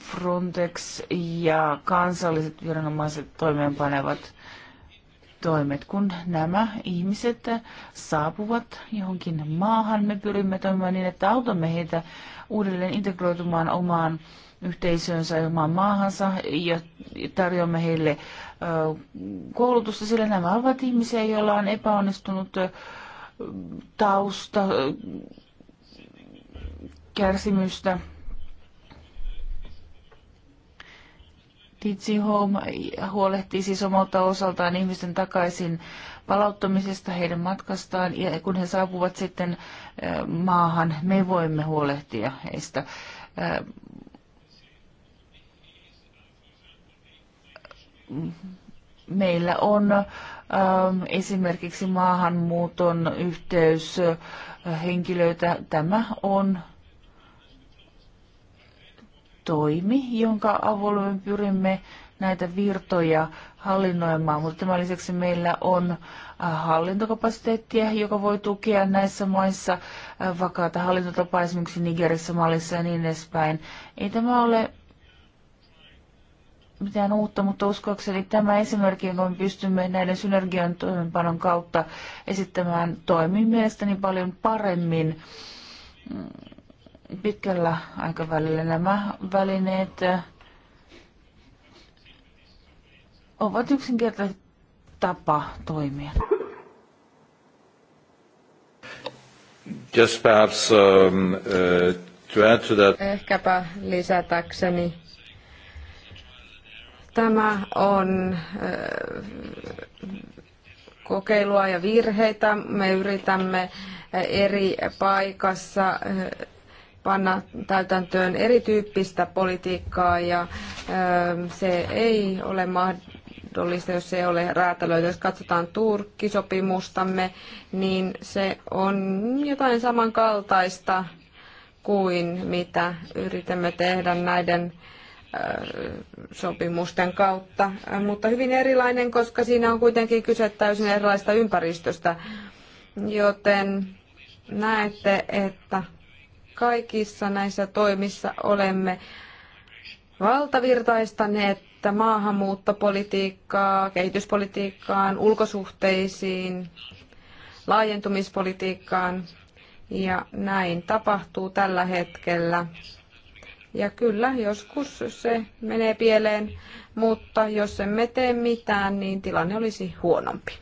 Frontex ja kansalliset viranomaiset toimeenpanevat toimet. Kun nämä ihmiset saapuvat johonkin maahan, me pyrimme toimimaan niin, että autamme heitä uudelleen integroitumaan omaan yhteisöönsä ja omaan maahansa ja tarjoamme heille koulutusta, sillä nämä ovat ihmisiä, joilla on epäonnistunut tausta, kärsimystä, Digi Home huolehtii siis omalta osaltaan ihmisten takaisin palauttamisesta heidän matkastaan ja kun he saapuvat sitten maahan, me voimme huolehtia heistä. Meillä on esimerkiksi maahanmuuton yhteys henkilöitä. Tämä on toimi, jonka avulla me pyrimme näitä virtoja hallinnoimaan, mutta tämän lisäksi meillä on äh, hallintokapasiteettia, joka voi tukea näissä maissa äh, vakaata hallintotapaa esimerkiksi Nigerissä, Malissa ja niin edespäin. Ei tämä ole mitään uutta, mutta uskoakseni tämä esimerkki, jonka me pystymme näiden synergian toimenpanon kautta esittämään, toimii mielestäni paljon paremmin mm pitkällä aikavälillä nämä välineet äh, ovat yksinkertaisesti tapa toimia. Just perhaps um, uh, to add to that. Ehkäpä lisätäkseni. Tämä on uh, kokeilua ja virheitä. Me yritämme uh, eri paikassa uh, panna täytäntöön erityyppistä politiikkaa ja se ei ole mahdollista, jos se ei ole räätälöity. Jos katsotaan Turkki Turkki-sopimustamme, niin se on jotain samankaltaista kuin mitä yritämme tehdä näiden sopimusten kautta, mutta hyvin erilainen, koska siinä on kuitenkin kyse täysin erilaista ympäristöstä. Joten näette, että kaikissa näissä toimissa olemme valtavirtaistaneet maahanmuuttopolitiikkaa, kehityspolitiikkaan, ulkosuhteisiin, laajentumispolitiikkaan ja näin tapahtuu tällä hetkellä. Ja kyllä, joskus se menee pieleen, mutta jos emme tee mitään, niin tilanne olisi huonompi.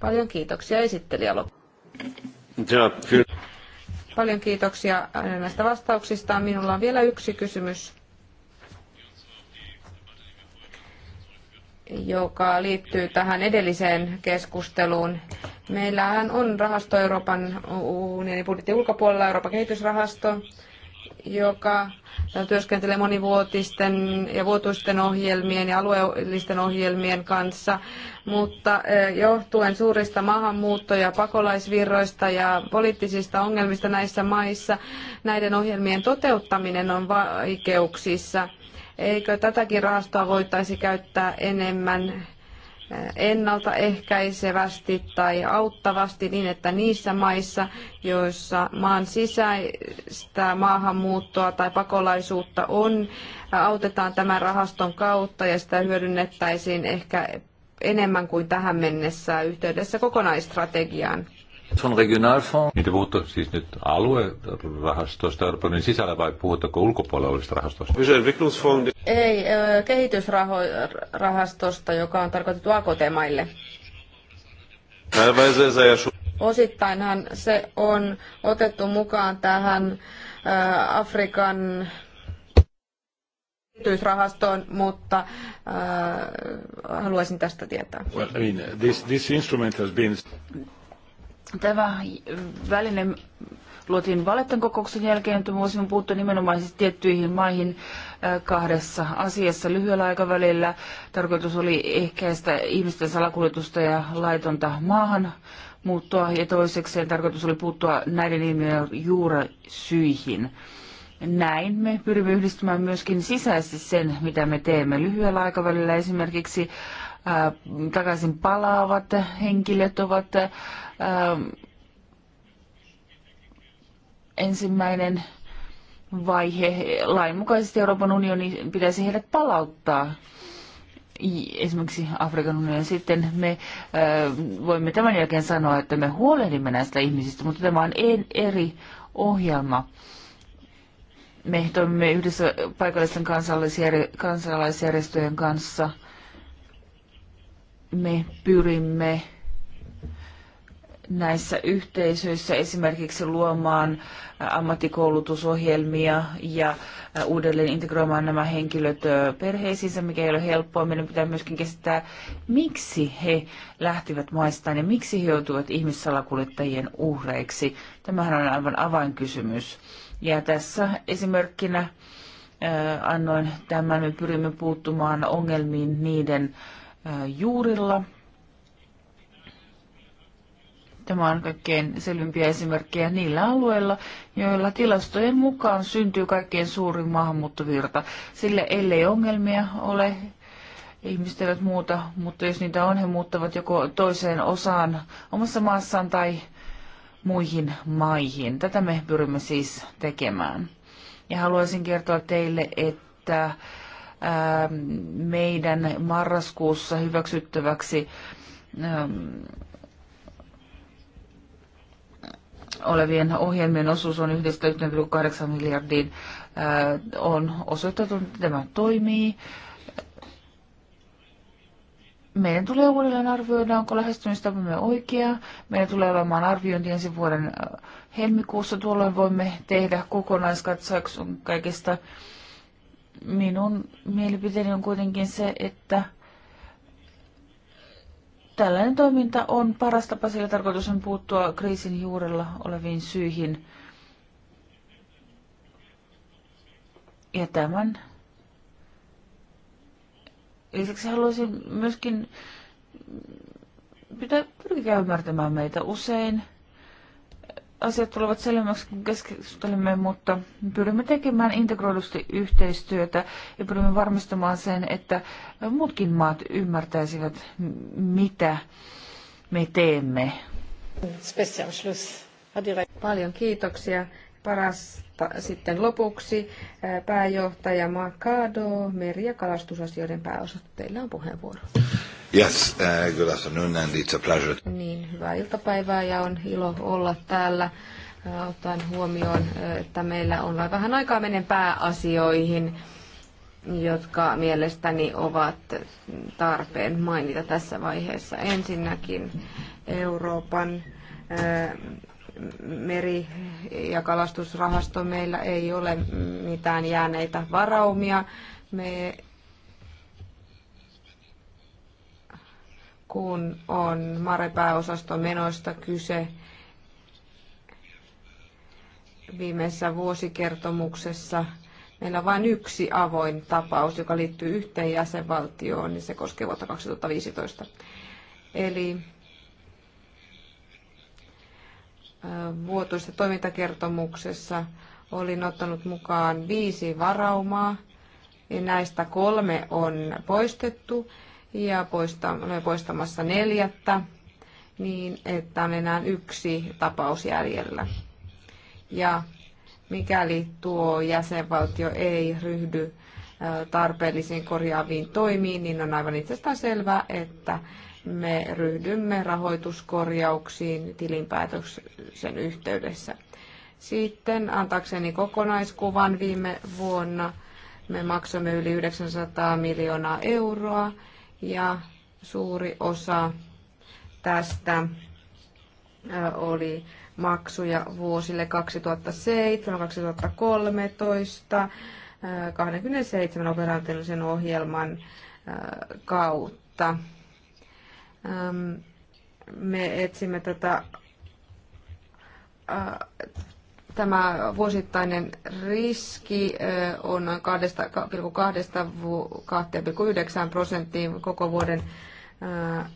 Paljon kiitoksia esittelijä Paljon kiitoksia näistä vastauksista. Minulla on vielä yksi kysymys, joka liittyy tähän edelliseen keskusteluun. Meillähän on rahasto Euroopan unionin budjetin ulkopuolella, Euroopan kehitysrahasto, joka työskentelee monivuotisten ja vuotuisten ohjelmien ja alueellisten ohjelmien kanssa, mutta eh, johtuen suurista maahanmuutto- ja pakolaisvirroista ja poliittisista ongelmista näissä maissa, näiden ohjelmien toteuttaminen on vaikeuksissa. Eikö tätäkin rahastoa voitaisi käyttää enemmän ennaltaehkäisevästi tai auttavasti niin, että niissä maissa, joissa maan sisäistä maahanmuuttoa tai pakolaisuutta on, autetaan tämän rahaston kautta ja sitä hyödynnettäisiin ehkä enemmän kuin tähän mennessä yhteydessä kokonaistrategiaan. Niitä puhuttu siis nyt aluerahastoista Euroopan sisällä vai puhutteko ulkopuolella rahastoista? Ei, kehitysrahastosta, joka on tarkoitettu AKT-maille. Osittainhan se on otettu mukaan tähän Afrikan kehitysrahastoon, mutta äh, haluaisin tästä tietää. Well, I mean, this, this instrument has been... Tämä väline luotiin Valettan kokouksen jälkeen, että voisimme puuttua siis tiettyihin maihin kahdessa asiassa lyhyellä aikavälillä. Tarkoitus oli ehkäistä ihmisten salakuljetusta ja laitonta maahan muuttua ja toisekseen tarkoitus oli puuttua näiden ilmiöiden juurisyihin. Näin me pyrimme yhdistämään myöskin sisäisesti sen, mitä me teemme lyhyellä aikavälillä. Esimerkiksi ää, takaisin palaavat henkilöt ovat ää, Ähm, ensimmäinen vaihe. Lainmukaisesti Euroopan unioni pitäisi heidät palauttaa esimerkiksi Afrikan unionin. Sitten me ähm, voimme tämän jälkeen sanoa, että me huolehdimme näistä ihmisistä, mutta tämä on en eri ohjelma. Me toimimme yhdessä paikallisten kansalaisjärjestöjen kanssa. Me pyrimme näissä yhteisöissä esimerkiksi luomaan ammattikoulutusohjelmia ja uudelleen integroimaan nämä henkilöt perheisiinsä, mikä ei ole helppoa. Meidän pitää myöskin käsittää, miksi he lähtivät maistaan ja miksi he joutuivat ihmissalakuljettajien uhreiksi. Tämähän on aivan avainkysymys. Ja tässä esimerkkinä annoin tämän, me pyrimme puuttumaan ongelmiin niiden juurilla – Tämä on kaikkein selvimpiä esimerkkejä niillä alueilla, joilla tilastojen mukaan syntyy kaikkein suurin maahanmuuttovirta. Sillä ellei ongelmia ole, ihmiset eivät muuta, mutta jos niitä on, he muuttavat joko toiseen osaan omassa maassaan tai muihin maihin. Tätä me pyrimme siis tekemään. Ja haluaisin kertoa teille, että ähm, meidän marraskuussa hyväksyttäväksi ähm, olevien ohjelmien osuus on 1,8 miljardiin. On osoittautunut, että tämä toimii. Meidän tulee uudelleen arvioida, onko lähestymistapamme oikea. Meidän tulee olemaan arviointi ensi vuoden helmikuussa. Tuolloin voimme tehdä kokonaiskatsauksen kaikista. Minun mielipiteeni on kuitenkin se, että Tällainen toiminta on paras tapa, sillä tarkoitus on puuttua kriisin juurella oleviin syihin. Ja tämän lisäksi haluaisin myöskin pitää pyrkiä ymmärtämään meitä usein asiat tulevat selvemmäksi, kun keskustelemme, mutta pyrimme tekemään integroidusti yhteistyötä ja pyrimme varmistamaan sen, että muutkin maat ymmärtäisivät, mitä me teemme. Paljon kiitoksia. Paras sitten lopuksi pääjohtaja Makado, meri- ja kalastusasioiden pääosoitteilla on puheenvuoro. Yes, uh, good afternoon and it's a pleasure. Niin, hyvää iltapäivää ja on ilo olla täällä. Ottaen huomioon, että meillä on vähän aikaa menen pääasioihin, jotka mielestäni ovat tarpeen mainita tässä vaiheessa. Ensinnäkin Euroopan meri- ja kalastusrahasto, meillä ei ole mitään jääneitä varaumia. Me, kun on marepääosaston menoista kyse, viimeisessä vuosikertomuksessa meillä on vain yksi avoin tapaus, joka liittyy yhteen jäsenvaltioon, niin se koskee vuotta 2015. Eli vuotuisessa toimintakertomuksessa olin ottanut mukaan viisi varaumaa ja näistä kolme on poistettu ja poista, olen poistamassa neljättä niin, että on enää yksi tapaus jäljellä. Ja mikäli tuo jäsenvaltio ei ryhdy tarpeellisiin korjaaviin toimiin, niin on aivan itsestään selvää, että me ryhdymme rahoituskorjauksiin tilinpäätöksen yhteydessä. Sitten antaakseni kokonaiskuvan viime vuonna me maksamme yli 900 miljoonaa euroa ja suuri osa tästä oli maksuja vuosille 2007, 2013, 27 operaatiollisen ohjelman kautta. Ähm, me etsimme tätä, äh, tämä vuosittainen riski äh, on noin 2,2-2,9 prosenttiin koko vuoden äh,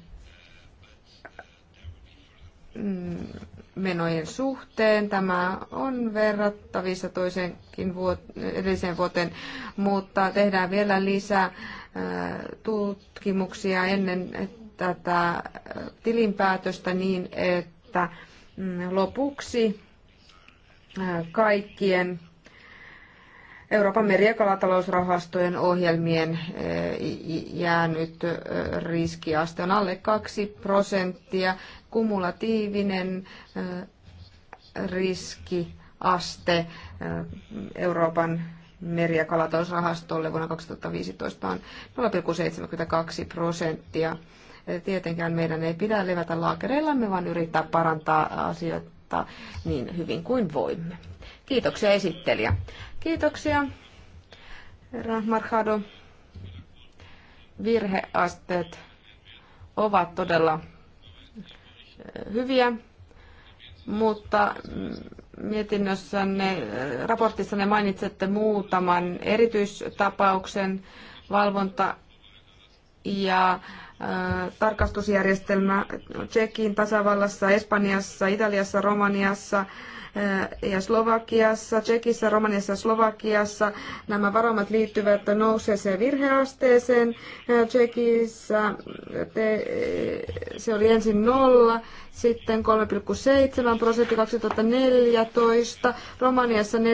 menojen suhteen. Tämä on verrattavissa toisenkin vuot- edelliseen vuoteen, mutta tehdään vielä lisää tutkimuksia ennen tätä tilinpäätöstä niin, että mm, lopuksi kaikkien Euroopan meri- ja kalatalousrahastojen ohjelmien jäänyt riskiaste on alle 2 prosenttia. Kumulatiivinen riskiaste Euroopan meri- ja kalatalousrahastolle vuonna 2015 on 0,72 prosenttia. Tietenkään meidän ei pidä levätä laakereillamme, vaan yrittää parantaa asioita niin hyvin kuin voimme. Kiitoksia esittelijä. Kiitoksia, herra Marhado. Virheasteet ovat todella eh, hyviä, mutta mietinnössänne, eh, ne mainitsette muutaman erityistapauksen valvonta ja tarkastusjärjestelmä Tsekin tasavallassa, Espanjassa, Italiassa, Romaniassa, Äh, ja Slovakiassa, Tsekissä, Romaniassa ja Slovakiassa nämä varomat liittyvät nousseeseen virheasteeseen. Äh, Tsekissä äh, se oli ensin nolla, sitten 3,7 prosenttia 2014, Romaniassa 4,6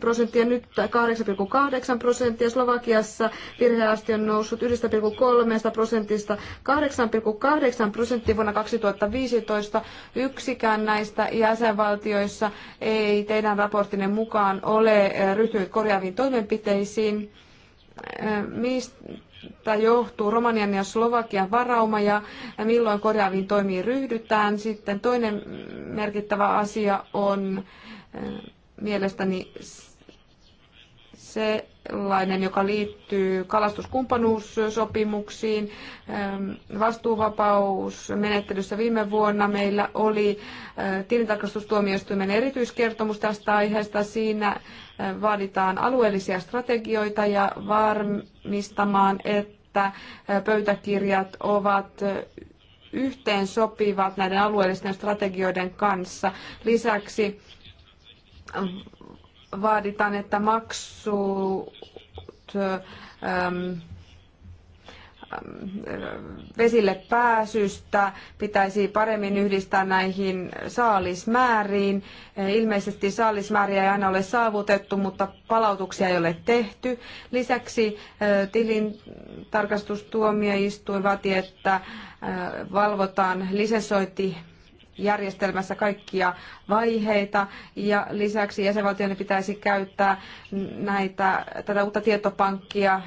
prosenttia, nyt 8,8 prosenttia, Slovakiassa virheaste on noussut 1,3 prosentista 8,8 prosenttia vuonna 2015. Yksikään näistä jäsenvaltioista joissa ei teidän raporttinne mukaan ole eh, ryhtynyt korjaaviin toimenpiteisiin. Eh, mistä johtuu Romanian ja Slovakian varauma ja milloin korjaaviin toimiin ryhdytään? Sitten toinen merkittävä asia on eh, mielestäni se, sellainen, joka liittyy kalastuskumppanuussopimuksiin. Ehm, vastuuvapausmenettelyssä viime vuonna meillä oli eh, tilintarkastustuomioistuimen erityiskertomus tästä aiheesta. Siinä eh, vaaditaan alueellisia strategioita ja varmistamaan, että eh, pöytäkirjat ovat yhteen sopivat näiden alueellisten strategioiden kanssa. Lisäksi vaaditaan, että maksut ähm, ähm, vesille pääsystä pitäisi paremmin yhdistää näihin saalismääriin. Ilmeisesti saalismääriä ei aina ole saavutettu, mutta palautuksia ei ole tehty. Lisäksi äh, tilintarkastustuomioistuin vaati, että äh, valvotaan lisensointi järjestelmässä kaikkia vaiheita ja lisäksi jäsenvaltioiden pitäisi käyttää näitä, tätä uutta tietopankkia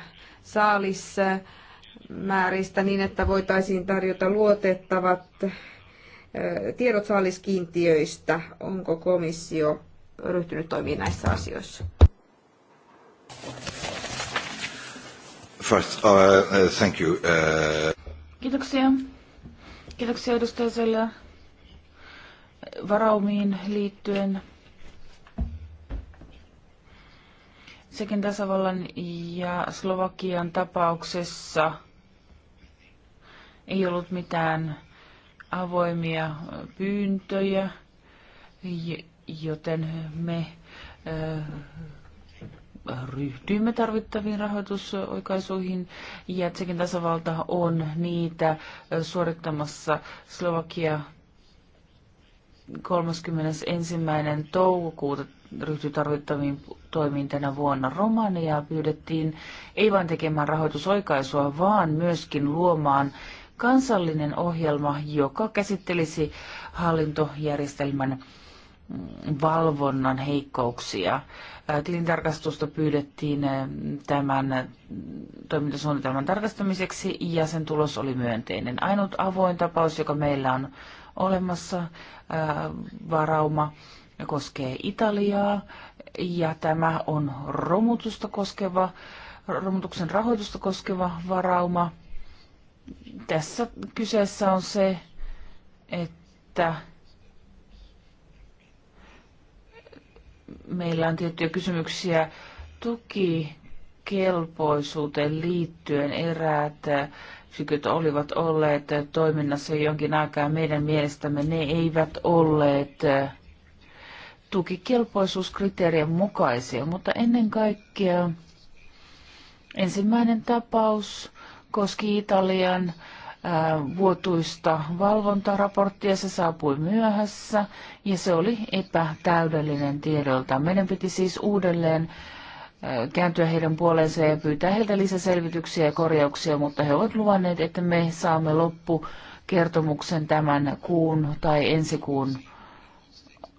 saalismääristä niin, että voitaisiin tarjota luotettavat tiedot saaliskiintiöistä. Onko komissio ryhtynyt toimimaan näissä asioissa? First, uh, uh, thank you. Uh... Kiitoksia. Kiitoksia edustajalle varaumiin liittyen sekin tasavallan ja Slovakian tapauksessa ei ollut mitään avoimia pyyntöjä, joten me ryhtyimme tarvittaviin rahoitusoikaisuihin ja Tsekin tasavalta on niitä suorittamassa Slovakia 31. toukokuuta ryhtyi tarvittaviin toimiin tänä vuonna. Romaniaa pyydettiin ei vain tekemään rahoitusoikaisua, vaan myöskin luomaan kansallinen ohjelma, joka käsittelisi hallintojärjestelmän mm, valvonnan heikkouksia. Tilintarkastusta pyydettiin tämän toimintasuunnitelman tarkastamiseksi ja sen tulos oli myönteinen. Ainut avoin tapaus, joka meillä on olemassa. Äh, varauma koskee Italiaa ja tämä on romutusta koskeva, romutuksen rahoitusta koskeva varauma. Tässä kyseessä on se, että meillä on tiettyjä kysymyksiä tukikelpoisuuteen liittyen eräät yksiköt olivat olleet toiminnassa jonkin aikaa. Meidän mielestämme ne eivät olleet eh, tukikelpoisuuskriteerien mukaisia, mutta ennen kaikkea ensimmäinen tapaus koski Italian eh, vuotuista valvontaraporttia. Se saapui myöhässä ja se oli epätäydellinen tiedolta. Meidän piti siis uudelleen kääntyä heidän puoleensa ja pyytää heiltä lisäselvityksiä ja korjauksia, mutta he ovat luvanneet, että me saamme loppukertomuksen tämän kuun tai ensi kuun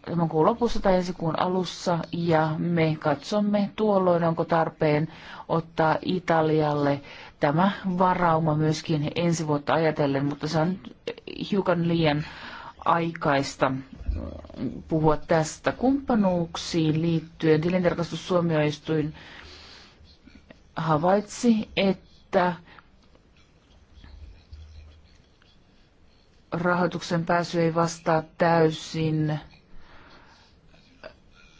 tämän kuun lopussa tai ensi kuun alussa ja me katsomme tuolloin, onko tarpeen ottaa Italialle tämä varauma myöskin ensi vuotta ajatellen, mutta se on hiukan liian äh, aikaista puhua tästä kumppanuuksiin liittyen. Tilintarkastustuomioistuin havaitsi, että rahoituksen pääsy ei vastaa täysin,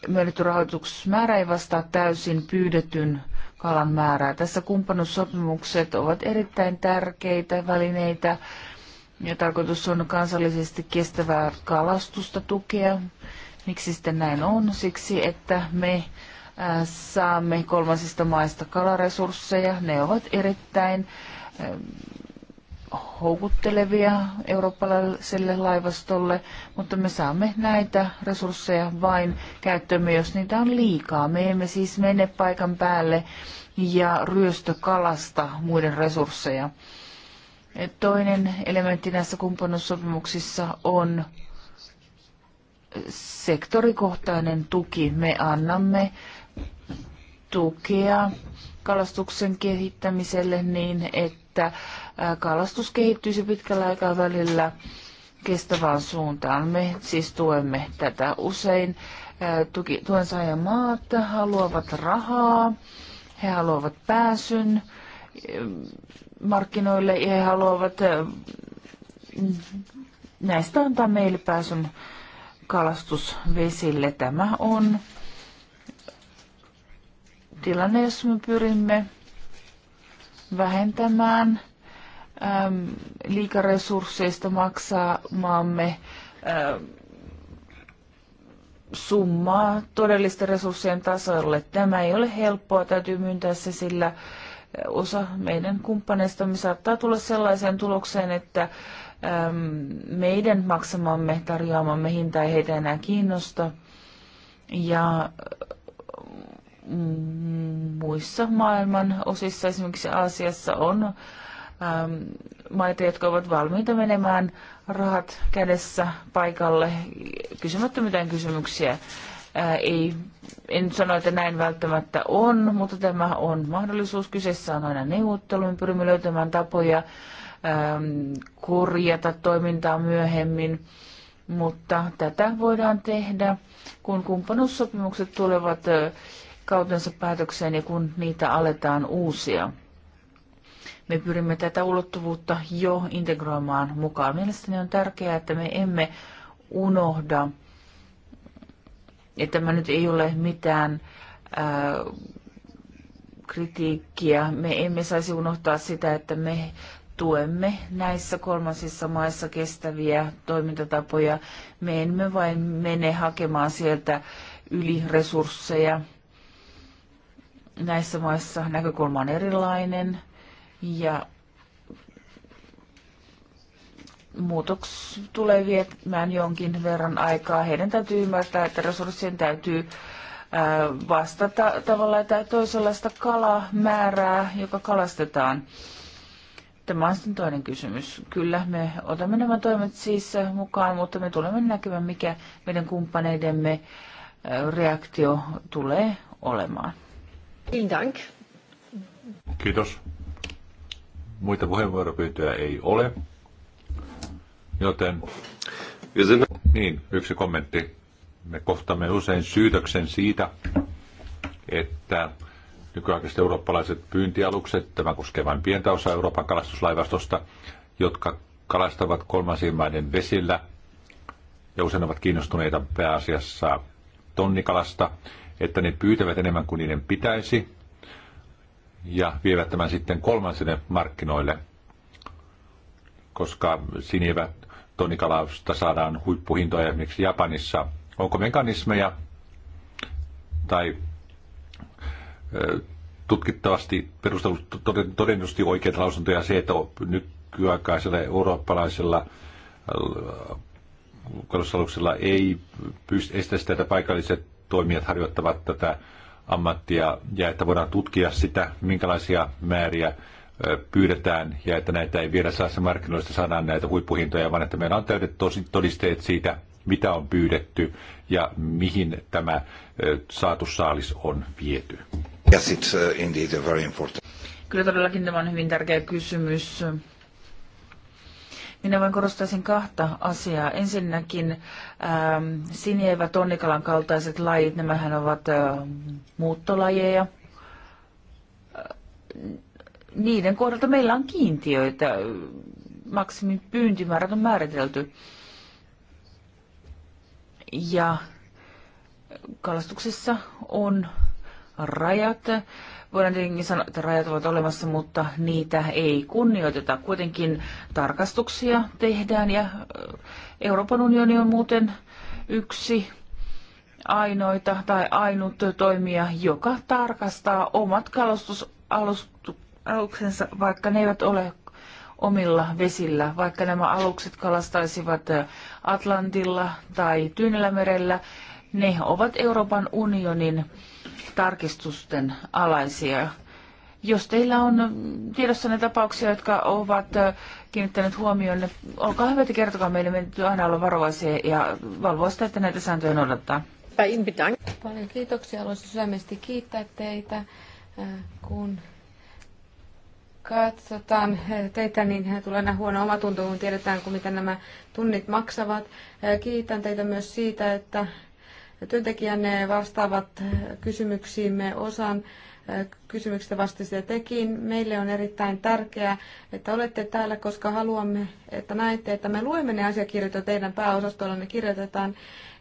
myönnetty rahoitusmäärä ei vastaa täysin pyydetyn kalan määrää. Tässä kumppanuussopimukset ovat erittäin tärkeitä välineitä ja tarkoitus on kansallisesti kestävää kalastusta tukea. Miksi sitten näin on? Siksi, että me äh, saamme kolmansista maista kalaresursseja. Ne ovat erittäin äh, houkuttelevia eurooppalaiselle laivastolle, mutta me saamme näitä resursseja vain käyttöömme, jos niitä on liikaa. Me emme siis mene paikan päälle ja ryöstö kalasta muiden resursseja. Toinen elementti näissä kumppanuussopimuksissa on sektorikohtainen tuki. Me annamme tukea kalastuksen kehittämiselle niin, että kalastus kehittyisi pitkällä aikavälillä kestävään suuntaan. Me siis tuemme tätä usein. Tuki, tuen saaja maat haluavat rahaa, he haluavat pääsyn markkinoille ja he haluavat eh, näistä antaa meille pääsyn kalastusvesille. Tämä on tilanne, jossa me pyrimme vähentämään äm, liikaresursseista maksaa maamme summaa todellisten resurssien tasolle. Tämä ei ole helppoa, täytyy myöntää se, sillä osa meidän kumppaneistamme saattaa tulla sellaiseen tulokseen, että meidän maksamamme, tarjoamamme hinta ei heitä enää kiinnosta. Ja mm, muissa maailman osissa, esimerkiksi Aasiassa, on maita, jotka ovat valmiita menemään rahat kädessä paikalle kysymättä mitään kysymyksiä ei, en sano, että näin välttämättä on, mutta tämä on mahdollisuus. Kyseessä on aina neuvottelu. Me pyrimme löytämään tapoja korjata toimintaa myöhemmin, mutta tätä voidaan tehdä, kun kumppanuussopimukset tulevat kautensa päätökseen ja kun niitä aletaan uusia. Me pyrimme tätä ulottuvuutta jo integroimaan mukaan. Mielestäni on tärkeää, että me emme unohda että tämä nyt ei ole mitään ää, kritiikkiä. Me emme saisi unohtaa sitä, että me tuemme näissä kolmansissa maissa kestäviä toimintatapoja. Me emme vain mene hakemaan sieltä yliresursseja. Näissä maissa näkökulma on erilainen ja muutoks tulee viemään jonkin verran aikaa. Heidän täytyy ymmärtää, että resurssien täytyy vastata tavallaan tai toisenlaista kalamäärää, joka kalastetaan. Tämä on sitten toinen kysymys. Kyllä, me otamme nämä toimet siis mukaan, mutta me tulemme näkemään, mikä meidän kumppaneidemme reaktio tulee olemaan. Dank. Kiitos. Muita puheenvuoropyyntöjä ei ole. Joten niin, yksi kommentti. Me kohtamme usein syytöksen siitä, että nykyaikaiset eurooppalaiset pyyntialukset, tämä koskee vain pientä osaa Euroopan kalastuslaivastosta, jotka kalastavat kolmansien maiden vesillä ja usein ovat kiinnostuneita pääasiassa tonnikalasta, että ne pyytävät enemmän kuin niiden pitäisi ja vievät tämän sitten kolmansille markkinoille, koska sinivät tonikalausta saadaan huippuhintoja esimerkiksi Japanissa. Onko mekanismeja tai tutkittavasti todennusti oikeita lausuntoja se, että nykyaikaisella eurooppalaisella kalastusaluksella ei pysty estää sitä, että paikalliset toimijat harjoittavat tätä ammattia ja että voidaan tutkia sitä, minkälaisia määriä pyydetään ja että näitä ei vielä saa se markkinoista saadaan näitä huippuhintoja, vaan että meillä on täydet todisteet siitä, mitä on pyydetty ja mihin tämä saatu saalis on viety. Yes, it's uh, indeed a very important. Kyllä todellakin tämä on hyvin tärkeä kysymys. Minä vain korostaisin kahta asiaa. Ensinnäkin ähm, sinievä tonnikalan kaltaiset lajit, nämähän ovat ähm, äh, muuttolajeja niiden kohdalta meillä on kiintiöitä, maksimin pyyntimäärät on määritelty. Ja kalastuksessa on rajat. Voidaan tietenkin sanoa, että rajat ovat olemassa, mutta niitä ei kunnioiteta. Kuitenkin tarkastuksia tehdään ja Euroopan unioni on muuten yksi ainoita tai ainut toimija, joka tarkastaa omat kalastusalus aluksensa, vaikka ne eivät ole omilla vesillä, vaikka nämä alukset kalastaisivat Atlantilla tai Tyynellämerellä, ne ovat Euroopan unionin tarkistusten alaisia. Jos teillä on tiedossa ne tapauksia, jotka ovat kiinnittäneet huomioon, olkaa hyvä, että kertokaa meille. Me täytyy aina olla varovaisia ja valvoa sitä, että näitä sääntöjä noudattaa. Paljon kiitoksia. Haluaisin sydämesti kiittää teitä, kun katsotaan teitä, niin tulee aina huono omatunto, kun tiedetään, kun mitä nämä tunnit maksavat. Kiitän teitä myös siitä, että työntekijänne vastaavat kysymyksiimme osan kysymyksistä ja tekin. Meille on erittäin tärkeää, että olette täällä, koska haluamme, että näette, että me luemme ne asiakirjat, joita teidän pääosastolla ne kirjoitetaan.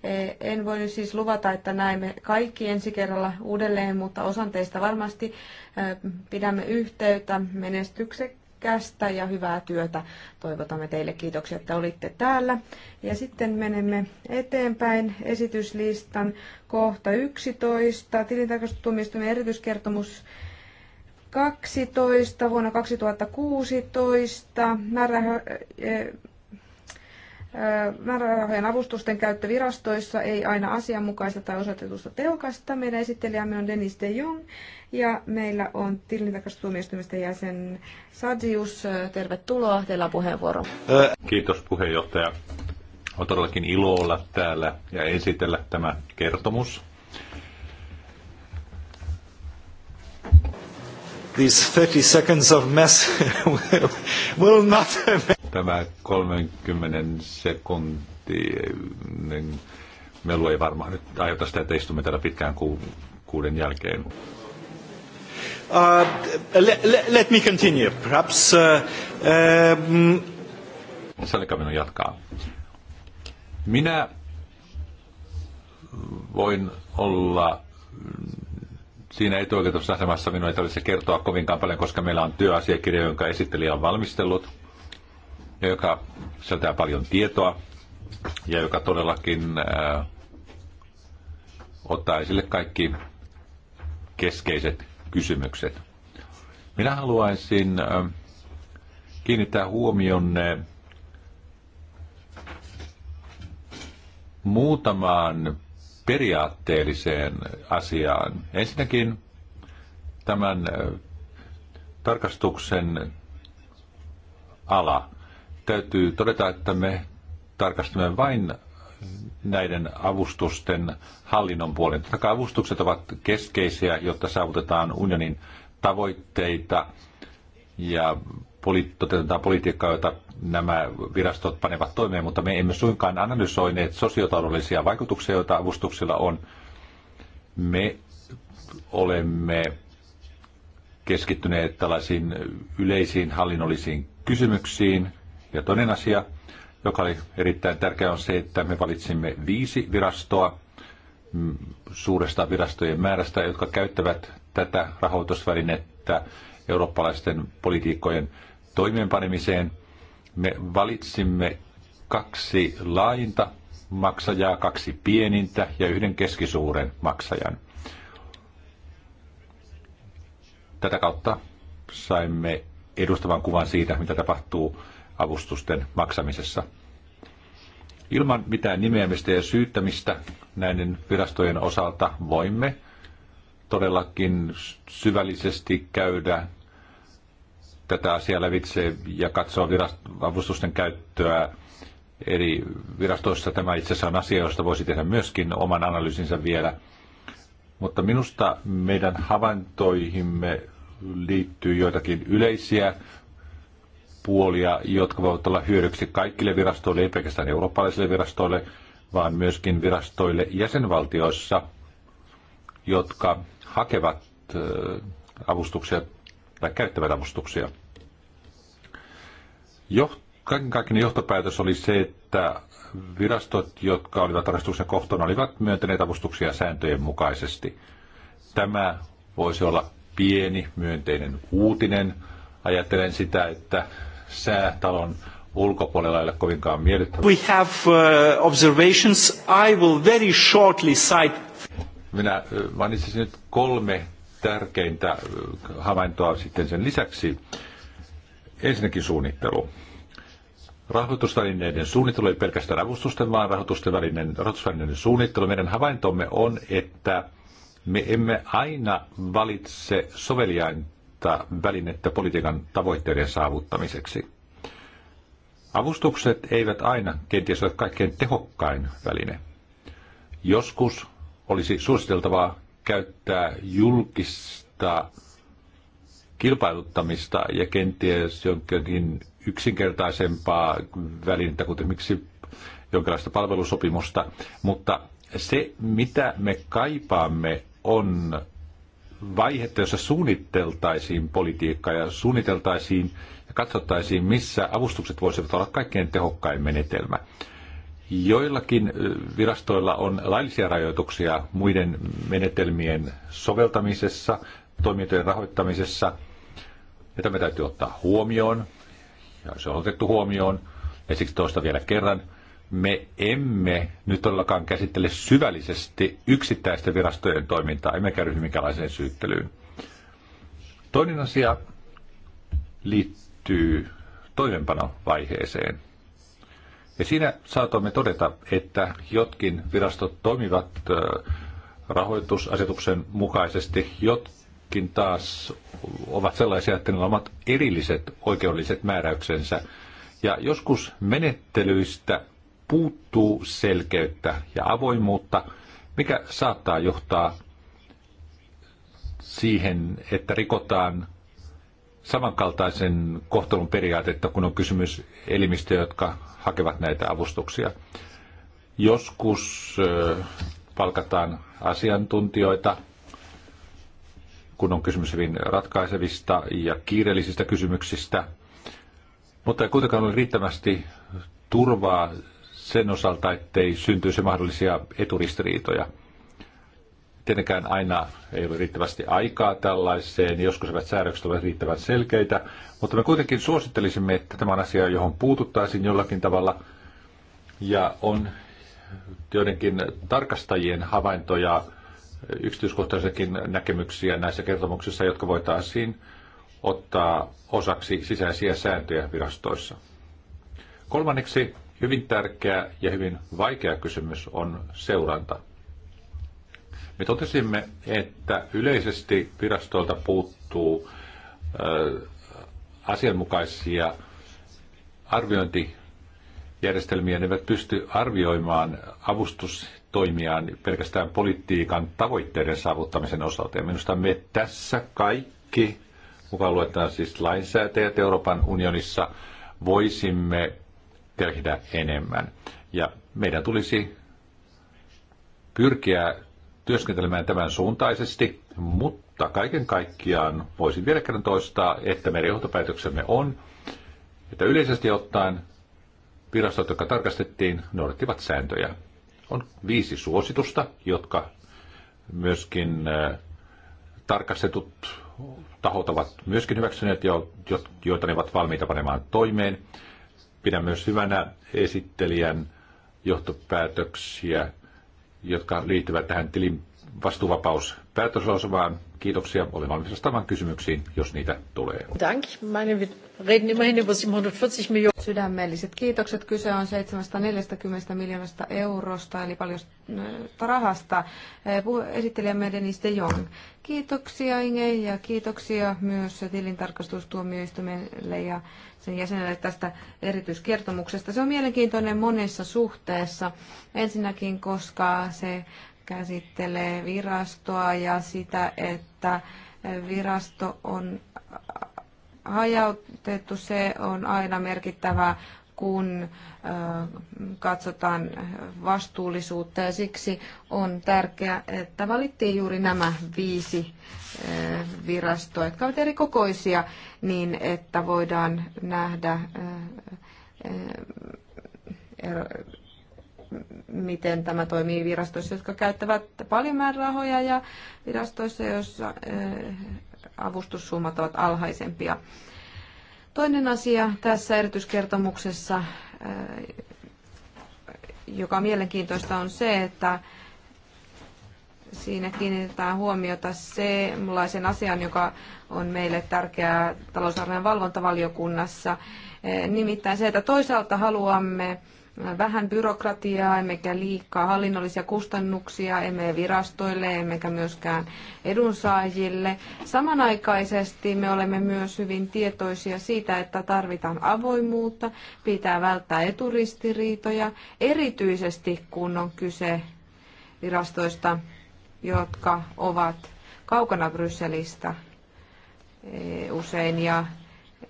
E, en voi siis luvata, että näemme kaikki ensi kerralla uudelleen, mutta osan teistä varmasti e, pidämme yhteyttä menestyksekkäin menestyksekästä ja hyvää työtä. Toivotamme teille kiitoksia, että olitte täällä. Ja sitten menemme eteenpäin esityslistan kohta 11. Tilintarkastustuomioistuimen erityiskertomus 12 vuonna 2016. Määrä, eh, Määrärahojen avustusten käyttö virastoissa ei aina asianmukaista tai osoitetusta tehokasta. Meidän esittelijämme on Denis de Jong ja meillä on tilintarkastustuomioistuimesta jäsen Sadius. Tervetuloa, teillä on puheenvuoro. Kiitos puheenjohtaja. On todellakin ilo olla täällä ja esitellä tämä kertomus these 30 seconds of mess will not... Tämä 30 sekuntinen melu ei varmaan nyt aiota sitä, että istumme täällä pitkään ku, kuuden jälkeen. Uh, le, le, let me continue, perhaps. Uh, um... Sallika minun jatkaa. Minä voin olla Siinä etuoikeutuksessa asemassa minun ei tarvitse kertoa kovinkaan paljon, koska meillä on työasiakirja, jonka esittelijä on valmistellut, ja joka sisältää paljon tietoa, ja joka todellakin äh, ottaa esille kaikki keskeiset kysymykset. Minä haluaisin äh, kiinnittää huomionne muutamaan periaatteelliseen asiaan. Ensinnäkin tämän tarkastuksen ala. Täytyy todeta, että me tarkastamme vain näiden avustusten hallinnon puolen. Totta kai avustukset ovat keskeisiä, jotta saavutetaan unionin tavoitteita ja toteutetaan politiikkaa, jota nämä virastot panevat toimeen, mutta me emme suinkaan analysoineet sosiotaloudellisia vaikutuksia, joita avustuksilla on. Me olemme keskittyneet tällaisiin yleisiin hallinnollisiin kysymyksiin. Ja toinen asia, joka oli erittäin tärkeä, on se, että me valitsimme viisi virastoa mm, suuresta virastojen määrästä, jotka käyttävät tätä rahoitusvälinettä eurooppalaisten politiikkojen toimeenpanemiseen. Me valitsimme kaksi laajinta maksajaa, kaksi pienintä ja yhden keskisuuren maksajan. Tätä kautta saimme edustavan kuvan siitä, mitä tapahtuu avustusten maksamisessa. Ilman mitään nimeämistä ja syyttämistä näiden virastojen osalta voimme todellakin syvällisesti käydä tätä asiaa lävitse ja katsoa virast- avustusten käyttöä eri virastoissa. Tämä itse asiassa on asia, josta voisi tehdä myöskin oman analyysinsä vielä. Mutta minusta meidän havaintoihimme liittyy joitakin yleisiä puolia, jotka voivat olla hyödyksi kaikille virastoille, ei pelkästään eurooppalaisille virastoille, vaan myöskin virastoille jäsenvaltioissa, jotka hakevat avustuksia tai käyttävät avustuksia. Jo, kaiken kaiken johtopäätös oli se, että virastot, jotka olivat tarkastuksen kohtaan, olivat myöntäneet avustuksia sääntöjen mukaisesti. Tämä voisi olla pieni myönteinen uutinen. Ajattelen sitä, että säätalon ulkopuolella ei ole kovinkaan miellyttävä. We have uh, observations. I will very shortly cite... Minä mainitsisin nyt kolme tärkeintä äh, havaintoa sitten sen lisäksi. Ensinnäkin suunnittelu. Rahoitusvälineiden suunnittelu ei pelkästään avustusten, vaan rahoitusvälineiden, rahoitusvälineiden suunnittelu. Meidän havaintomme on, että me emme aina valitse soveliainta välinettä politiikan tavoitteiden saavuttamiseksi. Avustukset eivät aina kenties ole kaikkein tehokkain väline. Joskus olisi suositeltavaa käyttää julkista kilpailuttamista ja kenties jonkin yksinkertaisempaa välinettä, kuten miksi jonkinlaista palvelusopimusta, mutta se, mitä me kaipaamme, on vaihetta, jossa suunniteltaisiin politiikkaa ja suunniteltaisiin ja katsottaisiin, missä avustukset voisivat olla kaikkein tehokkain menetelmä. Joillakin virastoilla on laillisia rajoituksia muiden menetelmien soveltamisessa, toimintojen rahoittamisessa, ja tämä täytyy ottaa huomioon, ja se on otettu huomioon, ja siksi toista vielä kerran, me emme nyt todellakaan käsittele syvällisesti yksittäisten virastojen toimintaa, emmekä ryhdy minkälaiseen syyttelyyn. Toinen asia liittyy toimenpanovaiheeseen. Ja siinä saatoimme todeta, että jotkin virastot toimivat rahoitusasetuksen mukaisesti, jotkin taas ovat sellaisia, että ne ovat erilliset oikeudelliset määräyksensä. Ja joskus menettelyistä puuttuu selkeyttä ja avoimuutta, mikä saattaa johtaa siihen, että rikotaan samankaltaisen kohtelun periaatetta, kun on kysymys elimistöjä, jotka hakevat näitä avustuksia. Joskus palkataan asiantuntijoita, kun on kysymys hyvin ratkaisevista ja kiireellisistä kysymyksistä, mutta ei kuitenkaan ole riittävästi turvaa sen osalta, ettei syntyisi mahdollisia eturistiriitoja – Tietenkään aina ei ole riittävästi aikaa tällaiseen, joskus eivät säädökset ole riittävän selkeitä, mutta me kuitenkin suosittelisimme, että tämä on asia, johon puututtaisiin jollakin tavalla, ja on joidenkin tarkastajien havaintoja, yksityiskohtaisiakin näkemyksiä näissä kertomuksissa, jotka voitaisiin ottaa osaksi sisäisiä sääntöjä virastoissa. Kolmanneksi hyvin tärkeä ja hyvin vaikea kysymys on seuranta. Me totesimme, että yleisesti virastolta puuttuu ö, asianmukaisia arviointijärjestelmiä. Ne eivät pysty arvioimaan avustustoimiaan pelkästään politiikan tavoitteiden saavuttamisen osalta. Ja minusta me tässä kaikki, mukaan luetaan siis lainsäätäjät Euroopan unionissa, voisimme tehdä enemmän. Ja meidän tulisi pyrkiä työskentelemään tämän suuntaisesti, mutta kaiken kaikkiaan voisin vielä kerran toistaa, että meidän johtopäätöksemme on, että yleisesti ottaen virastot, jotka tarkastettiin, noudattivat sääntöjä. On viisi suositusta, jotka myöskin äh, tarkastetut tahot ovat myöskin hyväksyneet ja joita ne ovat valmiita panemaan toimeen. Pidän myös hyvänä esittelijän johtopäätöksiä jotka liittyvät tähän tilin vastuuvapaus päätöslausumaan. Kiitoksia. Olen valmis vastaamaan kysymyksiin, jos niitä tulee. Dank. Meine reden immerhin über 740 Millionen. Sydämelliset kiitokset. Kyse on 740 miljoonasta eurosta, eli paljon äh, rahasta. Äh, esittelijämme Denis de Jong. Kiitoksia Inge ja kiitoksia myös tilintarkastustuomioistuimelle ja sen jäsenelle tästä erityiskertomuksesta. Se on mielenkiintoinen monessa suhteessa. Ensinnäkin, koska se käsittelee virastoa ja sitä, että virasto on hajautettu, se on aina merkittävä, kun katsotaan vastuullisuutta ja siksi on tärkeää, että valittiin juuri nämä viisi virastoa, jotka ovat erikokoisia, niin että voidaan nähdä miten tämä toimii virastoissa, jotka käyttävät paljon määrärahoja ja virastoissa, joissa eh, avustussummat ovat alhaisempia. Toinen asia tässä erityiskertomuksessa, eh, joka on mielenkiintoista, on se, että siinä kiinnitetään huomiota sellaisen asian, joka on meille tärkeää talousarvion valvontavaliokunnassa. Eh, nimittäin se, että toisaalta haluamme vähän byrokratiaa, emmekä liikaa hallinnollisia kustannuksia, emme virastoille, emmekä myöskään edunsaajille. Samanaikaisesti me olemme myös hyvin tietoisia siitä, että tarvitaan avoimuutta, pitää välttää eturistiriitoja, erityisesti kun on kyse virastoista, jotka ovat kaukana Brysselistä e, usein ja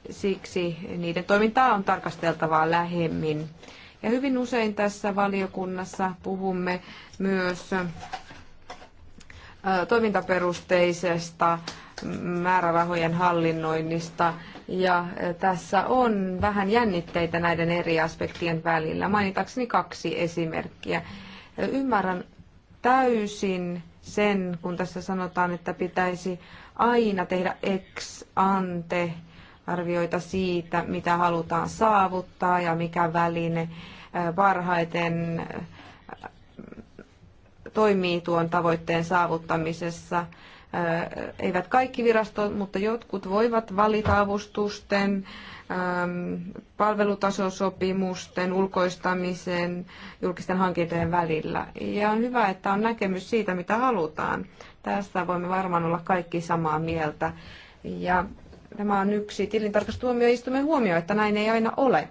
siksi niiden toimintaa on tarkasteltavaa lähemmin. Ja hyvin usein tässä valiokunnassa puhumme myös toimintaperusteisesta määrärahojen hallinnoinnista. Ja tässä on vähän jännitteitä näiden eri aspektien välillä. Mainitakseni kaksi esimerkkiä. Ymmärrän täysin sen, kun tässä sanotaan, että pitäisi aina tehdä ex ante arvioita siitä, mitä halutaan saavuttaa ja mikä väline parhaiten toimii tuon tavoitteen saavuttamisessa. Eivät kaikki virastot, mutta jotkut voivat valita avustusten, palvelutasosopimusten, ulkoistamisen, julkisten hankintojen välillä. Ja on hyvä, että on näkemys siitä, mitä halutaan. Tässä voimme varmaan olla kaikki samaa mieltä. Ja Tämä on yksi tilintarkastustuomioistuimen huomio, että näin ei aina ole.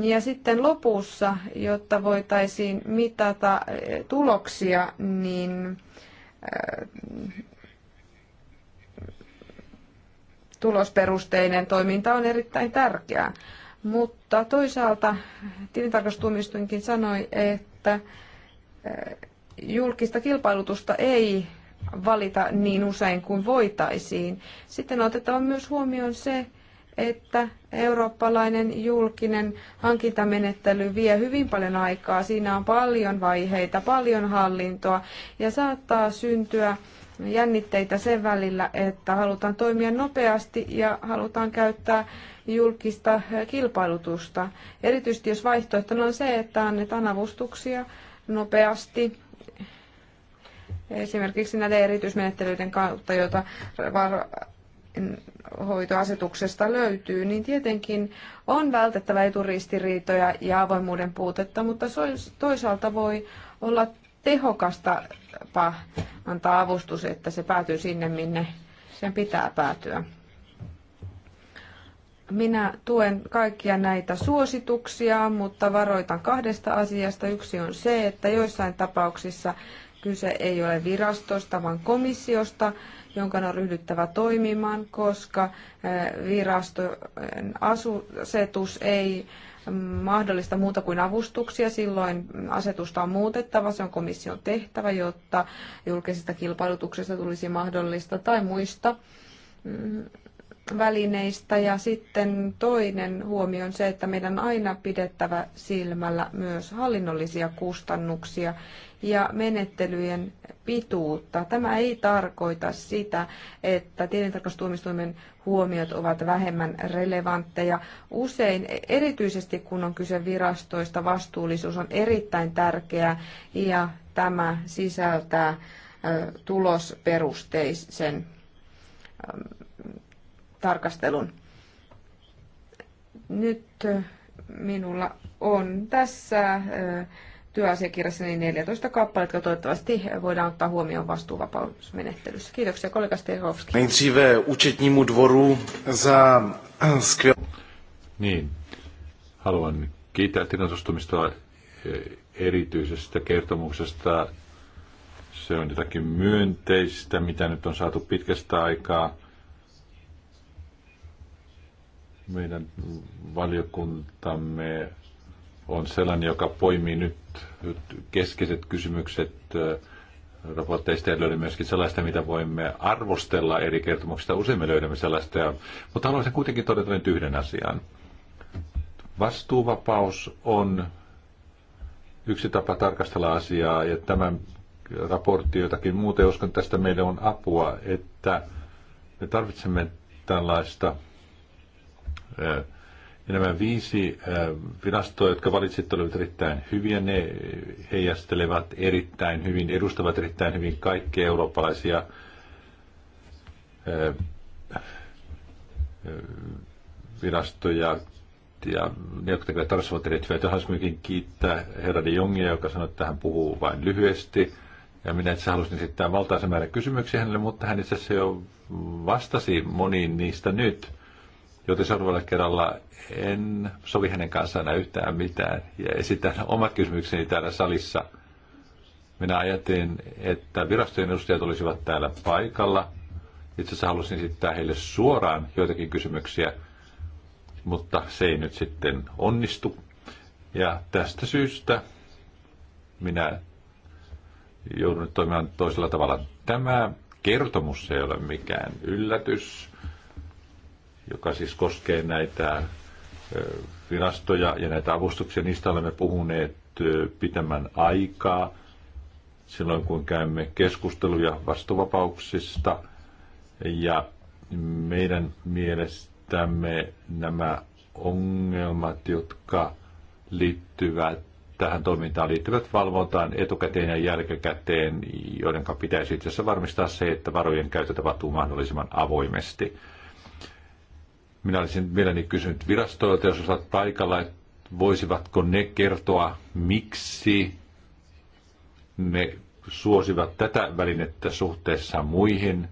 Ja sitten lopussa, jotta voitaisiin mitata eh, tuloksia, niin eh, tulosperusteinen toiminta on erittäin tärkeää. Mutta toisaalta tilintarkastustuomioistuinkin sanoi, että eh, julkista kilpailutusta ei valita niin usein kuin voitaisiin. Sitten on myös huomioon se, että eurooppalainen julkinen hankintamenettely vie hyvin paljon aikaa. Siinä on paljon vaiheita, paljon hallintoa ja saattaa syntyä jännitteitä sen välillä, että halutaan toimia nopeasti ja halutaan käyttää julkista kilpailutusta. Erityisesti jos vaihtoehtona on se, että annetaan avustuksia nopeasti esimerkiksi näiden erityismenettelyiden kautta, joita hoitoasetuksesta löytyy, niin tietenkin on vältettävä eturistiriitoja ja avoimuuden puutetta, mutta toisaalta voi olla tehokasta antaa avustus, että se päätyy sinne, minne sen pitää päätyä. Minä tuen kaikkia näitä suosituksia, mutta varoitan kahdesta asiasta. Yksi on se, että joissain tapauksissa Kyse ei ole virastosta, vaan komissiosta, jonka on ryhdyttävä toimimaan, koska eh, viraston asetus ei mm, mahdollista muuta kuin avustuksia. Silloin asetusta on muutettava, se on komission tehtävä, jotta julkisesta kilpailutuksesta tulisi mahdollista tai muista mm, välineistä. Ja sitten toinen huomio on se, että meidän on aina pidettävä silmällä myös hallinnollisia kustannuksia ja menettelyjen pituutta. Tämä ei tarkoita sitä, että tilintarkastustuomioistuimen huomiot ovat vähemmän relevantteja. Usein, erityisesti kun on kyse virastoista, vastuullisuus on erittäin tärkeää ja tämä sisältää tulosperusteisen tarkastelun. Nyt minulla on tässä työasiakirjassa niin 14 kappaletta, jotka toivottavasti voidaan ottaa huomioon vastuuvapausmenettelyssä. Kiitoksia kollega Stehovski. Nejdříve účetnímu dvoru za eh, skvěl... Niin, haluan kiittää Tinan suostumista eh, erityisestä kertomuksesta. Se on jotakin myönteistä, mitä nyt on saatu pitkästä aikaa. Meidän valiokuntamme on sellainen, joka poimii nyt keskeiset kysymykset raporteista ja löydämme myöskin sellaista, mitä voimme arvostella eri kertomuksista. Usein me löydämme sellaista, mutta haluaisin kuitenkin todeta nyt yhden asian. Vastuuvapaus on yksi tapa tarkastella asiaa ja tämä raportti jotakin muuta. Ja uskon, että tästä meille on apua, että me tarvitsemme tällaista ja nämä viisi äh, virastoa, jotka valitsit, olivat erittäin hyviä. Ne heijastelevat erittäin hyvin, edustavat erittäin hyvin kaikkia eurooppalaisia äh, äh, virastoja ja ne, jotka tekevät tarvitsevat erittäin hyvää. Haluaisin kiittää herra de Jongia, joka sanoi, että hän puhuu vain lyhyesti. Ja minä itse halusin esittää valtaisen määrän kysymyksiä hänelle, mutta hän itse asiassa jo vastasi moniin niistä nyt – joten seuraavalla kerralla en sovi hänen kanssaan enää yhtään mitään ja esitän omat kysymykseni täällä salissa. Minä ajattelin, että virastojen edustajat olisivat täällä paikalla. Itse asiassa halusin esittää heille suoraan joitakin kysymyksiä, mutta se ei nyt sitten onnistu. Ja tästä syystä minä joudun nyt toimimaan toisella tavalla. Tämä kertomus ei ole mikään yllätys joka siis koskee näitä virastoja ja näitä avustuksia. Niistä olemme puhuneet pitemmän aikaa silloin, kun käymme keskusteluja vastuvapauksista. Ja meidän mielestämme nämä ongelmat, jotka liittyvät tähän toimintaan liittyvät valvontaan etukäteen ja jälkikäteen, joiden pitäisi itse asiassa varmistaa se, että varojen käytöt tapahtuu mahdollisimman avoimesti. Minä olisin mielelläni kysynyt virastoilta, jos osaat paikalla, että voisivatko ne kertoa, miksi ne suosivat tätä välinettä suhteessa muihin,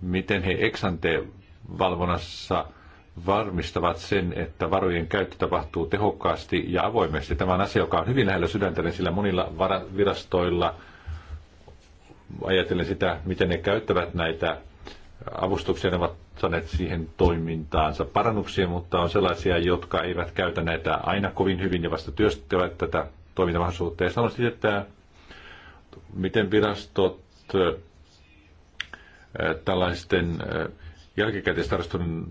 miten he valvonnassa varmistavat sen, että varojen käyttö tapahtuu tehokkaasti ja avoimesti. Tämä on asia, joka on hyvin lähellä sydäntäni, sillä monilla virastoilla ajatellen sitä, miten ne käyttävät näitä avustuksia, ne ovat saaneet siihen toimintaansa parannuksia, mutta on sellaisia, jotka eivät käytä näitä aina kovin hyvin ja vasta työstävät tätä toimintamahdollisuutta. Ja sanoisin, että miten virastot äh, tällaisten äh, jälkikäteistarkastuksen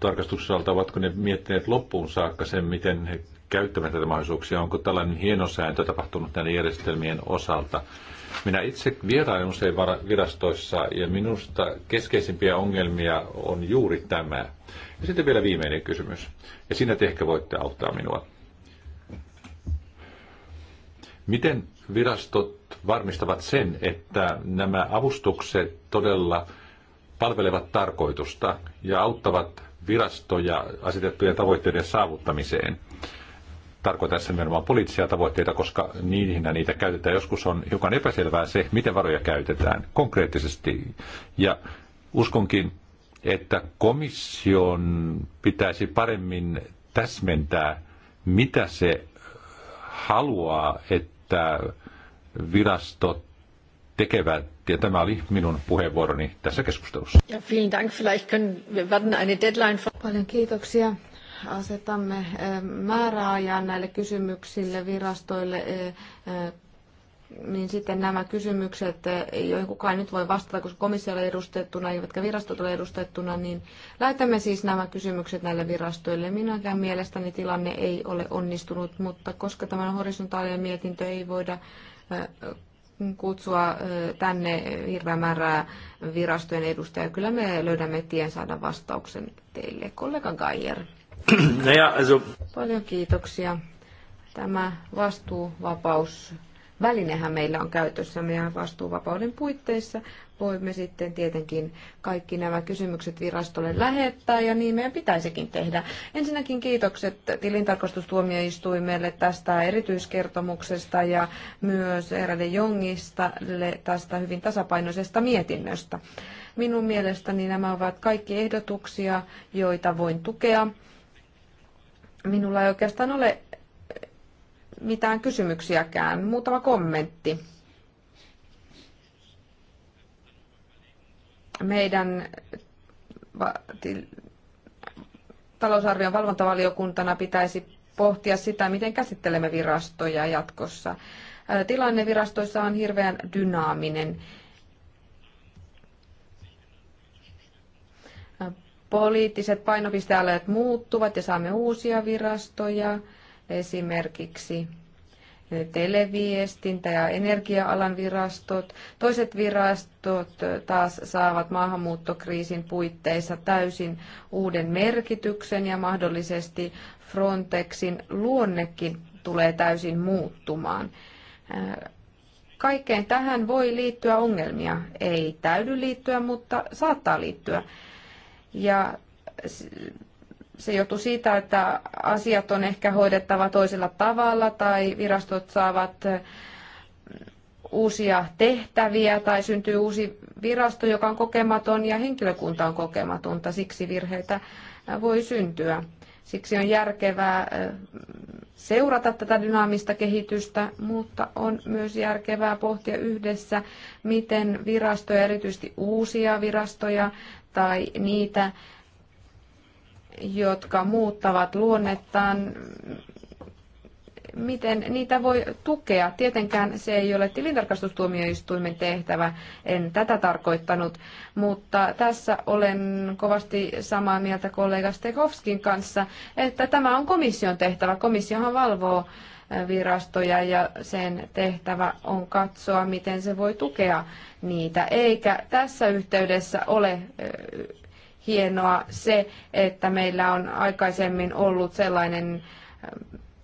tarkastuksessa ovatko ne miettineet loppuun saakka sen, miten he käyttävät tätä mahdollisuuksia, onko tällainen hienosääntö tapahtunut näiden järjestelmien osalta. Minä itse vierailen usein virastoissa ja minusta keskeisimpiä ongelmia on juuri tämä. Ja sitten vielä viimeinen kysymys. Ja siinä te ehkä voitte auttaa minua. Miten virastot varmistavat sen, että nämä avustukset todella palvelevat tarkoitusta ja auttavat virastoja asetettujen tavoitteiden saavuttamiseen? tarkoita tässä nimenomaan poliittisia tavoitteita, koska niihin niitä käytetään. Joskus on hiukan epäselvää se, miten varoja käytetään konkreettisesti. Ja uskonkin, että komission pitäisi paremmin täsmentää, mitä se haluaa, että virastot tekevät. Ja tämä oli minun puheenvuoroni tässä keskustelussa. Ja vielen Dank. Vielleicht können, wir eine deadline... Paljon kiitoksia asetamme eh, määräajan näille kysymyksille virastoille, eh, eh, niin sitten nämä kysymykset, joihin kukaan nyt voi vastata, koska komissio ole edustettuna, eivätkä virastot ole edustettuna, niin lähetämme siis nämä kysymykset näille virastoille. Minäkään mielestäni tilanne ei ole onnistunut, mutta koska tämä horisontaalinen mietintö ei voida kutsua tänne hirveän määrää virastojen edustajia. Kyllä me löydämme tien saada vastauksen teille, kollega Geier. No Paljon kiitoksia. Tämä vastuuvapaus välinehän meillä on käytössä meidän vastuuvapauden puitteissa. Voimme sitten tietenkin kaikki nämä kysymykset virastolle lähettää ja niin meidän pitäisikin tehdä. Ensinnäkin kiitokset tilintarkastustuomioistuimelle tästä erityiskertomuksesta ja myös Erade Jongista tästä hyvin tasapainoisesta mietinnöstä. Minun mielestäni nämä ovat kaikki ehdotuksia, joita voin tukea. Minulla ei oikeastaan ole mitään kysymyksiäkään. Muutama kommentti. Meidän talousarvion valvontavaliokuntana pitäisi pohtia sitä, miten käsittelemme virastoja jatkossa. Tilanne virastoissa on hirveän dynaaminen Poliittiset painopistealueet muuttuvat ja saamme uusia virastoja, esimerkiksi televiestintä- ja energia-alan virastot. Toiset virastot taas saavat maahanmuuttokriisin puitteissa täysin uuden merkityksen ja mahdollisesti Frontexin luonnekin tulee täysin muuttumaan. Kaikkeen tähän voi liittyä ongelmia. Ei täydy liittyä, mutta saattaa liittyä. Ja se johtuu siitä, että asiat on ehkä hoidettava toisella tavalla tai virastot saavat uusia tehtäviä tai syntyy uusi virasto, joka on kokematon ja henkilökunta on kokematonta. Siksi virheitä voi syntyä. Siksi on järkevää seurata tätä dynaamista kehitystä, mutta on myös järkevää pohtia yhdessä, miten virastoja, erityisesti uusia virastoja, tai niitä, jotka muuttavat luonnettaan, miten niitä voi tukea. Tietenkään se ei ole tilintarkastustuomioistuimen tehtävä, en tätä tarkoittanut, mutta tässä olen kovasti samaa mieltä kollega Stekovskin kanssa, että tämä on komission tehtävä. Komissiohan valvoo virastoja ja sen tehtävä on katsoa, miten se voi tukea niitä. Eikä tässä yhteydessä ole hienoa se, että meillä on aikaisemmin ollut sellainen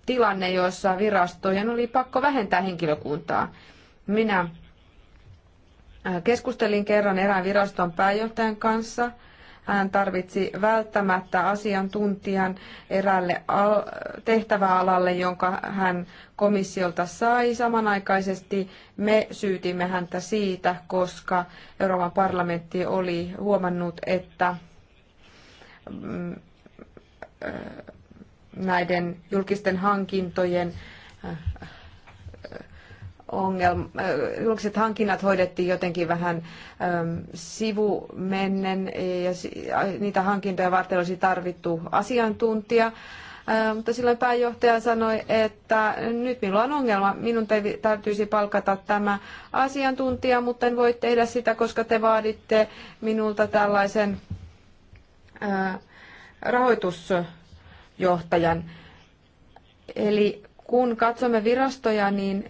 tilanne, jossa virastojen oli pakko vähentää henkilökuntaa. Minä keskustelin kerran erään viraston pääjohtajan kanssa – hän tarvitsi välttämättä asiantuntijan erälle tehtäväalalle, jonka hän komissiolta sai. Samanaikaisesti me syytimme häntä siitä, koska Euroopan parlamentti oli huomannut, että mm, äh, näiden julkisten hankintojen äh, ongelma, äh, julkiset hankinnat hoidettiin jotenkin vähän ähm, sivumennen ja niitä hankintoja varten olisi tarvittu asiantuntija. Äh, mutta silloin pääjohtaja sanoi, että nyt minulla on ongelma, minun täytyisi palkata tämä asiantuntija, mutta en voi tehdä sitä, koska te vaaditte minulta tällaisen äh, rahoitusjohtajan. Eli kun katsomme virastoja, niin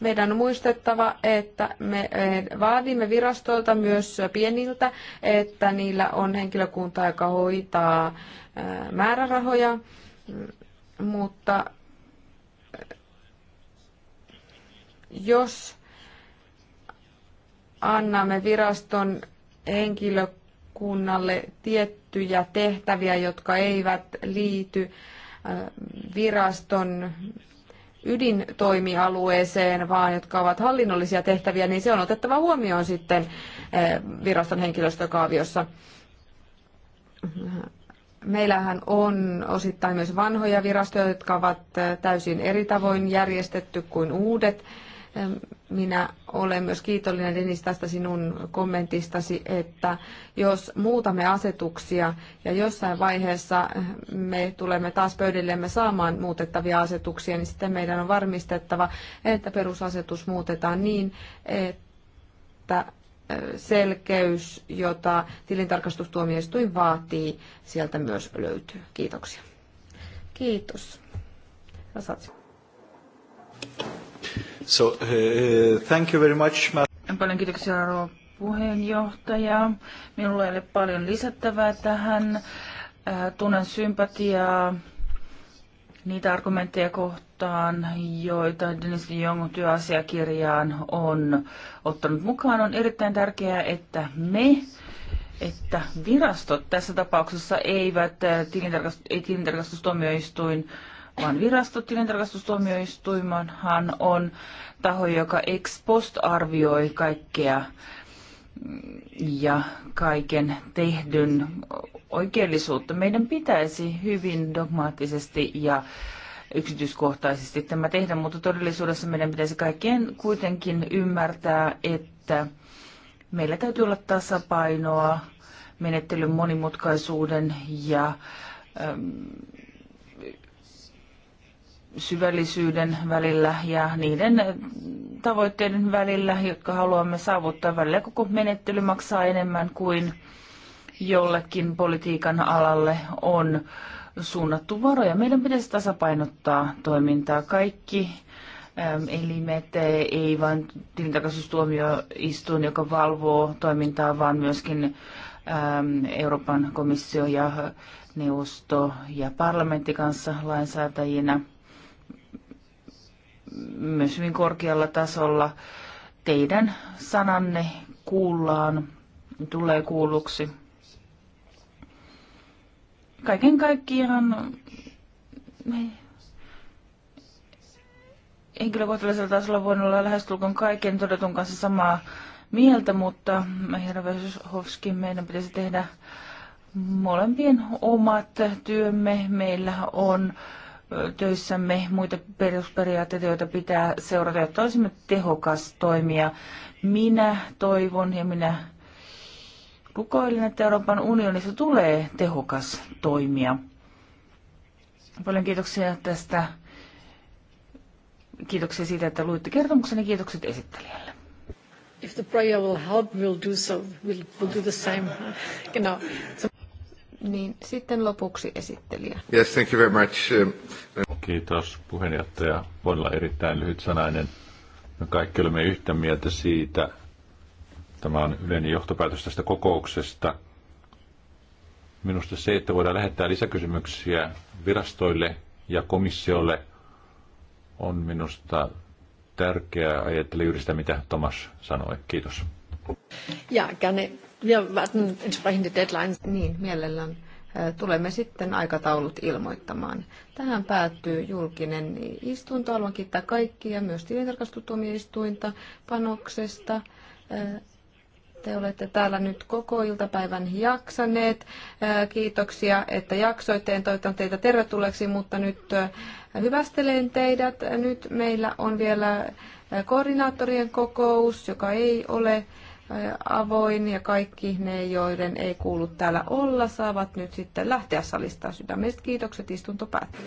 Meidän on muistettava, että me eh, vaadimme virastoilta myös pieniltä, että niillä on henkilökunta, joka hoitaa eh, määrärahoja, mm, mutta eh, jos annamme viraston henkilökunnalle tiettyjä tehtäviä, jotka eivät liity viraston ydintoimialueeseen, vaan jotka ovat hallinnollisia tehtäviä, niin se on otettava huomioon sitten eh, viraston henkilöstökaaviossa. Meillähän on osittain myös vanhoja virastoja, jotka ovat eh, täysin eri tavoin järjestetty kuin uudet minä olen myös kiitollinen Denis tästä sinun kommentistasi, että jos muutamme asetuksia ja jossain vaiheessa me tulemme taas pöydillemme saamaan muutettavia asetuksia, niin sitten meidän on varmistettava, että perusasetus muutetaan niin, että selkeys, jota tilintarkastustuomioistuin vaatii, sieltä myös löytyy. Kiitoksia. Kiitos. Sä So, uh, uh, thank you very much. Paljon kiitoksia, rouva puheenjohtaja. Minulla ei ole paljon lisättävää tähän. Äh, tunnen sympatiaa niitä argumentteja kohtaan, joita Dennis de Jong työasiakirjaan on ottanut mukaan. On erittäin tärkeää, että me että virastot tässä tapauksessa eivät, äh, tilintarkastus, tilintarkastustuomioistuin, vaan virastotilintarkastustuomioistuimahan on taho, joka ex post arvioi kaikkea ja kaiken tehdyn oikeellisuutta. Meidän pitäisi hyvin dogmaattisesti ja yksityiskohtaisesti tämä tehdä, mutta todellisuudessa meidän pitäisi kaikkien kuitenkin ymmärtää, että meillä täytyy olla tasapainoa menettelyn monimutkaisuuden ja ähm, syvällisyyden välillä ja niiden tavoitteiden välillä, jotka haluamme saavuttaa. Välillä koko menettely maksaa enemmän kuin jollekin politiikan alalle on suunnattu varoja. Meidän pitäisi tasapainottaa toimintaa. Kaikki ähm, elimet, ei vain tilintakaisuustuomioistuin, joka valvoo toimintaa, vaan myöskin ähm, Euroopan komissio ja neuvosto ja parlamentti kanssa lainsäätäjinä – myös hyvin korkealla tasolla. Teidän sananne kuullaan, tulee kuulluksi. Kaiken kaikkiaan henkilökohtaisella tasolla voin olla lähestulkoon kaiken todetun kanssa samaa mieltä, mutta herra Vesovski, meidän pitäisi tehdä molempien omat työmme. Meillä on äh, töissämme muita perusperiaatteita, joita pitää seurata, jotta olisimme tehokas toimija. Minä toivon ja minä rukoilen, että Euroopan unionissa tulee tehokas toimija. Paljon kiitoksia tästä. Kiitoksia siitä, että luitte kertomuksen ja kiitokset esittelijälle. If the prayer will help, we'll do so. We'll, we'll do the same. you know, so. Niin, sitten lopuksi esittelijä. Yes, thank you very much. Um, uh, Kiitos puheenjohtaja. Voin olla erittäin lyhyt sanainen. Me kaikki olemme yhtä mieltä siitä. Tämä on yleinen johtopäätös tästä kokouksesta. Minusta se, että voidaan lähettää lisäkysymyksiä virastoille ja komissiolle, on minusta tärkeää. Ajattelin juuri sitä, mitä Tomas sanoi. Kiitos. Ja, gerne Wir warten entsprechende deadlines. Niin, mielellään tulemme sitten aikataulut ilmoittamaan. Tähän päättyy julkinen istunto. Haluan kiittää kaikkia, myös tilintarkastustuomioistuinta panoksesta. Te olette täällä nyt koko iltapäivän jaksaneet. Kiitoksia, että jaksoitte. En toivotan teitä tervetulleeksi, mutta nyt hyvästelen teidät. Nyt meillä on vielä koordinaattorien kokous, joka ei ole avoin ja kaikki ne, joiden ei kuulu täällä olla, saavat nyt sitten lähteä salista. sydämestä. kiitokset, istunto päättyy.